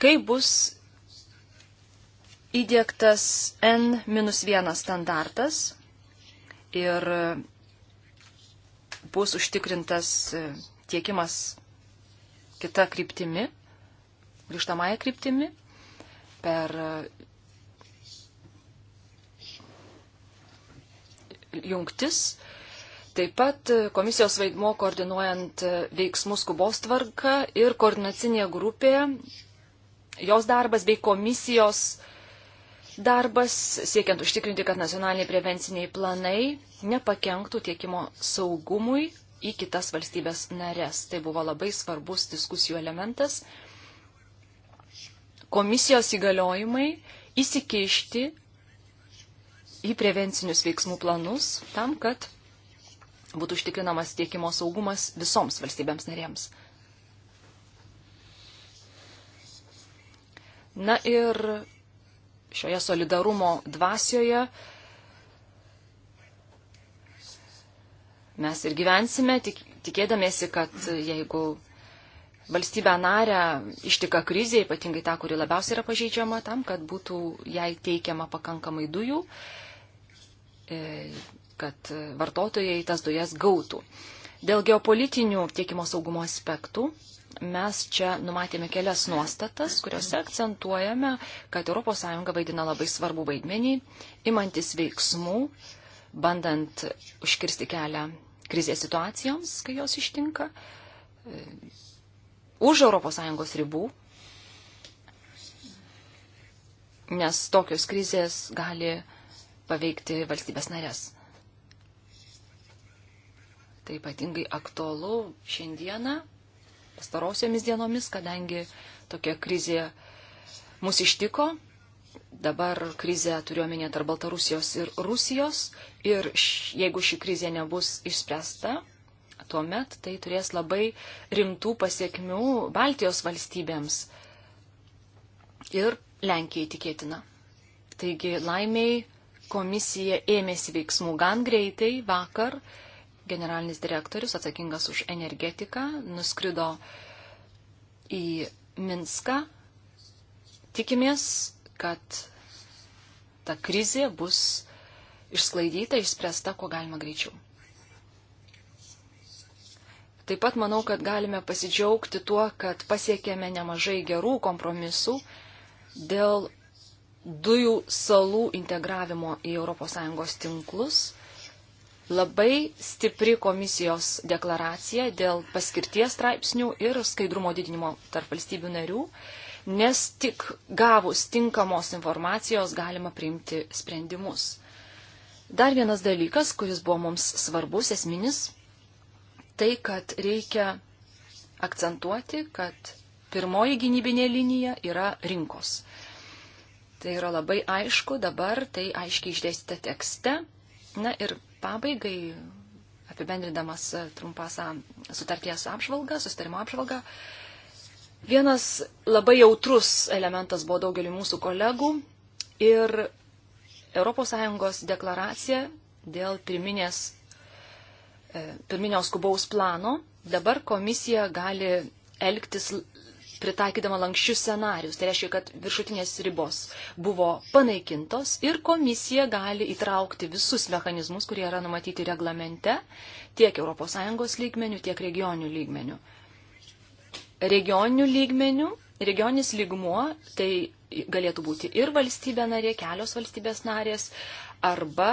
kai bus įdėktas N-1 standartas ir bus užtikrintas tiekimas kita kryptimi, grįžtamąją kryptimi per jungtis. Taip pat komisijos vaidmo koordinuojant veiksmus skubos tvarka ir koordinacinė grupė, jos darbas bei komisijos darbas siekiant užtikrinti, kad nacionaliniai prevenciniai planai nepakenktų tiekimo saugumui į kitas valstybės narės. Tai buvo labai svarbus diskusijų elementas. Komisijos įgaliojimai įsikišti į prevencinius veiksmų planus tam, kad būtų užtikrinamas tiekimo saugumas visoms valstybėms narėms. Na ir šioje solidarumo dvasioje mes ir gyvensime, tik, tikėdamėsi, kad jeigu valstybę narę ištika krizė, ypatingai ta, kuri labiausiai yra pažeidžiama, tam, kad būtų jai teikiama pakankamai dujų, uh, E, kad vartotojai tas dujas gautų. Dėl geopolitinių tiekimo saugumo aspektų mes čia numatėme kelias nuostatas, kuriuose akcentuojame, kad ES vaidina labai svarbu vaidmenį, imantis veiksmų, bandant užkirsti kelią krizės situacijoms, kai jos ištinka, e, už ES ribų, nes tokios krizės gali paveikti valstybės narės. Tai ypatingai aktualu šiandieną, pastarosiomis dienomis, kadangi tokia krizė mus ištiko. Dabar krizė turiuomenė tarp Baltarusijos ir Rusijos. Ir š, jeigu ši krizė nebus išspręsta, tuomet tai turės labai rimtų pasiekmių Baltijos valstybėms ir Lenkijai tikėtina. Taigi laimiai komisija ėmėsi veiksmų gan greitai vakar. Generalinis direktorius atsakingas už energetiką nuskrido į Minską. Tikimės, kad ta krizė bus išsklaidyta, išspręsta, kuo galima greičiau. Taip pat manau, kad galime pasidžiaugti tuo, kad pasiekėme nemažai gerų kompromisų dėl dujų salų integravimo į ES tinklus. Labai stipri komisijos deklaracija dėl paskirties straipsnių ir skaidrumo didinimo tarp valstybių narių, nes tik gavus tinkamos informacijos galima priimti sprendimus. Dar vienas dalykas, kuris buvo mums svarbus, esminis, tai, kad reikia akcentuoti, kad pirmoji gynybinė linija yra rinkos Tai yra labai aišku, dabar tai aiškiai išdėstė tekste. Na ir pabaigai, apibendrindamas trumpasą sutarties apžvalgą, sustarimo apžvalgą, vienas labai jautrus elementas buvo daugeliu mūsų kolegų ir ES deklaracija dėl pirminės, e, pirminio skubaus plano. Dabar komisija gali elgtis pritaikydama lankščius scenarius. Tai reiškia, kad viršutinės ribos buvo panaikintos ir komisija gali įtraukti visus mechanizmus, kurie yra numatyti reglamente tiek ES lygmenių, tiek regioninių lygmenių. Regioninių lygmenių, regioninis lygmuo, tai galėtų būti ir valstybė narė, kelios valstybės narės arba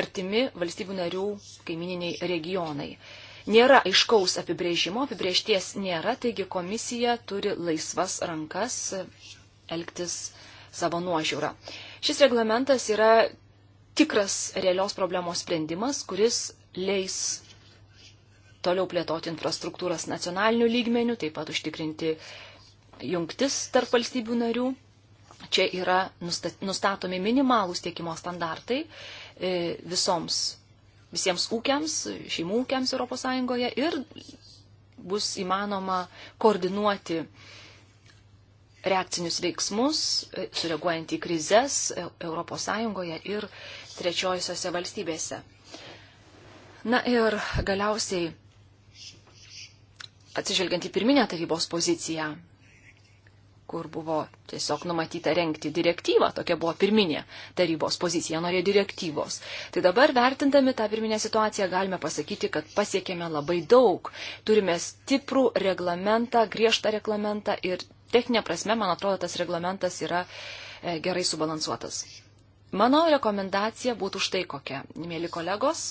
artimi valstybių narių kaimininiai regionai nėra aiškaus apibrėžimo, apibrėžties nėra, taigi komisija turi laisvas rankas elgtis savo nuožiūrą. Šis reglamentas yra tikras realios problemos sprendimas, kuris leis toliau plėtoti infrastruktūras nacionalinių lygmenių, taip pat užtikrinti jungtis tarp valstybių narių. Čia yra nustatomi minimalūs tiekimo standartai e, visoms visiems ūkiams, šeimų ūkiams ES ir bus įmanoma koordinuoti reakcinius veiksmus, e, sureaguojant į krizes ES ir trečiojosiose valstybėse. Na ir galiausiai, atsižvelgiant į pirminę tarybos poziciją, kur buvo tiesiog numatyta renkti direktyvą, tokia buvo pirminė tarybos pozicija, norėjo direktyvos. Tai dabar vertindami tą pirminę situaciją galime pasakyti, kad pasiekėme labai daug. Turime stiprų reglamentą, griežtą reglamentą ir techninė prasme, man atrodo, tas reglamentas yra e, gerai subalansuotas. Mano rekomendacija būtų štai kokia. Mėly kolegos,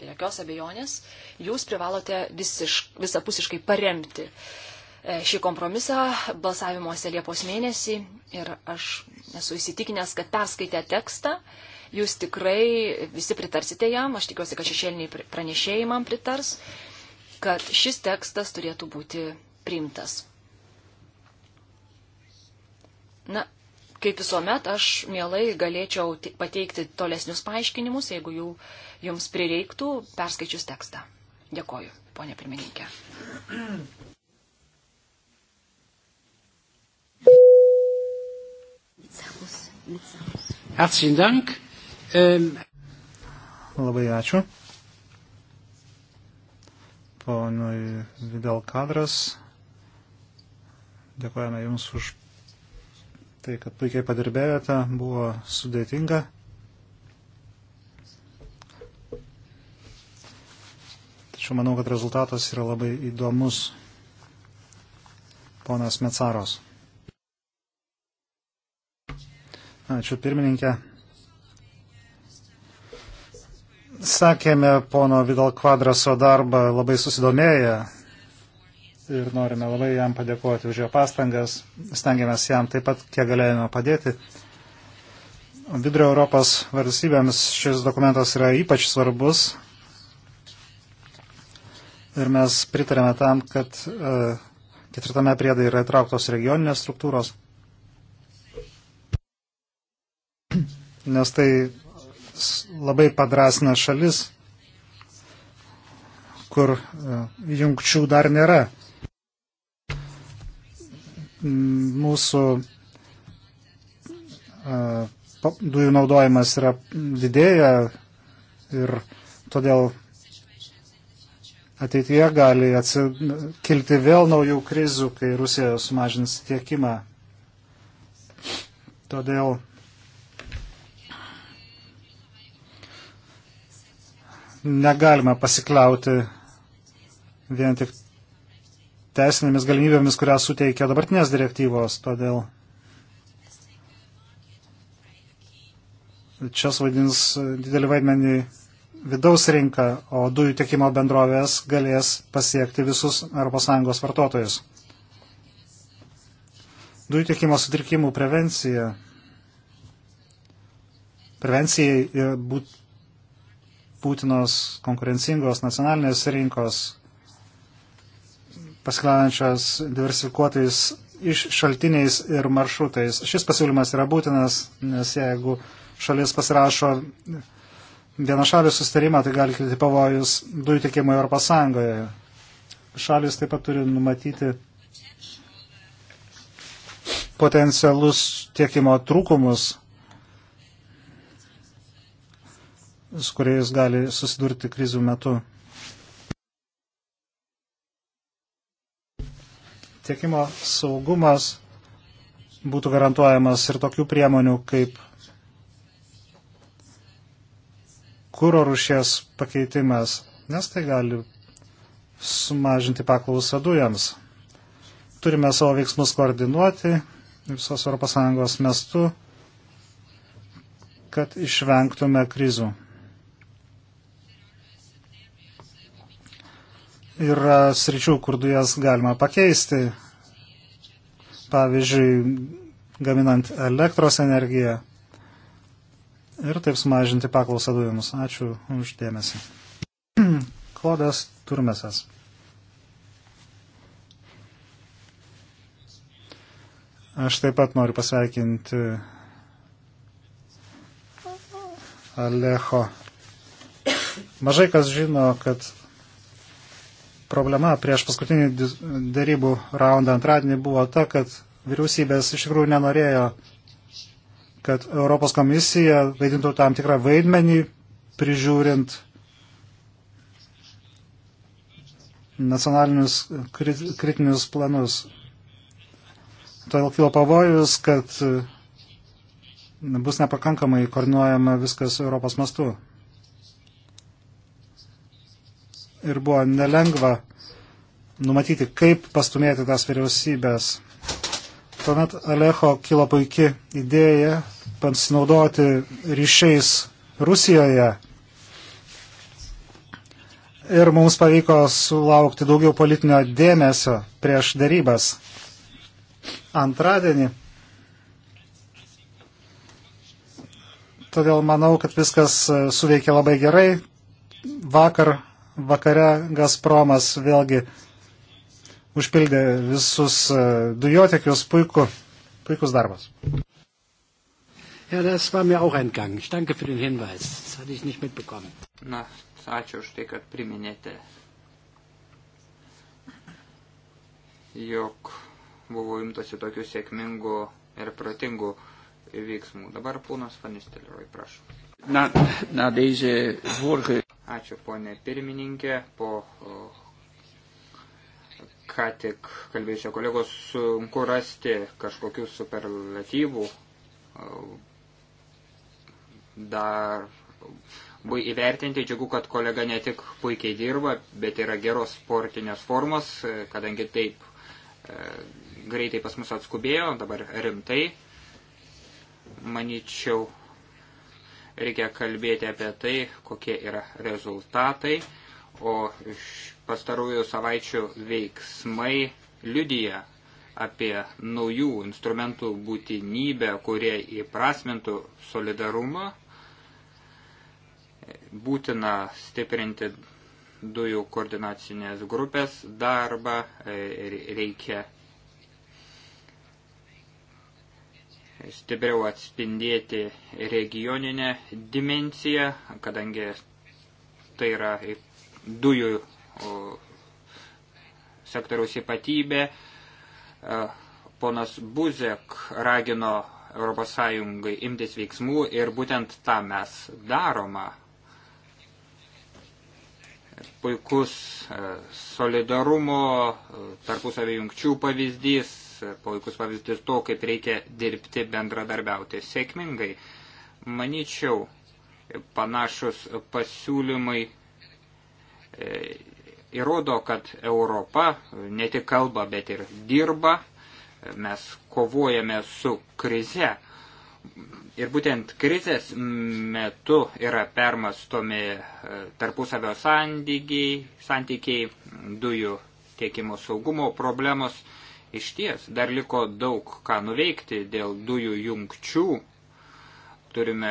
be jokios abejonės, jūs privalote visišk, visapusiškai paremti uh, E, šį kompromisą balsavimuose Liepos mėnesį ir aš esu įsitikinęs, kad perskaitę tekstą jūs tikrai visi pritarsite jam, aš tikiuosi, kad šešėliniai pranešėjai man pritars, kad šis tekstas turėtų būti priimtas. Na, kaip visuomet, aš mielai galėčiau pateikti tolesnius paaiškinimus, jeigu jų jums prireiktų, perskaičius tekstą. Dėkoju, ponė pirmininkė. Herzlichen Dank. Ähm, labai ačiū. Ponui Vidal Kadras, dėkojame Jums už tai, kad puikiai padirbėjote, buvo sudėtinga. Tačiau manau, kad rezultatas yra labai įdomus. Ponas Mecaros. Ačiū pirmininkė. Sakėme pono Vidal Kvadraso darbą labai susidomėję ir norime labai jam padėkoti už jo pastangas. Stengiamės jam taip pat, kiek galėjome padėti. Vidurio Europos valstybėms šis dokumentas yra ypač svarbus ir mes pritarėme tam, kad e, ketvirtame priedai yra įtrauktos regioninės struktūros. nes tai labai padrasina šalis, kur e, jungčių dar nėra. Mūsų e, dujų naudojimas yra didėja ir todėl ateityje gali atsikilti vėl naujų krizių, kai Rusija sumažins tiekimą. Todėl negalime pasikliauti vien tik teisinėmis galimybėmis, kurias suteikia dabartinės direktyvos. Todėl čia svaidins didelį vaidmenį vidaus rinka, o dujų tiekimo bendrovės galės pasiekti visus ES vartotojus. Dujų tiekimo sutrikimų prevencija. Prevencijai būt, būtinos konkurencingos nacionalinės rinkos, pasklanančios diversifikuotais iš šaltiniais ir maršrutais. Šis pasiūlymas yra būtinas, nes jeigu šalis pasirašo vienašalių sustarimą, tai gali kilti pavojus dujų tiekimui Europos Sąjungoje. Šalis taip pat turi numatyti potencialus tiekimo trūkumus su kuriais gali susidurti krizių metu. Tiekimo saugumas būtų garantuojamas ir tokių priemonių kaip kūro rušies pakeitimas, nes tai gali sumažinti paklausą dujams. Turime savo veiksmus koordinuoti visos ES mestu, kad išvengtume krizų. yra sričių, kur dujas galima pakeisti. Pavyzdžiui, gaminant elektros energiją ir taip sumažinti paklausą dujomis. Ačiū už dėmesį. Klodas Turmesas. Aš taip pat noriu pasveikinti Alecho. Mažai kas žino, kad problema prieš paskutinį darybų raundą antradienį buvo ta, kad vyriausybės iš tikrųjų nenorėjo, kad Europos komisija vaidintų tam tikrą vaidmenį prižiūrint nacionalinius krit, kritinius planus. Todėl kilo pavojus, kad bus nepakankamai koordinuojama viskas Europos mastu. ir buvo nelengva numatyti, kaip pastumėti tas vyriausybės. Tuomet Alecho kilo puikia idėja pasinaudoti ryšiais Rusijoje. Ir mums pavyko sulaukti daugiau politinio dėmesio prieš darybas. Antradienį. Todėl manau, kad viskas suveikė labai gerai. Vakar vakare Gazpromas vėlgi užpildė visus e, dujotekius, puiku, puikus darbas. Ja, das war mir auch entgangen. Ich danke für den Hinweis. Das hatte ich nicht mitbekommen. Na, ačiū už tai, kad priminėte, jog buvo imtasi tokių sėkmingų ir protingų veiksmų. Dabar ponas Fanisteliroj, prašau. Na, na, deze vorige... Ačiū, ponė pirmininkė. Po ką tik kalbėjusio kolegos sunku rasti kažkokių superlatyvų. Dar buvai įvertinti, džiugu, kad kolega ne tik puikiai dirba, bet yra geros sportinės formos, kadangi taip e, greitai pas mus atskubėjo, dabar rimtai. Manyčiau, reikia kalbėti apie tai, kokie yra rezultatai, o pastarųjų savaičių veiksmai liudyja apie naujų instrumentų būtinybę, kurie įprasmintų solidarumą, būtina stiprinti dujų koordinacinės grupės darbą, e, reikia stipriau atspindėti regioninę dimenciją, kadangi tai yra dujų sektoriaus ypatybė. Ponas Buzek ragino ES imtis veiksmų ir būtent tą mes daroma. Puikus solidarumo tarpusavį jungčių pavyzdys puikus pavyzdys to, kaip reikia dirbti bendradarbiauti sėkmingai. Maničiau, panašus pasiūlymai e, įrodo, kad Europa ne tik kalba, bet ir dirba. Mes kovojame su krize. Ir būtent krizės metu yra permastomi e, tarpusavio santykiai, santykiai dujų tiekimo saugumo problemos. Iš ties, dar liko daug ką nuveikti dėl dujų jungčių. Turime,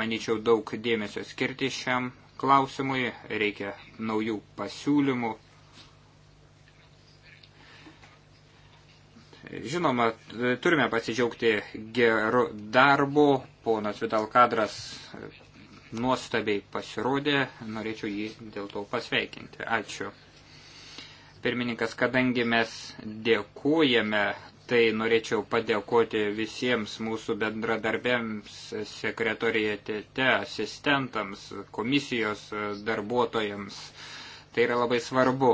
manyčiau, daug dėmesio skirti šiam klausimui, reikia naujų pasiūlymų. Žinoma, turime pasidžiaugti geru darbu, ponas Vidal Kadras nuostabiai pasirodė, norėčiau jį dėl to pasveikinti. Ačiū. Pirmininkas, kadangi mes dėkujame, tai norėčiau padėkoti visiems mūsų bendradarbėms, sekretorijatėte, asistentams, komisijos darbuotojams. Tai yra labai svarbu.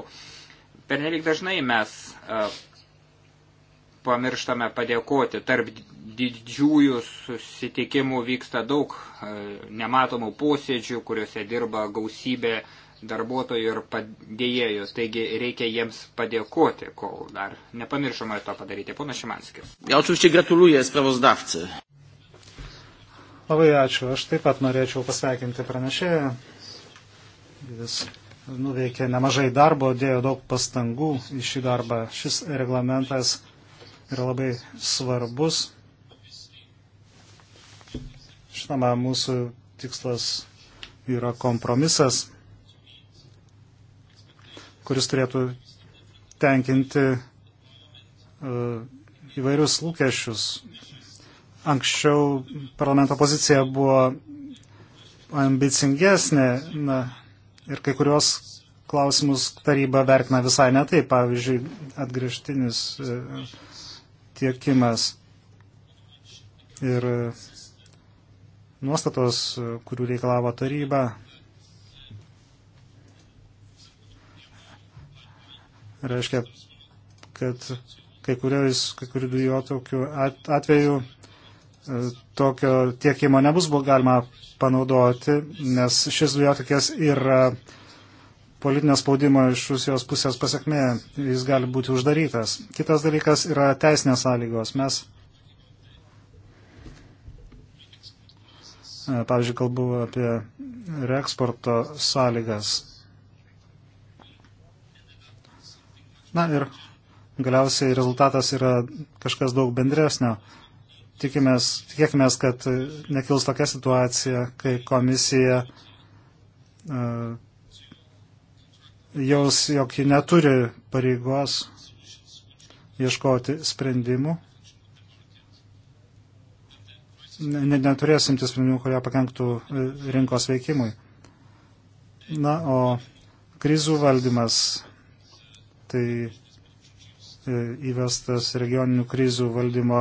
Per nelik dažnai mes pamirštame padėkoti. Tarp didžiųjų susitikimų vyksta daug nematomų posėdžių, kuriuose dirba gausybė darbuotojų ir padėjėjus, taigi reikia jiems padėkoti, kol dar nepamiršome to padaryti. Pana Šimanskis. Ja oczywiście gratuluję sprawozdawcy. Labai ačiū. Aš taip pat norėčiau pasveikinti pranešėją. Jis nuveikė nemažai darbo, dėjo daug pastangų į šį darbą. Šis reglamentas yra labai svarbus. Žinoma, mūsų tikslas yra kompromisas kuris turėtų tenkinti e, įvairius lūkesčius. Anksčiau parlamento pozicija buvo ambicingesnė na, ir kai kurios klausimus taryba vertina visai netai, pavyzdžiui, atgrįžtinis e, tiekimas ir e, nuostatos, kurių reikalavo taryba, Reiškia, kad kai kuriais, kai kurių dujotokių atveju e, tokio tiekimo nebus galima panaudoti, nes šis dujotikės yra politinio spaudimo iš Rusijos pusės pasiekmė, jis gali būti uždarytas. Kitas dalykas yra teisinės sąlygos. Mes, e, pavyzdžiui, kalbu apie reeksporto sąlygas. Na ir galiausiai rezultatas yra kažkas daug bendresnio. Tikimės, tikėkimės, kad nekils tokia situacija, kai komisija uh, jaus, jog ji neturi pareigos ieškoti sprendimų. Neturės imti sprendimų, kurie pakenktų e, rinkos veikimui. Na, o krizų valdymas metai e, įvestas regioninių krizių valdymo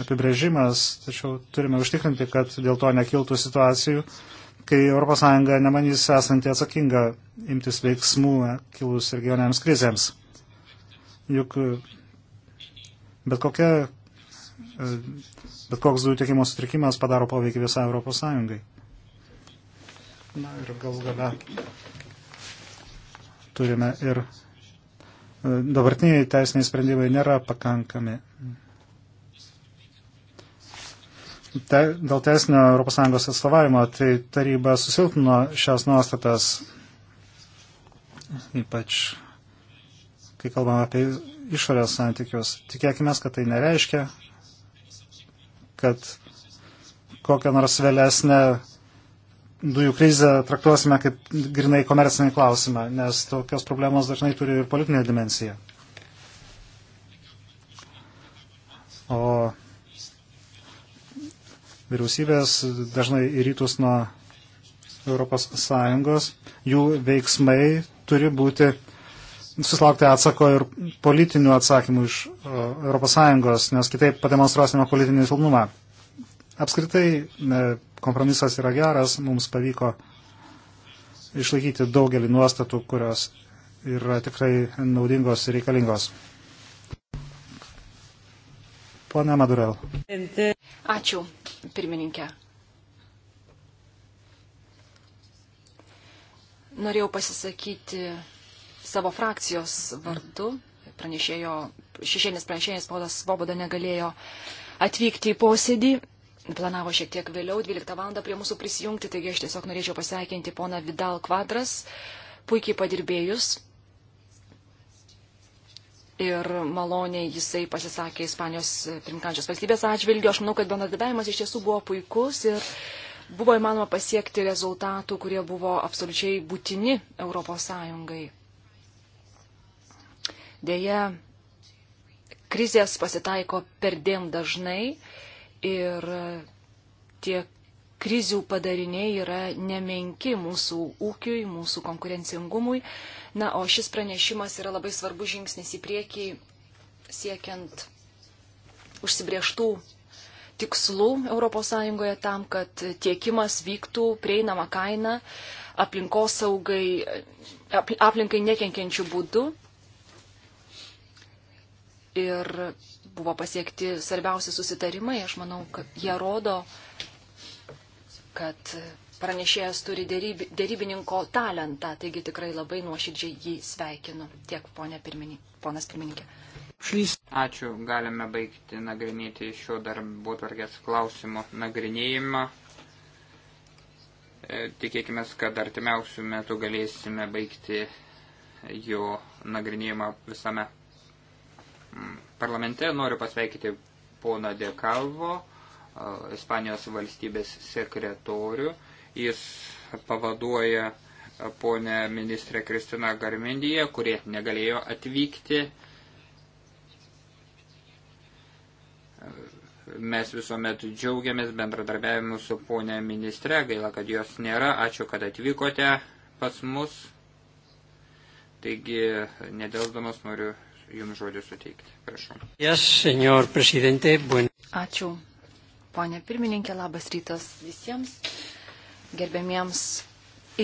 apibrėžimas, tačiau turime užtikrinti, kad dėl to nekiltų situacijų, kai ES nemanys esanti atsakinga imtis veiksmų kilus regioniams krizėms. Juk e, bet, kokia, e, bet koks dujų tiekimo sutrikimas padaro poveikį visą ES. Na ir gal gale turime ir dabartiniai teisiniai sprendimai nėra pakankami. Te, dėl teisinio ES atstovavimo, tai taryba susilpnino šias nuostatas, ypač kai kalbam apie išorės santykius. Tikėkime, kad tai nereiškia, kad kokią nors vėlesnę dujų krizę traktuosime kaip grinai komercinį klausimą, nes tokios problemos dažnai turi ir politinę dimensiją. O vyriausybės dažnai į rytus nuo Europos Sąjungos, jų veiksmai turi būti susilaukti atsako ir politinių atsakymų iš Europos Sąjungos, nes kitaip pademonstruosime politinį silpnumą. Apskritai kompromisas yra geras, mums pavyko išlaikyti daugelį nuostatų, kurios yra tikrai naudingos ir reikalingos. Pone Madurel. Ačiū, pirmininkė. Norėjau pasisakyti savo frakcijos vardu. Pranešėjo, šešėlis pranešėjas Paulas Svoboda negalėjo atvykti į posėdį planavo šiek tiek vėliau, 12 val. prie mūsų prisijungti, taigi aš tiesiog norėčiau pasveikinti poną Vidal Kvadras, puikiai padirbėjus. Ir maloniai jisai pasisakė Ispanijos primkančios valstybės atžvilgiu. Aš manau, kad bendradarbiavimas iš tiesų buvo puikus ir buvo įmanoma pasiekti rezultatų, kurie buvo absoliučiai būtini ES. Deja, krizės pasitaiko perdėm dažnai Ir tie krizių padariniai yra nemenki mūsų ūkiui, mūsų konkurencingumui. Na, o šis pranešimas yra labai svarbus žingsnis į priekį siekiant užsibrieštų tikslų ES tam, kad tiekimas vyktų prieinama kaina aplinkos saugai, aplinkai nekenkiančių būdų. Ir buvo pasiekti svarbiausi susitarimai. Aš manau, kad jie rodo, kad pranešėjas turi dėrybi, dėrybininko talentą, taigi tikrai labai nuoširdžiai jį sveikinu. Tiek, pirmini, ponas pirmininkė. Ačiū, galime baigti nagrinėti šio darbo tvarkės klausimo nagrinėjimą. E, tikėkime, kad artimiausių metų galėsime baigti jo nagrinėjimą visame parlamente noriu pasveikyti poną Dekalvo, Ispanijos valstybės sekretorių. Jis pavaduoja ponę ministrę Kristiną Garmindiją, kurie negalėjo atvykti. Mes visuomet džiaugiamės bendradarbiavimu su ponė ministre, gaila, kad jos nėra, ačiū, kad atvykote pas mus. Taigi, nedelsdamas noriu jums žodį suteikti. Prašau. Yes, senor presidente. Buen... Ačiū. Pone pirmininkė, labas rytas visiems gerbėmiems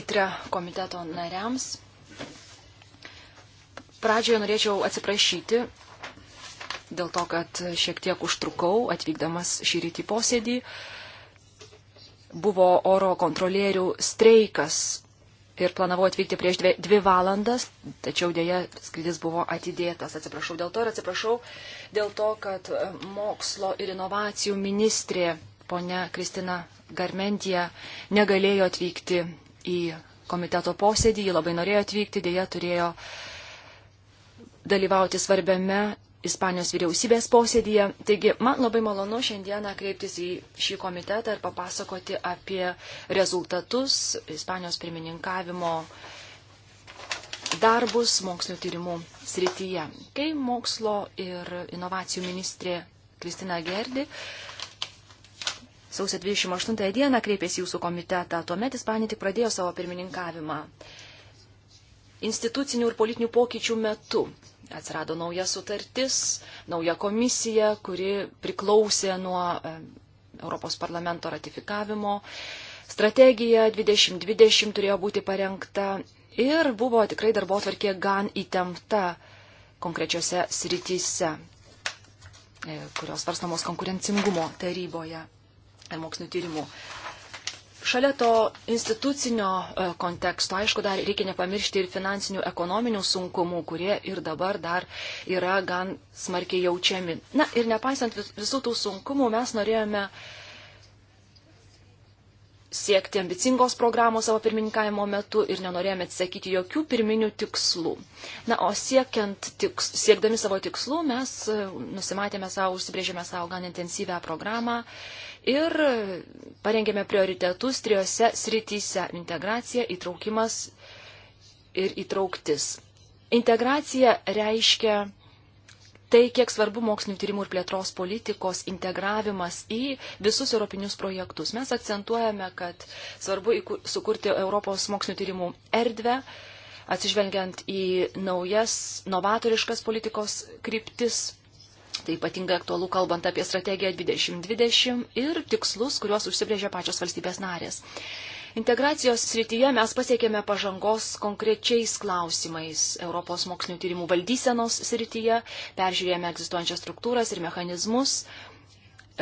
ITRE komiteto nariams. Pradžioje norėčiau atsiprašyti dėl to, kad šiek tiek užtrukau atvykdamas šį rytį posėdį. Buvo oro kontrolierių streikas ir planavau atvykti prieš dvi, dvi valandas, tačiau dėja skrydis buvo atidėtas. Atsiprašau dėl to ir atsiprašau dėl to, kad e, mokslo ir inovacijų ministrė ponia Kristina Garmentija negalėjo atvykti į komiteto posėdį, ji labai norėjo atvykti, dėja turėjo dalyvauti svarbiame Ispanijos vyriausybės posėdėje. Taigi, man labai malonu šiandieną kreiptis į šį komitetą ir papasakoti apie rezultatus Ispanijos pirmininkavimo darbus mokslinio tyrimų srityje. Kai mokslo ir inovacijų ministrė Kristina Gerdi sausio 28 dieną kreipėsi jūsų komitetą, tuomet Ispanija tik pradėjo savo pirmininkavimą institucinių ir politinių pokyčių metu. Atsirado nauja sutartis, nauja komisija, kuri priklausė nuo Europos parlamento ratifikavimo. Strategija 2020 turėjo būti parengta ir buvo tikrai darbo atvarkė gan įtempta konkrečiose srityse, e, kurios svarstamos konkurencingumo taryboje ir mokslinio tyrimų Šalia to institucinio e, konteksto, aišku, dar reikia nepamiršti ir finansinių ekonominių sunkumų, kurie ir dabar dar yra gan smarkiai jaučiami. Na ir nepaisant visų tų sunkumų, mes norėjome siekti ambicingos programos savo pirmininkavimo metu ir nenorėjome atsisakyti jokių pirminių tikslų. Na, o tiks, siekdami savo tikslų mes e, nusimatėme savo, užsibrėžėme savo gan intensyvę programą. Uh, ir parengėme prioritetus trijose srityse - integracija, įtraukimas ir įtrauktis. Integracija reiškia tai, kiek svarbu mokslinių tyrimų ir plėtros politikos integravimas į visus europinius projektus. Mes akcentuojame, kad svarbu sukurti Europos mokslinių tyrimų erdvę, atsižvelgiant į naujas, novatoriškas politikos kryptis Tai ypatingai aktualu kalbant apie strategiją 2020 ir tikslus, kuriuos užsibrėžė pačios valstybės narės. Integracijos srityje mes pasiekėme pažangos konkrečiais klausimais Europos mokslinių tyrimų valdysenos srityje, peržiūrėjome egzistuojančias struktūras ir mechanizmus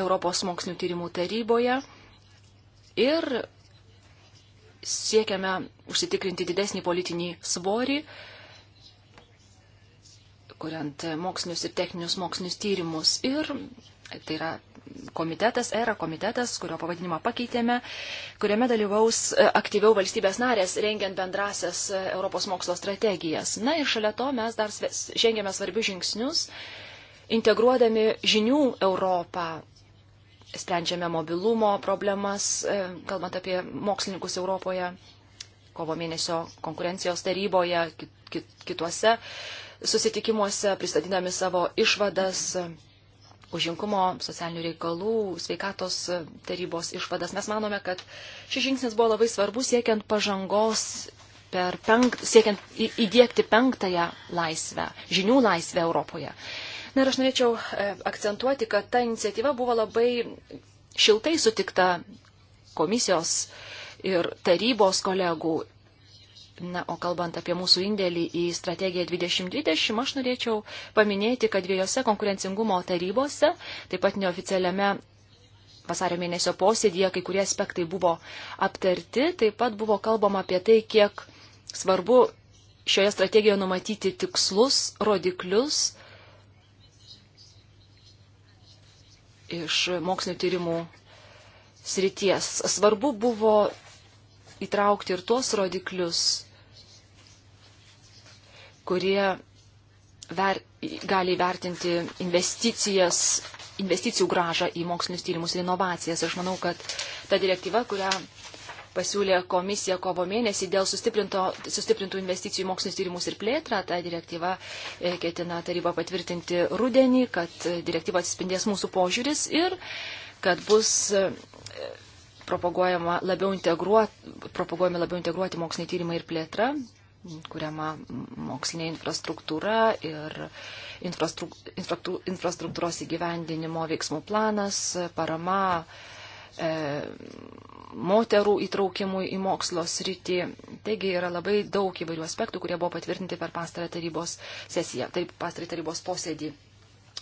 Europos mokslinių tyrimų taryboje ir siekiame užsitikrinti didesnį politinį svorį kuriant mokslinius ir techninius mokslinius tyrimus. Ir tai yra komitetas, ERA komitetas, kurio pavadinimą pakeitėme, kuriame dalyvaus e, aktyviau valstybės narės, rengiant bendrasias e, Europos mokslo strategijas. Na ir šalia to mes dar žengėme svarbius žingsnius, integruodami žinių Europą sprendžiame mobilumo problemas, e, kalbant apie mokslininkus Europoje, kovo mėnesio konkurencijos taryboje, kit, kit, kituose susitikimuose, pristatydami savo išvadas, užimkumo, socialinių reikalų, sveikatos tarybos išvadas. Mes manome, kad šis žingsnis buvo labai svarbus siekiant pažangos, penkt, siekiant į, įdėkti penktąją laisvę, žinių laisvę Europoje. Na ir aš norėčiau e, akcentuoti, kad ta iniciatyva buvo labai šiltai sutikta komisijos ir tarybos kolegų Na, o kalbant apie mūsų indėlį į strategiją 2020, aš norėčiau paminėti, kad dviejose konkurencingumo tarybose, taip pat neoficialiame vasario mėnesio posėdėje, kai kurie aspektai buvo aptarti, taip pat buvo kalbama apie tai, kiek svarbu šioje strategijoje numatyti tikslus, rodiklius iš mokslinio tyrimų srities. Svarbu buvo įtraukti ir tuos rodiklius, kurie ver, gali vertinti investicijas, investicijų gražą į mokslinius tyrimus ir inovacijas. Aš manau, kad ta direktyva, kurią pasiūlė komisija kovo mėnesį dėl sustiprintų investicijų į mokslinius tyrimus ir plėtrą. Ta direktyva e, ketina taryba patvirtinti rudenį, kad direktyva atsispindės mūsų požiūris ir kad bus e, propaguojama labiau integruoti, propaguojami labiau integruoti moksliniai tyrimai ir plėtra kuriama mokslinė infrastruktūra ir infrastruktūros įgyvendinimo veiksmų planas, parama e, moterų įtraukimui į mokslo sritį. Taigi yra labai daug įvairių aspektų, kurie buvo patvirtinti per pastarą tarybos sesiją, taip pastarą tarybos posėdį.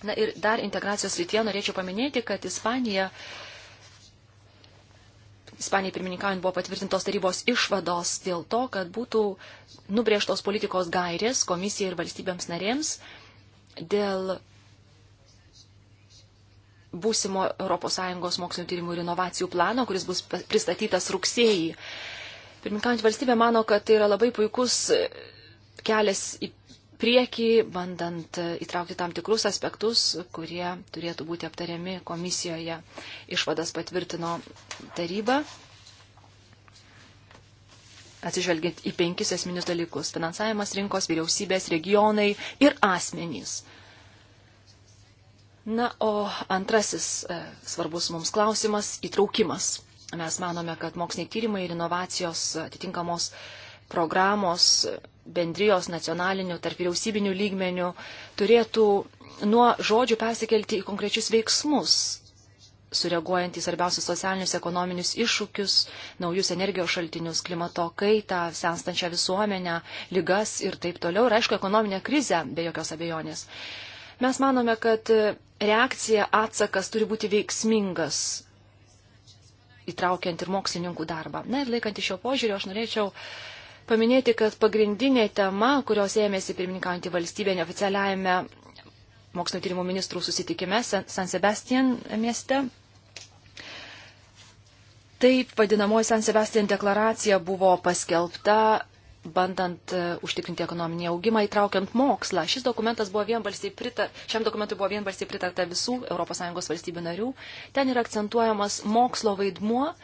Na ir dar integracijos srityje norėčiau paminėti, kad Ispanija e, Ispanijai pirmininkaujant buvo patvirtintos tarybos išvados dėl to, kad būtų nubrėžtos politikos gairės komisijai ir valstybėms narėms dėl būsimo ES mokslinio tyrimų ir inovacijų plano, kuris bus pristatytas rugsėjį. Pirmininkaujant valstybė mano, kad tai yra labai puikus kelias į priekį, bandant įtraukti tam tikrus aspektus, kurie turėtų būti aptariami komisijoje. Išvadas patvirtino taryba, atsižvelgiant į penkis esminius dalykus - finansavimas rinkos, vyriausybės, regionai ir asmenys. Na, o antrasis e, svarbus mums klausimas - įtraukimas. Mes manome, kad moksliniai tyrimai ir inovacijos atitinkamos programos bendrijos nacionalinių, tarp vyriausybinių lygmenių turėtų nuo žodžių persikelti į konkrečius veiksmus, sureaguojant į svarbiausius socialinius, ekonominius iššūkius, naujus energijos šaltinius, klimato kaitą, senstančią visuomenę, lygas ir taip toliau, ir aišku, ekonominę krizę, be jokios abejonės. Mes manome, kad reakcija, atsakas turi būti veiksmingas, įtraukiant ir mokslininkų darbą. Na ir laikant iš šio požiūrio, aš norėčiau uh, paminėti, kad pagrindinė tema, kurios ėmėsi pirmininkaujantį valstybę neoficialiajame mokslo tyrimų ministrų susitikime San Sebastian mieste, taip vadinamoji San Sebastian deklaracija buvo paskelbta bandant e, užtikrinti ekonominį augimą, įtraukiant mokslą. Šis dokumentas buvo vienbalsiai pritar, šiam dokumentui buvo vienbalsiai pritarta visų ES valstybių narių. Ten yra akcentuojamas mokslo vaidmuo,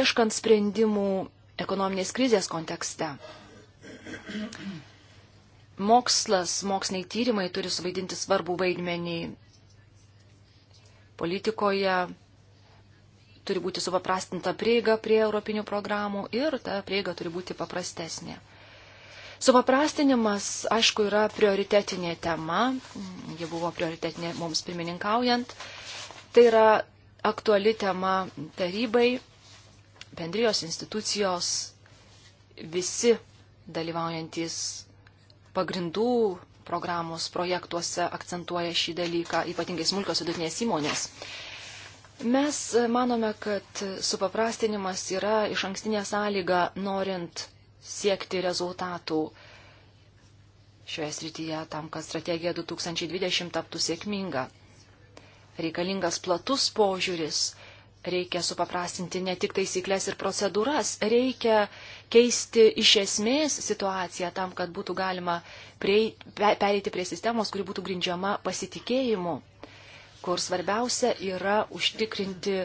ieškant sprendimų ekonominės krizės kontekste. Mokslas, moksliniai tyrimai turi suvaidinti svarbų vaidmenį politikoje, turi būti supaprastinta prieiga prie europinių programų ir ta prieiga turi būti paprastesnė. Supaprastinimas, aišku, yra prioritetinė tema, ji buvo prioritetinė mums pirmininkaujant. Tai yra aktuali tema tarybai bendrijos institucijos, visi dalyvaujantis pagrindų programos projektuose akcentuoja šį dalyką, ypatingai smulkios vidutinės įmonės. Mes manome, kad supaprastinimas yra iš ankstinė sąlyga norint siekti rezultatų šioje srityje tam, kad strategija 2020 taptų sėkminga. Reikalingas platus požiūris reikia supaprastinti ne tik taisyklės ir procedūras, reikia keisti iš esmės situaciją tam, kad būtų galima prie, pereiti prie sistemos, kuri būtų grindžiama pasitikėjimu, kur svarbiausia yra užtikrinti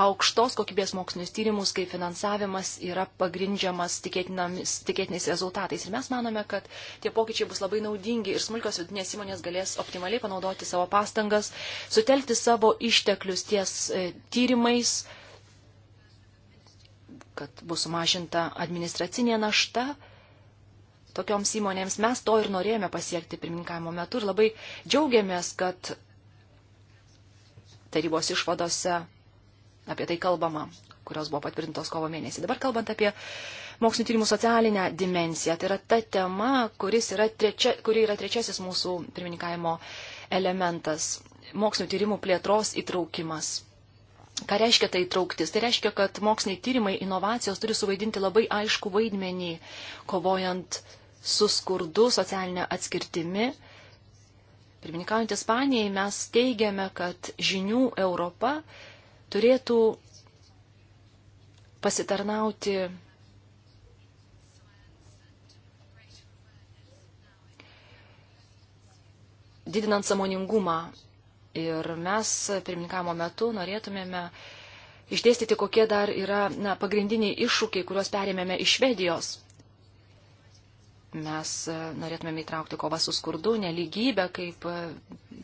aukštos kokybės mokslinius tyrimus, kai finansavimas yra pagrindžiamas tikėtiniais rezultatais. Ir mes manome, kad tie pokyčiai bus labai naudingi ir smulkios vidinės įmonės galės optimaliai panaudoti savo pastangas, sutelkti savo išteklius ties e, tyrimais, kad bus sumažinta administracinė našta. Tokioms įmonėms mes to ir norėjome pasiekti pirmininkavimo metu ir labai džiaugiamės, kad tarybos išvadose apie tai kalbama, kurios buvo patvirtintos kovo mėnesį. Dabar kalbant apie mokslinio tyrimų socialinę dimenciją, tai yra ta tema, yra trečia, kuri yra trečiasis mūsų pirmininkavimo elementas - mokslinio tyrimų plėtros įtraukimas. Ką reiškia tai trauktis? Tai reiškia, kad moksliniai tyrimai, inovacijos turi suvaidinti labai aišku vaidmenį, kovojant su skurdu, socialinė atskirtimi. Pirmininkaujant Ispanijai mes teigiame, kad žinių Europa turėtų pasitarnauti didinant samoningumą. Ir mes pirmininkamo metu norėtumėme išdėstyti, kokie dar yra na, pagrindiniai iššūkiai, kuriuos perėmėme iš Švedijos. Mes e, norėtumėme įtraukti kovą su skurdu, neligybę kaip e,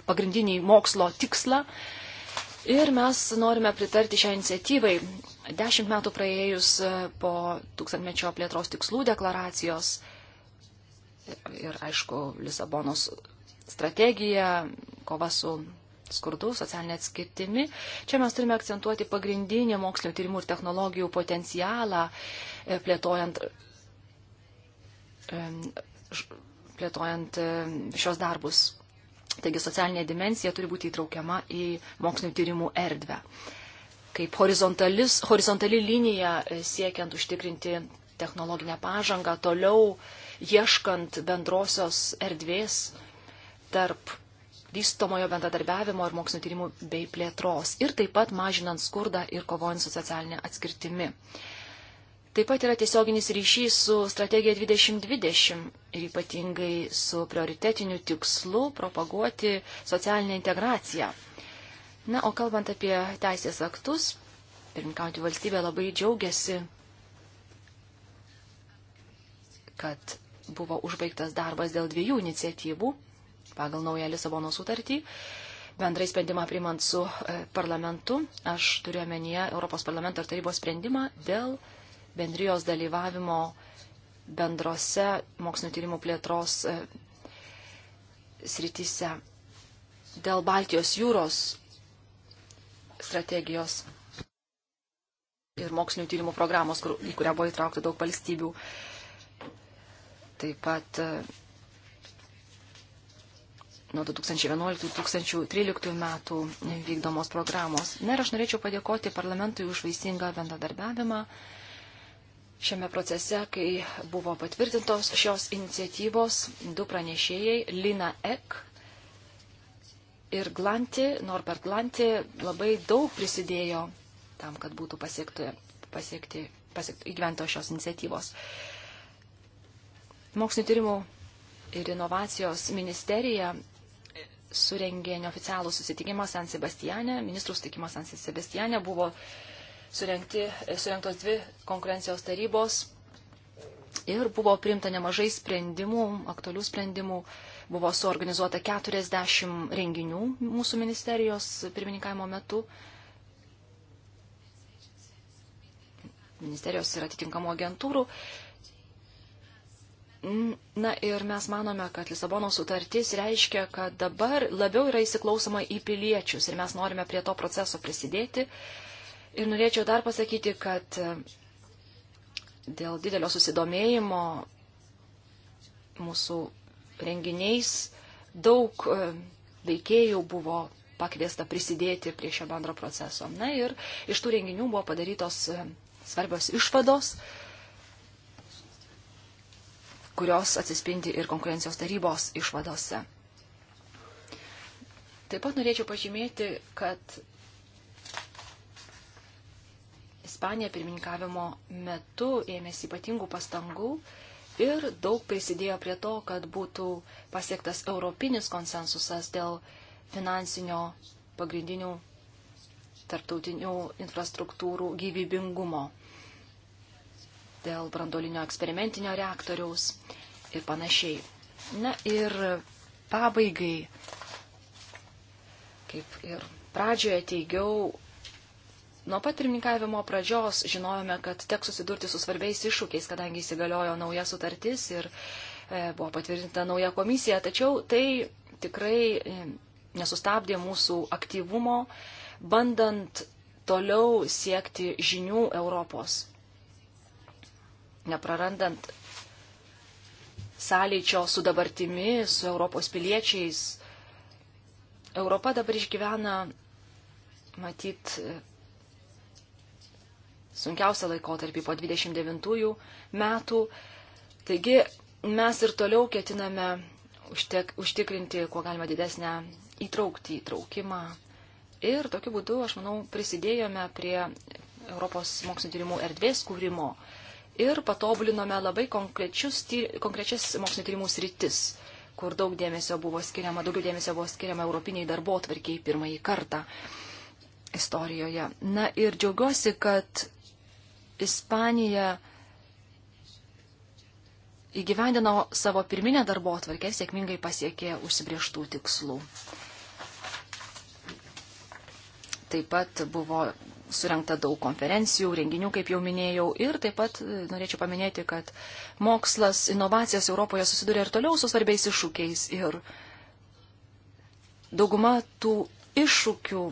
pagrindinį mokslo tikslą. Ir mes norime pritarti šią iniciatyvai. Dešimt metų praėjus e, po tūkstantmečio plėtros tikslų deklaracijos ir, aišku, Lisabonos strategija, kova su skurdu, socialinė atskirtimi. Čia mes turime akcentuoti pagrindinį mokslinio tyrimų ir technologijų potencialą, e, plėtojant, e, plėtojant šios darbus. Taigi socialinė dimensija turi būti įtraukiama į mokslinio tyrimų erdvę. Kaip horizontali linija e, siekiant užtikrinti technologinę pažangą, toliau ieškant bendrosios erdvės tarp vystomojo bendradarbiavimo ir mokslinio tyrimų bei plėtros ir taip pat mažinant skurdą ir kovojant su socialinė atskirtimi. Taip pat yra tiesioginis ryšys su strategija 2020 ir ypatingai su prioritetiniu tikslu propaguoti socialinę integraciją. Na, o kalbant apie teisės aktus, pirminkauti valstybė labai džiaugiasi, kad buvo užbaigtas darbas dėl dviejų iniciatyvų pagal naują Lisabono sutartį bendrai sprendimą priimant su e, parlamentu, aš turiu omenyje Europos parlamento ir tarybos sprendimą dėl bendrijos dalyvavimo bendrose mokslinio tyrimų plėtros e, srityse. Dėl Baltijos jūros strategijos ir mokslinio tyrimų programos, kur, į kurią buvo įtraukta daug valstybių. Taip pat e, nuo 2011-2013 metų vykdomos programos. Na ir aš norėčiau padėkoti parlamentui už vaisingą bendradarbiavimą, šiame procese, kai buvo patvirtintos šios iniciatyvos, du pranešėjai, Lina Ek ir Glanti, Norbert Glanti, labai daug prisidėjo tam, kad būtų pasiekti, pasiekti, pasiekti įgyvento šios iniciatyvos. Mokslinio tyrimų ir inovacijos ministerija surengė neoficialų susitikimą San Sebastiane, ministrų susitikimą San Sebastiane, buvo uh, surengti, surengtos dvi konkurencijos tarybos ir buvo priimta nemažai sprendimų, aktualių sprendimų. Buvo suorganizuota 40 renginių mūsų ministerijos pirmininkavimo metu. Ministerijos ir atitinkamų agentūrų. Na ir mes manome, kad Lisabono sutartis reiškia, kad dabar labiau yra įsiklausoma į piliečius ir mes norime prie to proceso prisidėti. Uh, Ir norėčiau dar pasakyti, kad e, dėl didelio susidomėjimo mūsų renginiais daug e, veikėjų buvo pakviesta prisidėti prie šio bendro proceso. Na ir iš tų renginių buvo padarytos e, svarbios išvados, kurios atsispindi ir konkurencijos tarybos išvadose. Taip pat norėčiau pažymėti, kad Ispanija pirmininkavimo metu ėmėsi ypatingų pastangų ir daug prisidėjo prie to, kad būtų pasiektas europinis konsensusas dėl finansinio pagrindinių tarptautinių infrastruktūrų gyvybingumo, dėl brandolinio eksperimentinio reaktoriaus ir panašiai. Na ir pabaigai, kaip ir pradžioje teigiau, Nuo pat pirmininkavimo pradžios žinojome, kad teks susidurti su svarbiais iššūkiais, kadangi įsigaliojo nauja sutartis ir e, buvo patvirtinta nauja komisija, tačiau tai tikrai e, nesustabdė mūsų aktyvumo, bandant toliau siekti žinių Europos, neprarandant sąlyčio su dabartimi, su Europos piliečiais. Europa dabar išgyvena, matyt, sunkiausią laikotarpį po 29 metų. Taigi mes ir toliau ketiname užtek, užtikrinti kuo galima didesnę įtraukti įtraukimą. Ir tokiu būdu, aš manau, prisidėjome prie Europos mokslinio tyrimų erdvės kūrimo ir patobulinome labai konkrečius, konkrečias mokslinio tyrimų sritis kur daug dėmesio buvo skiriama, daugiau dėmesio buvo skiriama europiniai darbo tvarkiai pirmąjį kartą istorijoje. Na ir džiaugiuosi, kad Ispanija įgyvendino savo pirminę darbo atvarkę ir sėkmingai pasiekė užsibrieštų tikslų. Taip pat buvo surinkta daug konferencijų, renginių, kaip jau minėjau, ir taip pat e, norėčiau paminėti, kad mokslas, inovacijos Europoje susiduria ir toliau su svarbiais iššūkiais. Ir dauguma tų iššūkių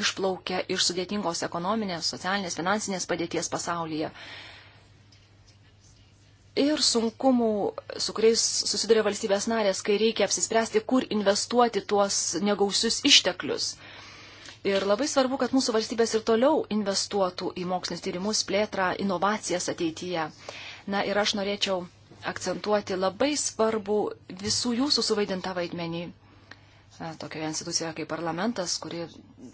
išplaukia iš sudėtingos ekonominės, socialinės, finansinės padėties pasaulyje. Ir sunkumų, su kuriais susiduria valstybės narės, kai reikia apsispręsti, kur investuoti tuos negausius išteklius. Ir labai svarbu, kad mūsų valstybės ir toliau investuotų į mokslinius tyrimus, plėtrą, inovacijas ateityje. Na ir aš norėčiau akcentuoti labai svarbu visų jūsų suvaidintą vaidmenį tokioje institucijoje kaip parlamentas, kuri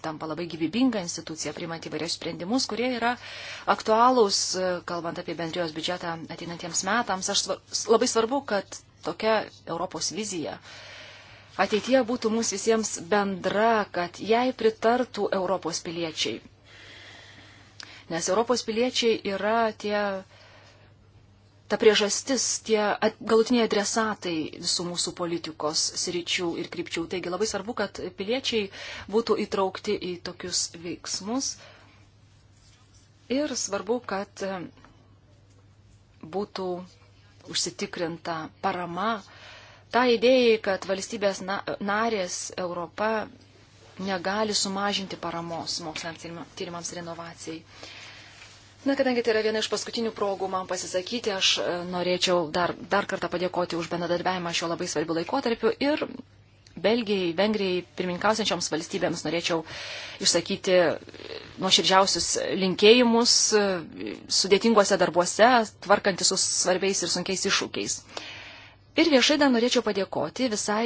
tampa labai gyvybinga institucija, priimant įvairius sprendimus, kurie yra aktualūs, kalbant apie bendrijos biudžetą ateinantiems metams. Aš svar, labai svarbu, kad tokia Europos vizija ateitie būtų mums visiems bendra, kad jai pritartų Europos piliečiai. Nes Europos piliečiai yra tie ta priežastis, tie galutiniai adresatai visų mūsų politikos sričių ir krypčių. Taigi labai svarbu, kad piliečiai būtų įtraukti į tokius veiksmus. Ir svarbu, kad būtų užsitikrinta parama tą tai idėją, kad valstybės na, narės Europa negali sumažinti paramos moksliniams tyrimams ir inovacijai. Na, kadangi tai yra viena iš paskutinių progų man pasisakyti, aš e, norėčiau dar, dar kartą padėkoti už bendradarbiavimą šiuo labai svarbiu laikotarpiu ir Belgijai, Vengrijai, pirmininkausiančioms valstybėms norėčiau išsakyti e, nuoširdžiausius linkėjimus e, sudėtinguose darbuose, tvarkantis su svarbiais ir sunkiais iššūkiais. Ir viešai dar norėčiau padėkoti visai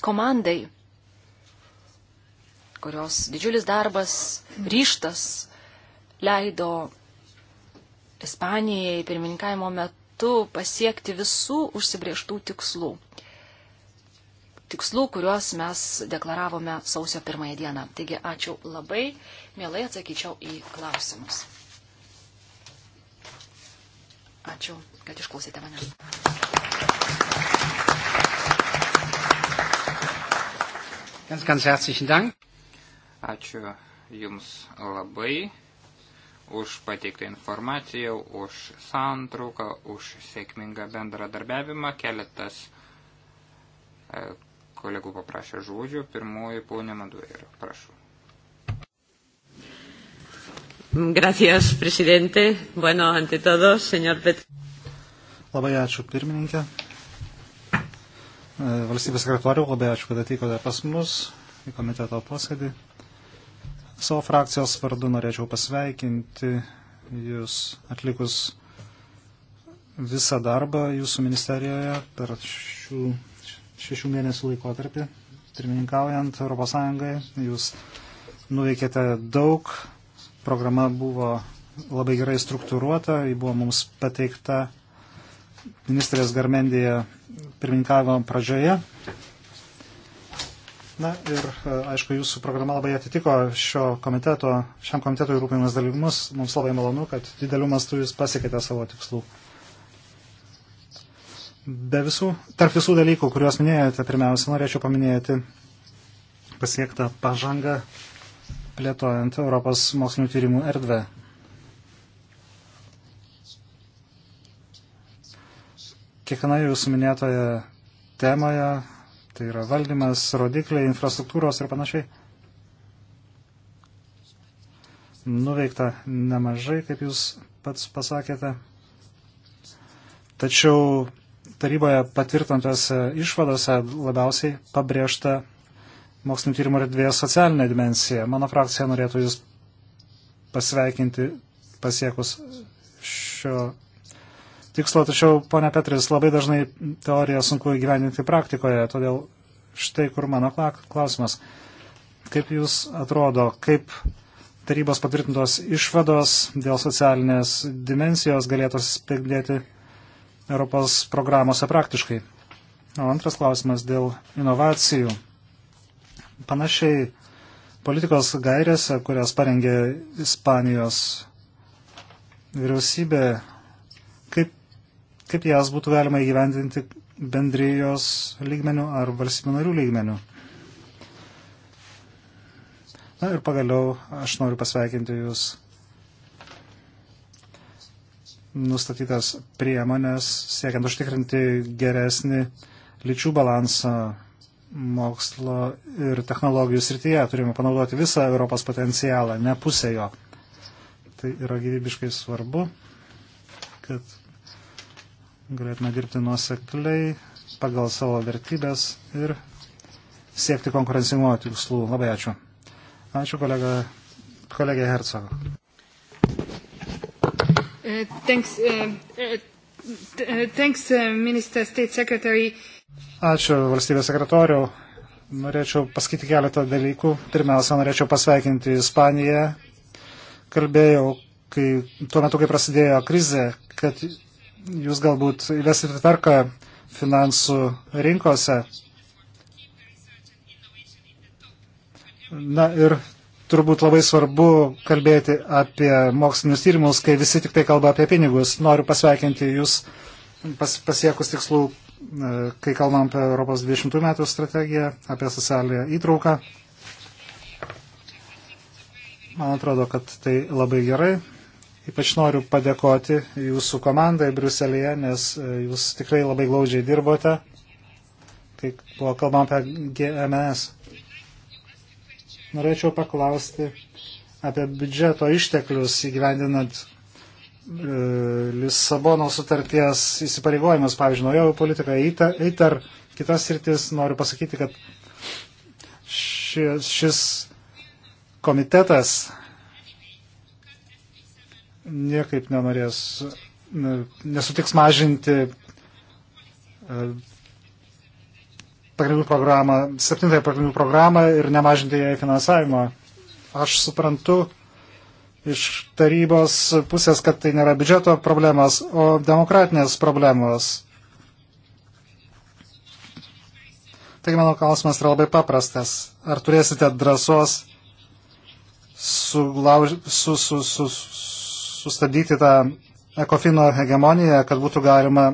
komandai, kurios didžiulis darbas, ryštas leido Ispanijai pirmininkavimo metu pasiekti visų užsibrieštų tikslų. Tikslų, kuriuos mes deklaravome sausio pirmąją dieną. Taigi ačiū labai, mielai atsakyčiau į klausimus. Ačiū, kad išklausėte manęs. Ganz, ganz herzlichen Dank. Ačiū Jums labai už pateiktą informaciją, už santrauką, už sėkmingą bendradarbiavimą. Keletas e, kolegų paprašė žodžių. Pirmoji ponė Maduero. Prašau. Gracias, presidente. Bueno, ante todo, señor Pet. Labai ačiū, pirmininkė. E, valstybės sekretoriau, labai ačiū, kad atvykote pas mus į komiteto posėdį. Savo frakcijos vardu norėčiau pasveikinti Jūs atlikus visą darbą Jūsų ministerijoje per šių šešių mėnesių laikotarpį, pirmininkaujant ES. Jūs nuveikėte daug, programa buvo labai gerai struktūruota, ji buvo mums pateikta ministrės Garmendėje pirmininkavimo pradžioje. Na ir, e, aišku, jūsų programa labai atitiko šio komiteto, šiam komitetui rūpimas dalyvimus. Mums labai malonu, kad dideliu mastu jūs pasiekėte savo tikslų. Be visų, tarp visų dalykų, kuriuos minėjote, pirmiausia, norėčiau paminėti pasiektą pažangą plėtojant Europos mokslinių tyrimų erdvę. Kiekviena jūsų minėtoje temoje tai yra valdymas, rodikliai, infrastruktūros ir panašiai. Nuveikta nemažai, kaip jūs pats pasakėte. Tačiau taryboje patvirtintose išvadose labiausiai pabrėžta mokslinio tyrimo erdvės socialinė dimensija. Mano frakcija norėtų jūs pasveikinti pasiekus šio tikslo, tačiau, ponia Petris, labai dažnai teoriją sunku įgyvendinti praktikoje, todėl štai kur mano klausimas. Kaip Jūs atrodo, kaip tarybos patvirtintos išvados dėl socialinės dimensijos galėtų spėgdėti Europos programuose praktiškai? O antras klausimas dėl inovacijų. Panašiai politikos gairėse, kurias parengė Ispanijos vyriausybė, kaip kaip jas būtų galima įgyvendinti bendrijos lygmenių ar valstybių narių lygmenių. Na ir pagaliau aš noriu pasveikinti Jūs nustatytas priemonės siekiant užtikrinti geresnį lyčių balansą mokslo ir technologijų srityje. Turime panaudoti visą Europos potencialą, ne pusę jo. Tai yra gyvybiškai svarbu, kad galėtume dirbti nuosekliai pagal savo vertybės ir siekti konkurencingumo tikslų. Labai ačiū. Ačiū kolega, kolegė Hercog. Uh, thanks, uh, uh, uh thanks, uh, Minister State Secretary. Ačiū, valstybės sekretoriau. Norėčiau pasakyti keletą dalykų. Pirmiausia, norėčiau pasveikinti Ispaniją. Kalbėjau, kai, tuo metu, kai prasidėjo krizė, kad jūs galbūt įvesite tvarką finansų rinkose. Na ir turbūt labai svarbu kalbėti apie mokslinius tyrimus, kai visi tik tai kalba apie pinigus. Noriu pasveikinti jūs pas, pasiekus tikslų, e, kai kalbam apie Europos 20 metų strategiją, apie socialinę įtrauką. Man atrodo, kad tai labai gerai. Ypač noriu padėkoti jūsų komandai Bruselėje, nes e, jūs tikrai labai glaudžiai dirbote, kai buvo kalbama apie GMS. Norėčiau paklausti apie biudžeto išteklius įgyvendinant e, Lisabono sutarties įsipareigojimus, pavyzdžiui, naujojo politika, EITAR, kitas rytis, noriu pasakyti, kad šis, šis komitetas niekaip nenorės, nesutiks mažinti e, pagrindų programą, septintąją pagrindų programą ir nemažinti jai finansavimo. Aš suprantu iš tarybos pusės, kad tai nėra biudžeto problemas, o demokratinės problemos. Taigi mano klausimas yra labai paprastas. Ar turėsite drąsos suglauž... su, su, su, su, sustabdyti tą ekofino hegemoniją, kad būtų galima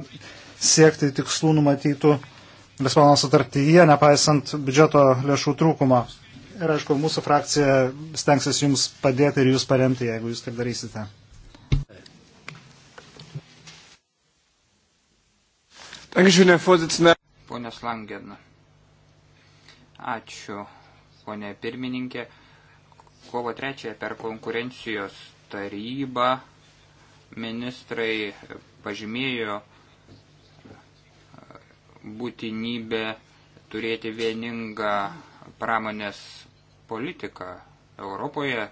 siekti tikslų numatytų Lisbono sutartyje, nepaisant biudžeto lėšų trūkumo. Ir aišku, mūsų frakcija stengsis jums padėti ir jūs paremti, jeigu jūs taip darysite. Pone Slangen, ačiū, ponė pirmininkė. Kovo 3 per konkurencijos taryba ministrai pažymėjo e, būtinybę turėti vieningą pramonės politiką Europoje,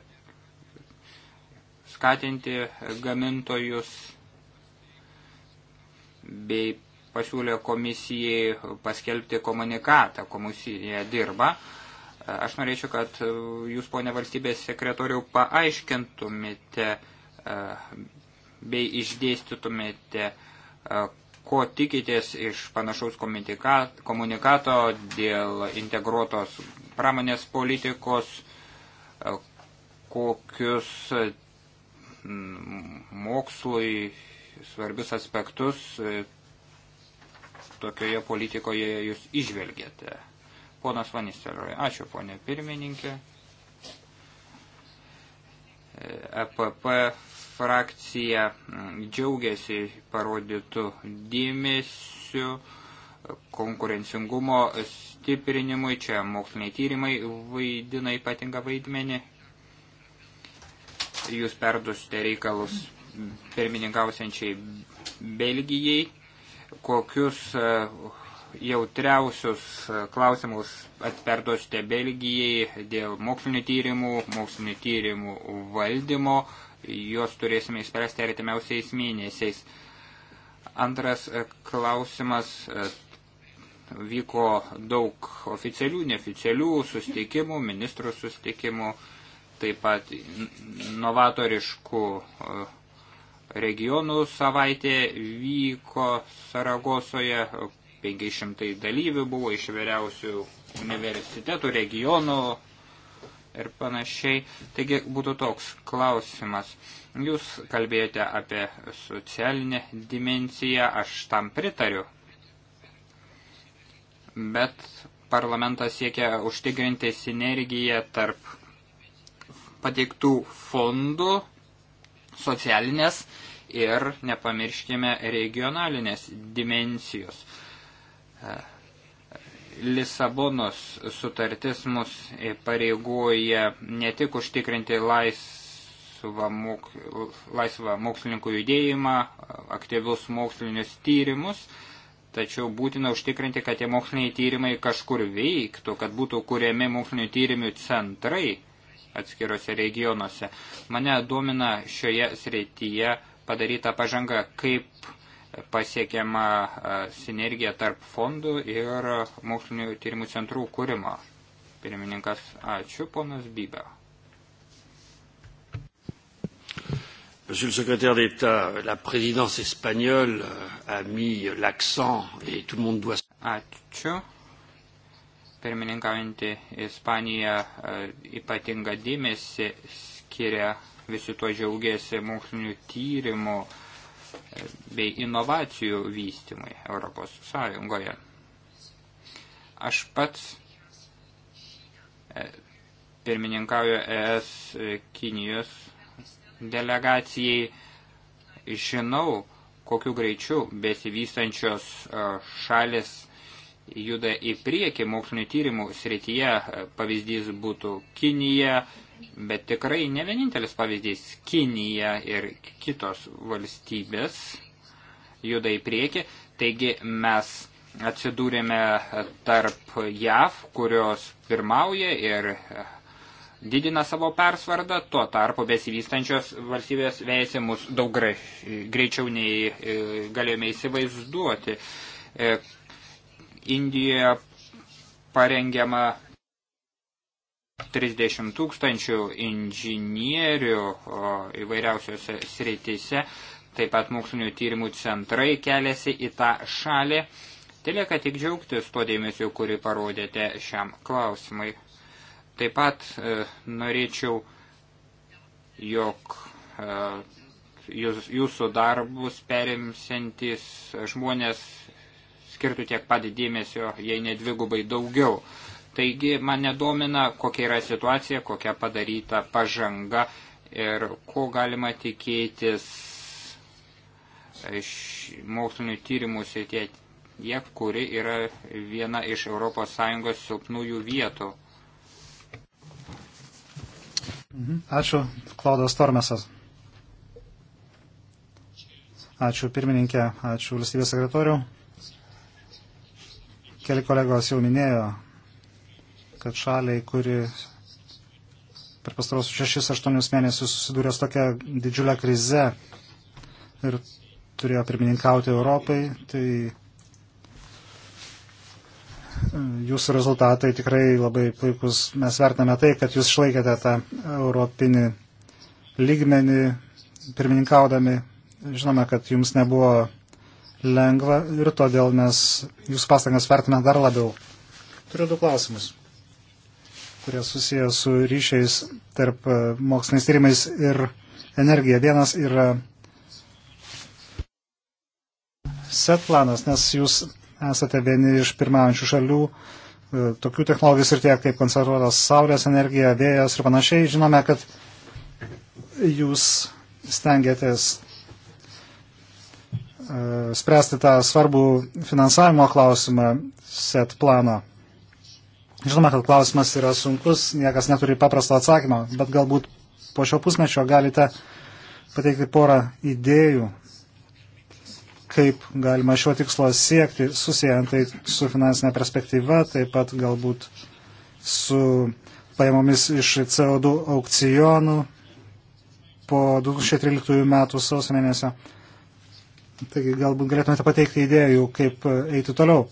skatinti gamintojus bei pasiūlė komisijai paskelbti komunikatą, komisija dirba, Aš norėčiau, kad jūs, ponė valstybės sekretoriau, paaiškintumėte e, bei išdėstytumėte, e, ko tikitės iš panašaus komunikato dėl integruotos pramonės politikos, e, kokius mokslui svarbius aspektus tokioje politikoje jūs išvelgėte. Ponas Vanistelroj, ačiū ponė pirmininkė. EPP e frakcija džiaugiasi parodytų dėmesių konkurencingumo stiprinimui, čia moksliniai tyrimai vaidina ypatingą vaidmenį. Jūs perdusite reikalus pirmininkausiančiai Belgijai, kokius e, jautriausius klausimus atperduosite Belgijai dėl mokslinio tyrimų, mokslinio tyrimų valdymo. Juos turėsime išspręsti artimiausiais mėnesiais. Antras klausimas. Vyko daug oficialių, neoficialių susitikimų, ministrų susitikimų, taip pat novatoriškų e, regionų savaitė vyko Saragosoje, 500 dalyvių buvo iš vyriausių universitetų, regionų ir panašiai. Taigi būtų toks klausimas. Jūs kalbėjote apie socialinę dimenciją, aš tam pritariu. Bet parlamentas siekia užtikrinti sinergiją tarp pateiktų fondų, socialinės ir nepamirškime regionalinės dimensijos. Lisabonos sutartis mus pareigoja ne tik užtikrinti laisvą, mok, laisvą mokslininkų judėjimą, aktyvius mokslinius tyrimus, tačiau būtina užtikrinti, kad tie moksliniai tyrimai kažkur veiktų, kad būtų kuriami mokslinio tyrimų centrai atskirose regionuose. Mane domina šioje srityje padaryta pažanga, kaip pasiekiama e, sinergija tarp fondų ir mokslinių tyrimų centrų kūrimo. Pirmininkas, ačiū, ponas Bybė. Monsieur le secrétaire d'État, la présidence espagnole euh, a mis l'accent et tout le monde doit. Ačiū. Pirmininkaujantį Ispaniją e, ypatingą dėmesį skiria visi tuo džiaugiasi mokslinių tyrimų uh, bei inovacijų vystymui Europos Sąjungoje. Aš pats e, pirmininkauju ES Kinijos delegacijai. Žinau, kokiu greičiu besivystančios e, šalis juda į priekį mokslinio tyrimų srityje. Pavyzdys būtų Kinija, bet tikrai ne vienintelis pavyzdys Kinija ir kitos valstybės juda į priekį, taigi mes atsidūrėme tarp JAV, kurios pirmauja ir didina savo persvardą, tuo tarpu besivystančios valstybės veisė mus daug greičiau nei e, galėjome įsivaizduoti. E, Indijoje parengiama 30 tūkstančių inžinierių įvairiausiose srityse, taip pat mokslinių tyrimų centrai keliasi į tą šalį. Telieka tik džiaugtis to dėmesio, kurį parodėte šiam klausimai. Taip pat e, norėčiau, jog e, jūs, jūsų darbus perimsiantis žmonės skirtų tiek pat dėmesio, jei ne dvigubai daugiau. E, Taigi mane domina, kokia yra situacija, kokia padaryta pažanga ir ko galima tikėtis iš mokslinių tyrimų srityje, kuri yra viena iš ES silpnųjų vietų. Mhm. Ačiū, Klaudas Tormesas. Ačiū pirmininkė, ačiū valstybės sekretorių. Keli kolegos jau minėjo kad šaliai, kuri per pastarosius 6-8 mėnesius susidūrė su tokia didžiulė krize ir turėjo pirmininkauti Europai, tai e, jūsų rezultatai tikrai labai puikus. Mes vertiname tai, kad jūs išlaikėte tą europinį lygmenį pirmininkaudami. Žinome, kad jums nebuvo lengva ir todėl mes jūsų pastangas vertiname dar labiau. Turiu du klausimus kurie susiję su ryšiais tarp e, moksliniais tyrimais ir energija. Vienas yra set planas, nes jūs esate vieni iš pirmaujančių šalių e, tokių technologijų ir tiek kaip konservuotas saulės energija, vėjas ir panašiai. Žinome, kad jūs stengiatės e, spręsti tą svarbų finansavimo klausimą set plano. Žinoma, kad klausimas yra sunkus, niekas neturi paprasto atsakymo, bet galbūt po šio pusmečio galite pateikti porą idėjų, kaip galima šio tikslo siekti, susijęjant tai su finansinė perspektyva, taip pat galbūt su pajamomis iš CO2 aukcijonų po 2013 metų sausio mėnesio. Taigi galbūt galėtumėte pateikti idėjų, kaip eiti toliau.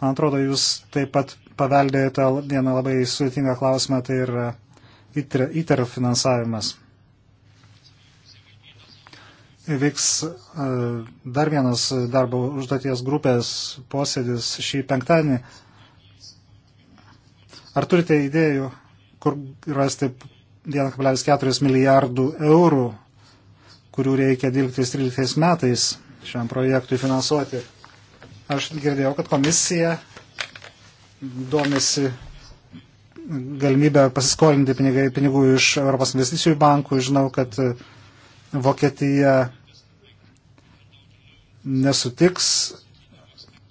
Man atrodo, jūs taip pat paveldėjote vieną labai sudėtingą klausimą, tai yra ITER e, finansavimas. Vyks e, dar vienas darbo užduoties grupės posėdis šį penktadienį. Ar turite idėjų, kur rasti 1,4 milijardų eurų, kurių reikia 12-13 metais šiam projektui finansuoti? Aš girdėjau, kad komisija domisi galimybę pasiskolinti pinigai, pinigų iš Europos investicijų bankų. Žinau, kad e, Vokietija nesutiks,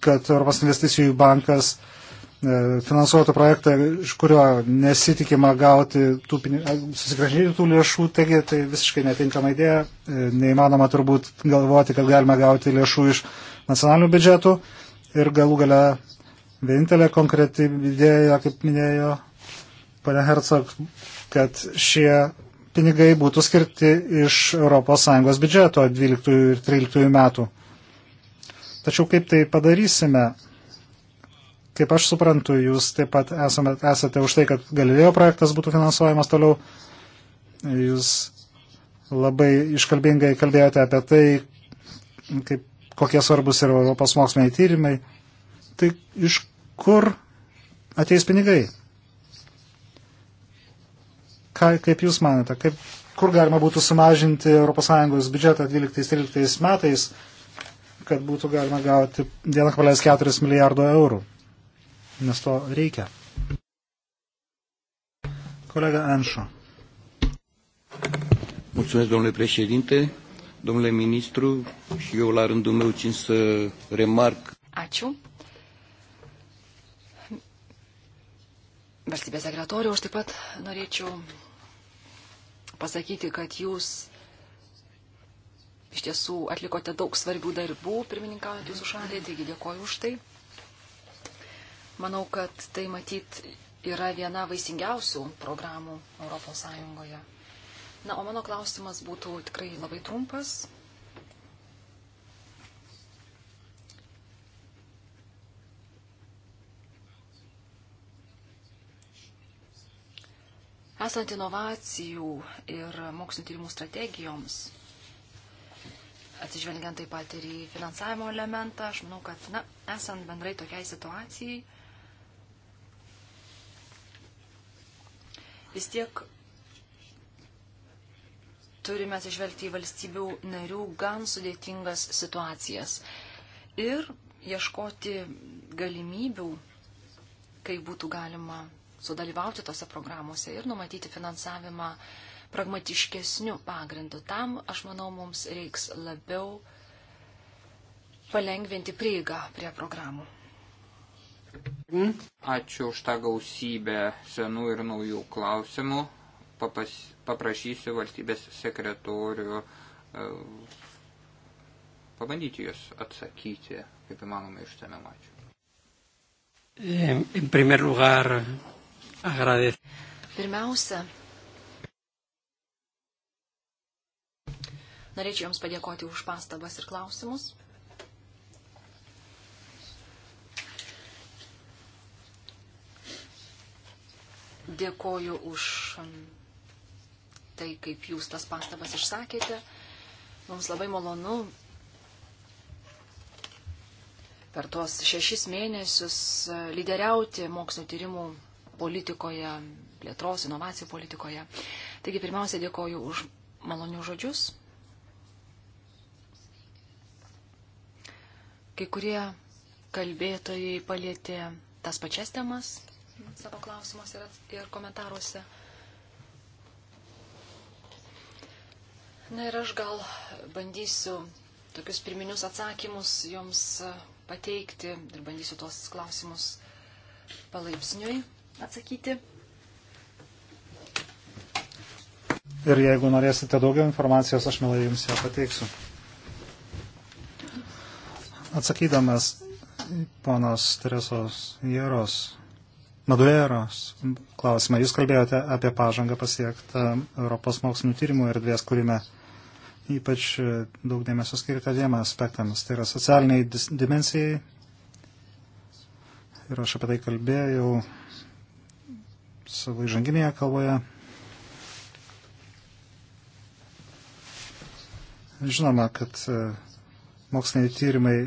kad Europos investicijų bankas e, finansuotų projektą, iš kurio nesitikima gauti tų e, susigražinti tų lėšų, taigi tai visiškai netinkama idėja. Neįmanoma turbūt galvoti, kad galima gauti lėšų iš nacionalinių biudžetų ir galų gale vienintelė konkreti idėja, kaip minėjo pane Hercog, kad šie pinigai būtų skirti iš ES biudžeto 12 ir 13 metų. Tačiau kaip tai padarysime? Kaip aš suprantu, jūs taip pat esame, esate už tai, kad Galilėjo projektas būtų finansuojamas toliau. Jūs labai iškalbingai kalbėjote apie tai, kaip kokie svarbus yra Europos moksliniai tyrimai, tai iš kur ateis pinigai? Ka, kaip Jūs manate, kaip, kur galima būtų sumažinti ES biudžetą 12-13 metais, kad būtų galima gauti 1,4 milijardo eurų? Nes to reikia. Kolega Anšo. Mulțumesc, domnule președinte domnule ministru, și eu la rândul meu țin să remarc. Ačiū. Valstybės sekretoriu, aš taip pat norėčiau pasakyti, kad jūs iš tiesų atlikote daug svarbių darbų, pirmininkaujant jūsų šaliai, taigi dėkoju už tai. Manau, kad tai matyt yra viena vaisingiausių programų Europos Sąjungoje. Na, o mano klausimas būtų tikrai labai trumpas. Esant inovacijų ir mokslinio tyrimų strategijoms, atsižvelgiant taip pat ir į finansavimo elementą, aš manau, kad na, esant bendrai tokiai situacijai, vis tiek turime atsižvelgti į valstybių narių gan sudėtingas situacijas ir ieškoti galimybių, kaip būtų galima sudalyvauti tose programuose ir numatyti finansavimą pragmatiškesnių pagrindų. Tam, aš manau, mums reiks labiau palengvinti prieigą prie programų. Ačiū už tą gausybę senų ir naujų klausimų. Papas, paprašysiu valstybės sekretorių e, pabandyti jūs atsakyti, kaip įmanoma, iš tame mačių. En primer lugar, agradezco. Pirmiausia, norėčiau Jums padėkoti už pastabas ir klausimus. Dėkoju už tai, kaip jūs tas pastabas išsakėte. Mums labai malonu per tuos šešis mėnesius e, lyderiauti mokslo tyrimų politikoje, plėtros, inovacijų politikoje. Taigi pirmiausia, dėkoju už malonių žodžius. Kai kurie kalbėtojai palėtė tas pačias temas savo klausimuose ir komentaruose. Na ir aš gal bandysiu tokius pirminius atsakymus jums e, pateikti ir bandysiu tuos klausimus palaipsniui atsakyti. Ir jeigu norėsite daugiau informacijos, aš mielai jums ją pateiksiu. Atsakydamas ponos Teresos Jeros Madueros klausimą, jūs kalbėjote apie pažangą pasiektą Europos mokslinių tyrimų erdvės kūrime ypač e, daug dėmesio skirta dviem aspektams. Tai yra socialiniai dimensijai. Ir aš apie tai kalbėjau savo įžanginėje kalboje. Žinoma, kad e, moksliniai tyrimai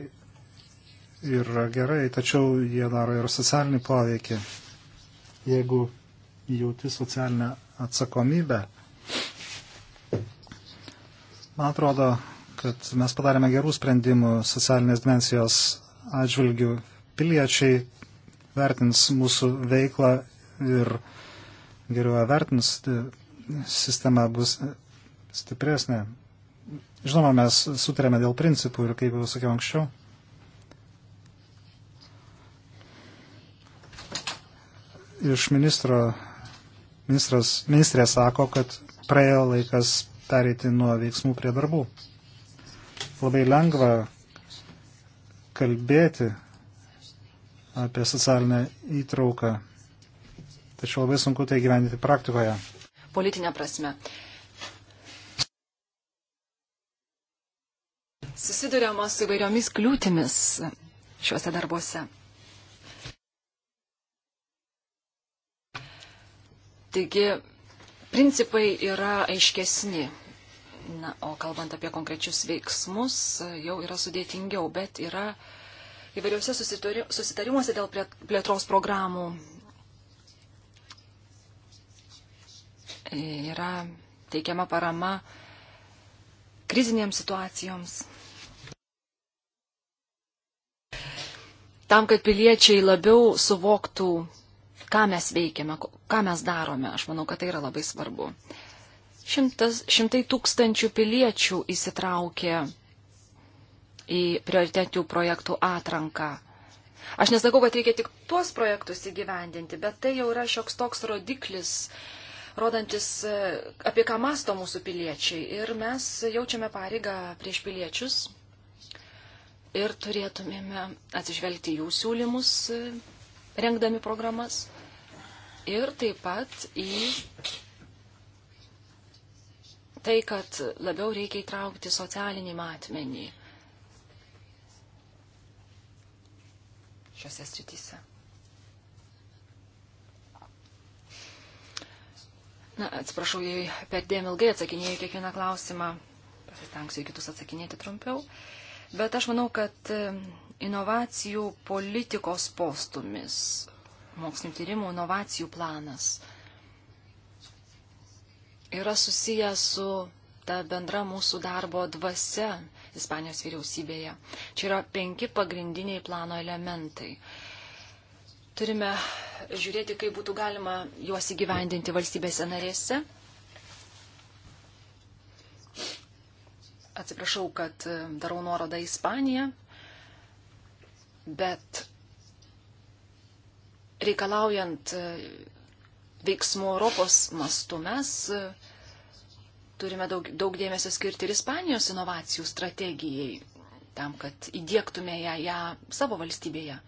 yra gerai, tačiau jie daro ir socialinį poveikį. Jeigu jauti socialinę atsakomybę, Man atrodo, kad mes padarėme gerų sprendimų socialinės dimensijos atžvilgių. Piliečiai vertins mūsų veiklą ir geriau vertins, tai sistema bus stipresnė. Žinoma, mes sutarėme dėl principų ir kaip jau sakiau anksčiau. Iš ministro, ministras, ministrė sako, kad praėjo laikas pereiti nuo veiksmų prie darbų. Labai lengva kalbėti apie socialinę įtrauką, tačiau labai sunku tai gyventi praktikoje. Politinė prasme. Susidurėma su įvairiomis kliūtimis šiuose darbuose. Taigi principai yra aiškesni. Na, o kalbant apie konkrečius veiksmus, jau yra sudėtingiau, bet yra įvairiuose susitarimuose dėl plėtros programų yra teikiama parama krizinėms situacijoms. Tam, kad piliečiai labiau suvoktų ką mes veikiame, ką mes darome. Aš manau, kad tai yra labai svarbu. Šimtas, šimtai tūkstančių piliečių įsitraukė į prioritetių projektų atranką. Aš nesakau, kad reikia tik tuos projektus įgyvendinti, bet tai jau yra šioks toks rodiklis, rodantis, e, apie ką masto mūsų piliečiai. Ir mes jaučiame pareigą prieš piliečius ir turėtumėme atsižvelgti jų siūlymus, e, rengdami programas ir taip pat į tai, kad labiau reikia įtraukti socialinį matmenį šiuose srityse. Na, atsiprašau, jei per dėm ilgai atsakinėjau kiekvieną klausimą, pasistengsiu į kitus atsakinėti trumpiau, bet aš manau, kad e, inovacijų politikos postumis mokslinio tyrimų inovacijų planas yra susijęs su ta bendra mūsų darbo dvasia Ispanijos vyriausybėje. Čia yra penki pagrindiniai plano elementai. Turime žiūrėti, kaip būtų galima juos įgyvendinti valstybėse narėse. Atsiprašau, kad darau nuorodą į Ispaniją, bet reikalaujant e, veiksmų Europos mastu, mes e, turime daug, daug dėmesio skirti ir Ispanijos inovacijų strategijai, tam, kad įdėktume ją, ją savo valstybėje.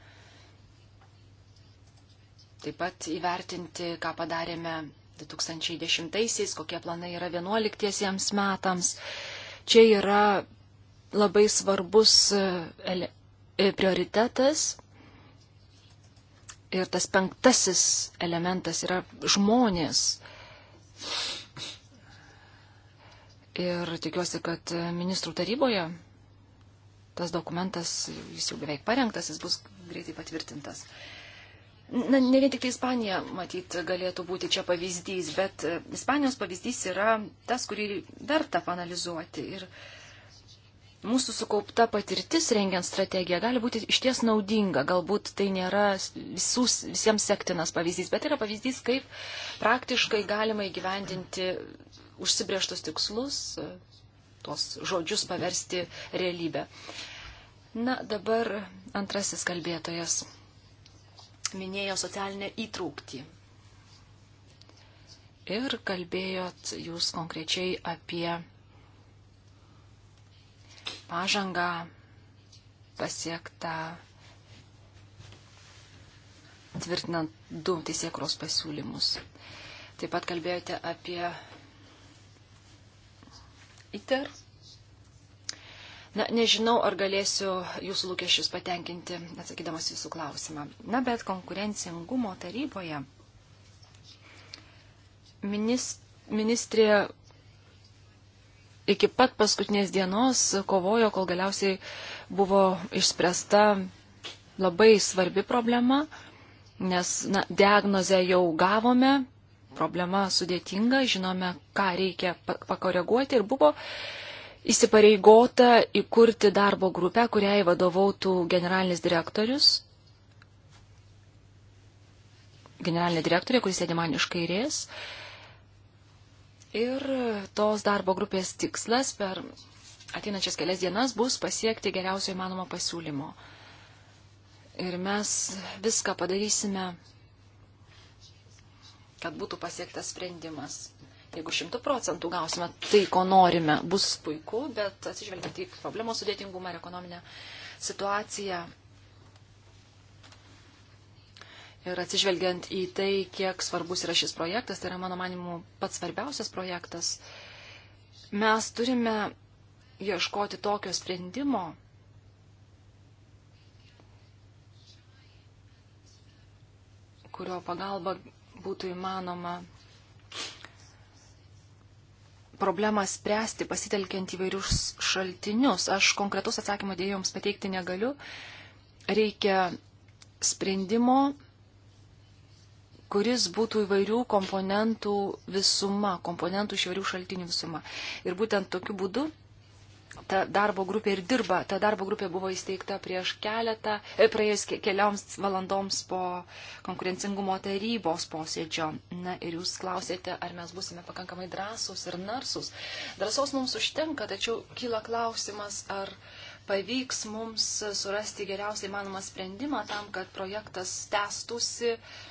Taip pat įvertinti, ką padarėme 2010-aisiais, kokie planai yra 11 metams. Čia yra labai svarbus e, prioritetas Ir tas penktasis elementas yra žmonės. Ir tikiuosi, kad ministrų taryboje tas dokumentas, jis jau beveik parengtas, jis bus greitai patvirtintas. Na, ne vien tik tai Ispanija, matyt, galėtų būti čia pavyzdys, bet Ispanijos pavyzdys yra tas, kurį verta panalizuoti. Ir mūsų sukaupta patirtis rengiant strategiją gali būti išties naudinga. Galbūt tai nėra visus, visiems sektinas pavyzdys, bet yra pavyzdys, kaip praktiškai galima įgyvendinti užsibrieštus tikslus, tuos žodžius paversti realybę. Na, dabar antrasis kalbėtojas minėjo socialinę įtrūktį. Ir kalbėjot jūs konkrečiai apie pažangą pasiektą tvirtinant du teisėkros pasiūlymus. Taip pat kalbėjote apie ITER. Na, nežinau, ar galėsiu jūsų lūkesčius patenkinti, atsakydamas jūsų klausimą. Na, bet konkurencingumo taryboje ministrė iki pat paskutinės dienos kovojo, kol galiausiai buvo išspręsta labai svarbi problema, nes na, diagnozę jau gavome, problema sudėtinga, žinome, ką reikia pakoreguoti ir buvo įsipareigota įkurti darbo grupę, kuriai vadovautų generalinis direktorius. Generalinė direktorė, kuris sėdi man iš kairės. Uh, Ir tos darbo grupės tikslas per ateinančias kelias dienas bus pasiekti geriausio įmanomo pasiūlymo. Ir mes viską padarysime, kad būtų pasiektas sprendimas. Jeigu šimtų procentų gausime tai, ko norime, bus puiku, bet atsižvelgiant į problemos sudėtingumą ir ekonominę situaciją, Ir atsižvelgiant į tai, kiek svarbus yra šis projektas, tai yra mano manimu pats svarbiausias projektas, mes turime ieškoti tokio sprendimo, kurio pagalba būtų įmanoma problemą spręsti pasitelkiant įvairius šaltinius. Aš konkretus atsakymą dėjau jums pateikti negaliu. Reikia sprendimo kuris būtų įvairių komponentų visuma, komponentų iš įvairių šaltinių visuma. Ir būtent tokiu būdu ta darbo grupė ir dirba. Ta darbo grupė buvo įsteigta prieš keletą, e, praėjus kelioms valandoms po konkurencingumo tarybos posėdžio. Na ir jūs klausėte, ar mes busime pakankamai drąsūs ir narsus. Drąsos mums užtenka, tačiau kyla klausimas, ar pavyks mums surasti geriausiai manomą sprendimą tam, kad projektas tęstusi. Uh,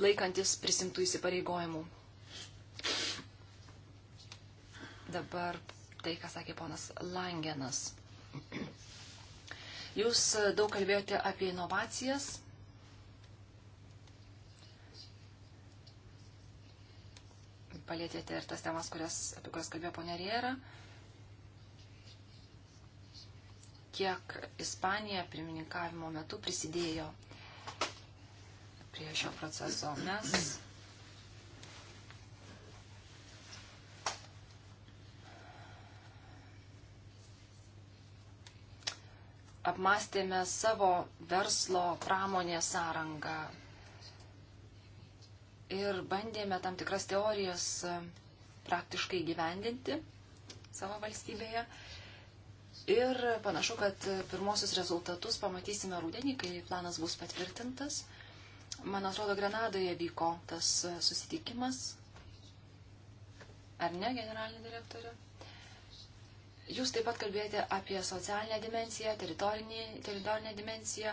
laikantis prisimtų įsipareigojimų. Dabar tai, ką sakė ponas Langenas. Jūs e, daug kalbėjote apie inovacijas. Palėtėte ir tas temas, kurias, apie kurias kalbėjo ponė Riera. Kiek Ispanija pirmininkavimo metu prisidėjo prie šio proceso. Mes apmastėme savo verslo pramonės sąrangą ir bandėme tam tikras teorijas e, praktiškai gyvendinti savo valstybėje. Ir panašu, kad pirmosius rezultatus pamatysime rūdienį, kai planas bus patvirtintas. Man atrodo, Granadoje vyko tas e, susitikimas. Ar ne, generalinė direktorė? Jūs taip pat kalbėjote apie socialinę dimenciją, teritorinę dimenciją.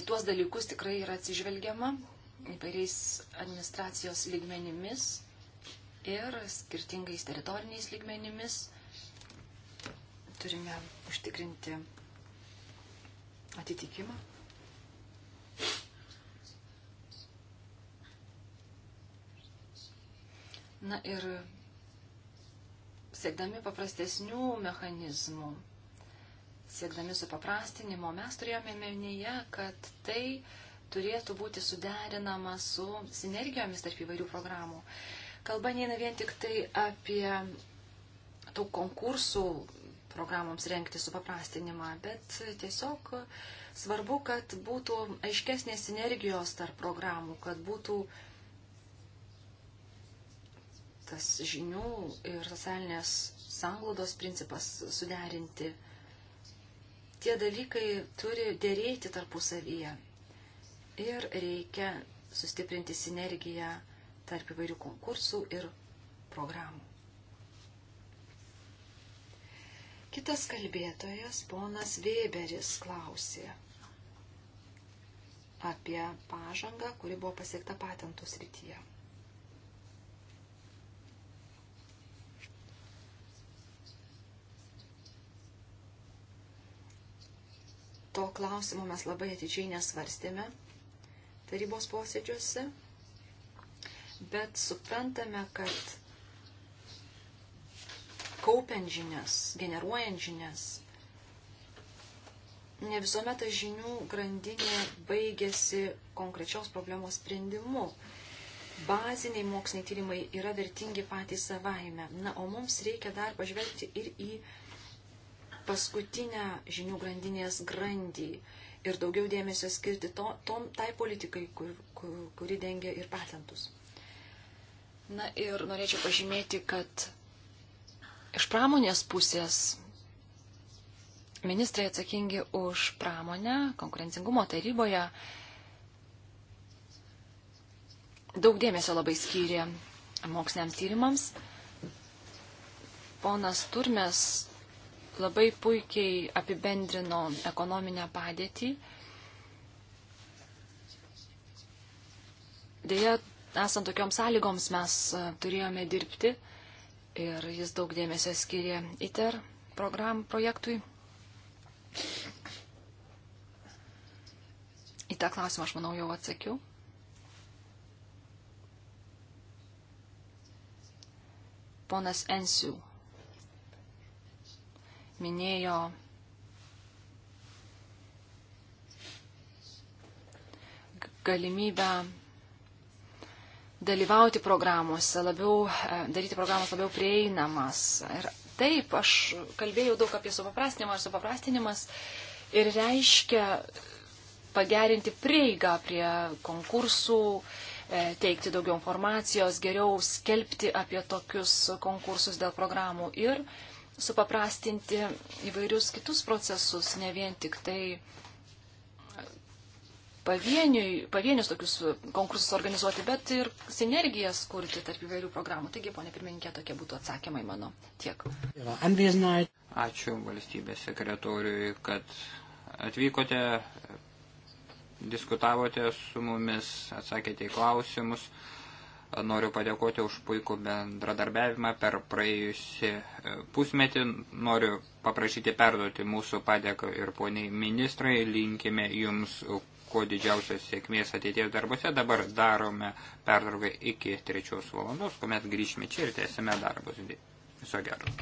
Į tuos dalykus tikrai yra atsižvelgiama įvairiais administracijos lygmenimis ir skirtingais teritoriniais lygmenimis. Turime užtikrinti atitikimą. Na ir siekdami paprastesnių mechanizmų, siekdami supaprastinimo, mes turėjome menyje, kad tai turėtų būti suderinama su sinergijomis tarp įvairių programų. Kalba neina vien tik tai apie tų konkursų programoms renkti supaprastinimą, bet tiesiog uh, Svarbu, kad būtų aiškesnės sinergijos tarp programų, kad būtų tas žinių ir socialinės sanglaudos principas suderinti. Tie dalykai turi dėrėti tarpusavyje ir reikia sustiprinti sinergiją tarp įvairių konkursų ir programų. Kitas kalbėtojas, ponas Weberis, klausė, apie pažangą, kuri buvo pasiekta patentų srityje. To klausimo mes labai atidžiai nesvarstėme tarybos posėdžiuose, bet suprantame, kad kaupiant žinias, generuojant žinias, ne visuomet ta žinių grandinė baigėsi konkrečios problemos sprendimu. Baziniai moksliniai tyrimai yra vertingi patys savaime. Na, o mums reikia dar pažvelgti ir į paskutinę žinių grandinės grandį ir daugiau dėmesio skirti to, tom, tai politikai, kur, kur, kuri dengia ir patentus. Na ir norėčiau pažymėti, kad iš pramonės pusės ministrai atsakingi už pramonę konkurencingumo taryboje daug dėmesio labai skyrė moksliniams tyrimams. Ponas Turmes labai puikiai apibendrino ekonominę padėtį. Deja, esant tokioms sąlygoms mes e, turėjome dirbti ir jis daug dėmesio skyrė ITER program projektui. Į tą klausimą aš manau jau atsakiau. Ponas Ensių minėjo galimybę dalyvauti programuose, labiau, e, daryti programas labiau prieinamas. Ir Taip, aš kalbėjau daug apie supaprastinimą, ar supaprastinimas ir reiškia pagerinti prieigą prie konkursų, e, teikti daugiau informacijos, geriau skelbti apie tokius konkursus dėl programų ir supaprastinti įvairius kitus procesus, ne vien tik tai pavienius tokius konkursus organizuoti, bet ir sinergijas kurti tarp įvairių programų. Taigi, ponė pirmininkė, tokie būtų atsakymai mano. Tiek. Ačiū valstybės sekretoriui, kad atvykote, diskutavote su mumis, atsakėte į klausimus. Noriu padėkoti už puikų bendradarbiavimą per praėjusi e, pusmetį. Noriu paprašyti perduoti mūsų padėką ir poniai ministrai. Linkime jums kuo didžiausios sėkmės ateities darbose. Dabar darome pertrauką iki trečios valandos, kuomet grįžime čia ir tęsime darbus. Viso gero.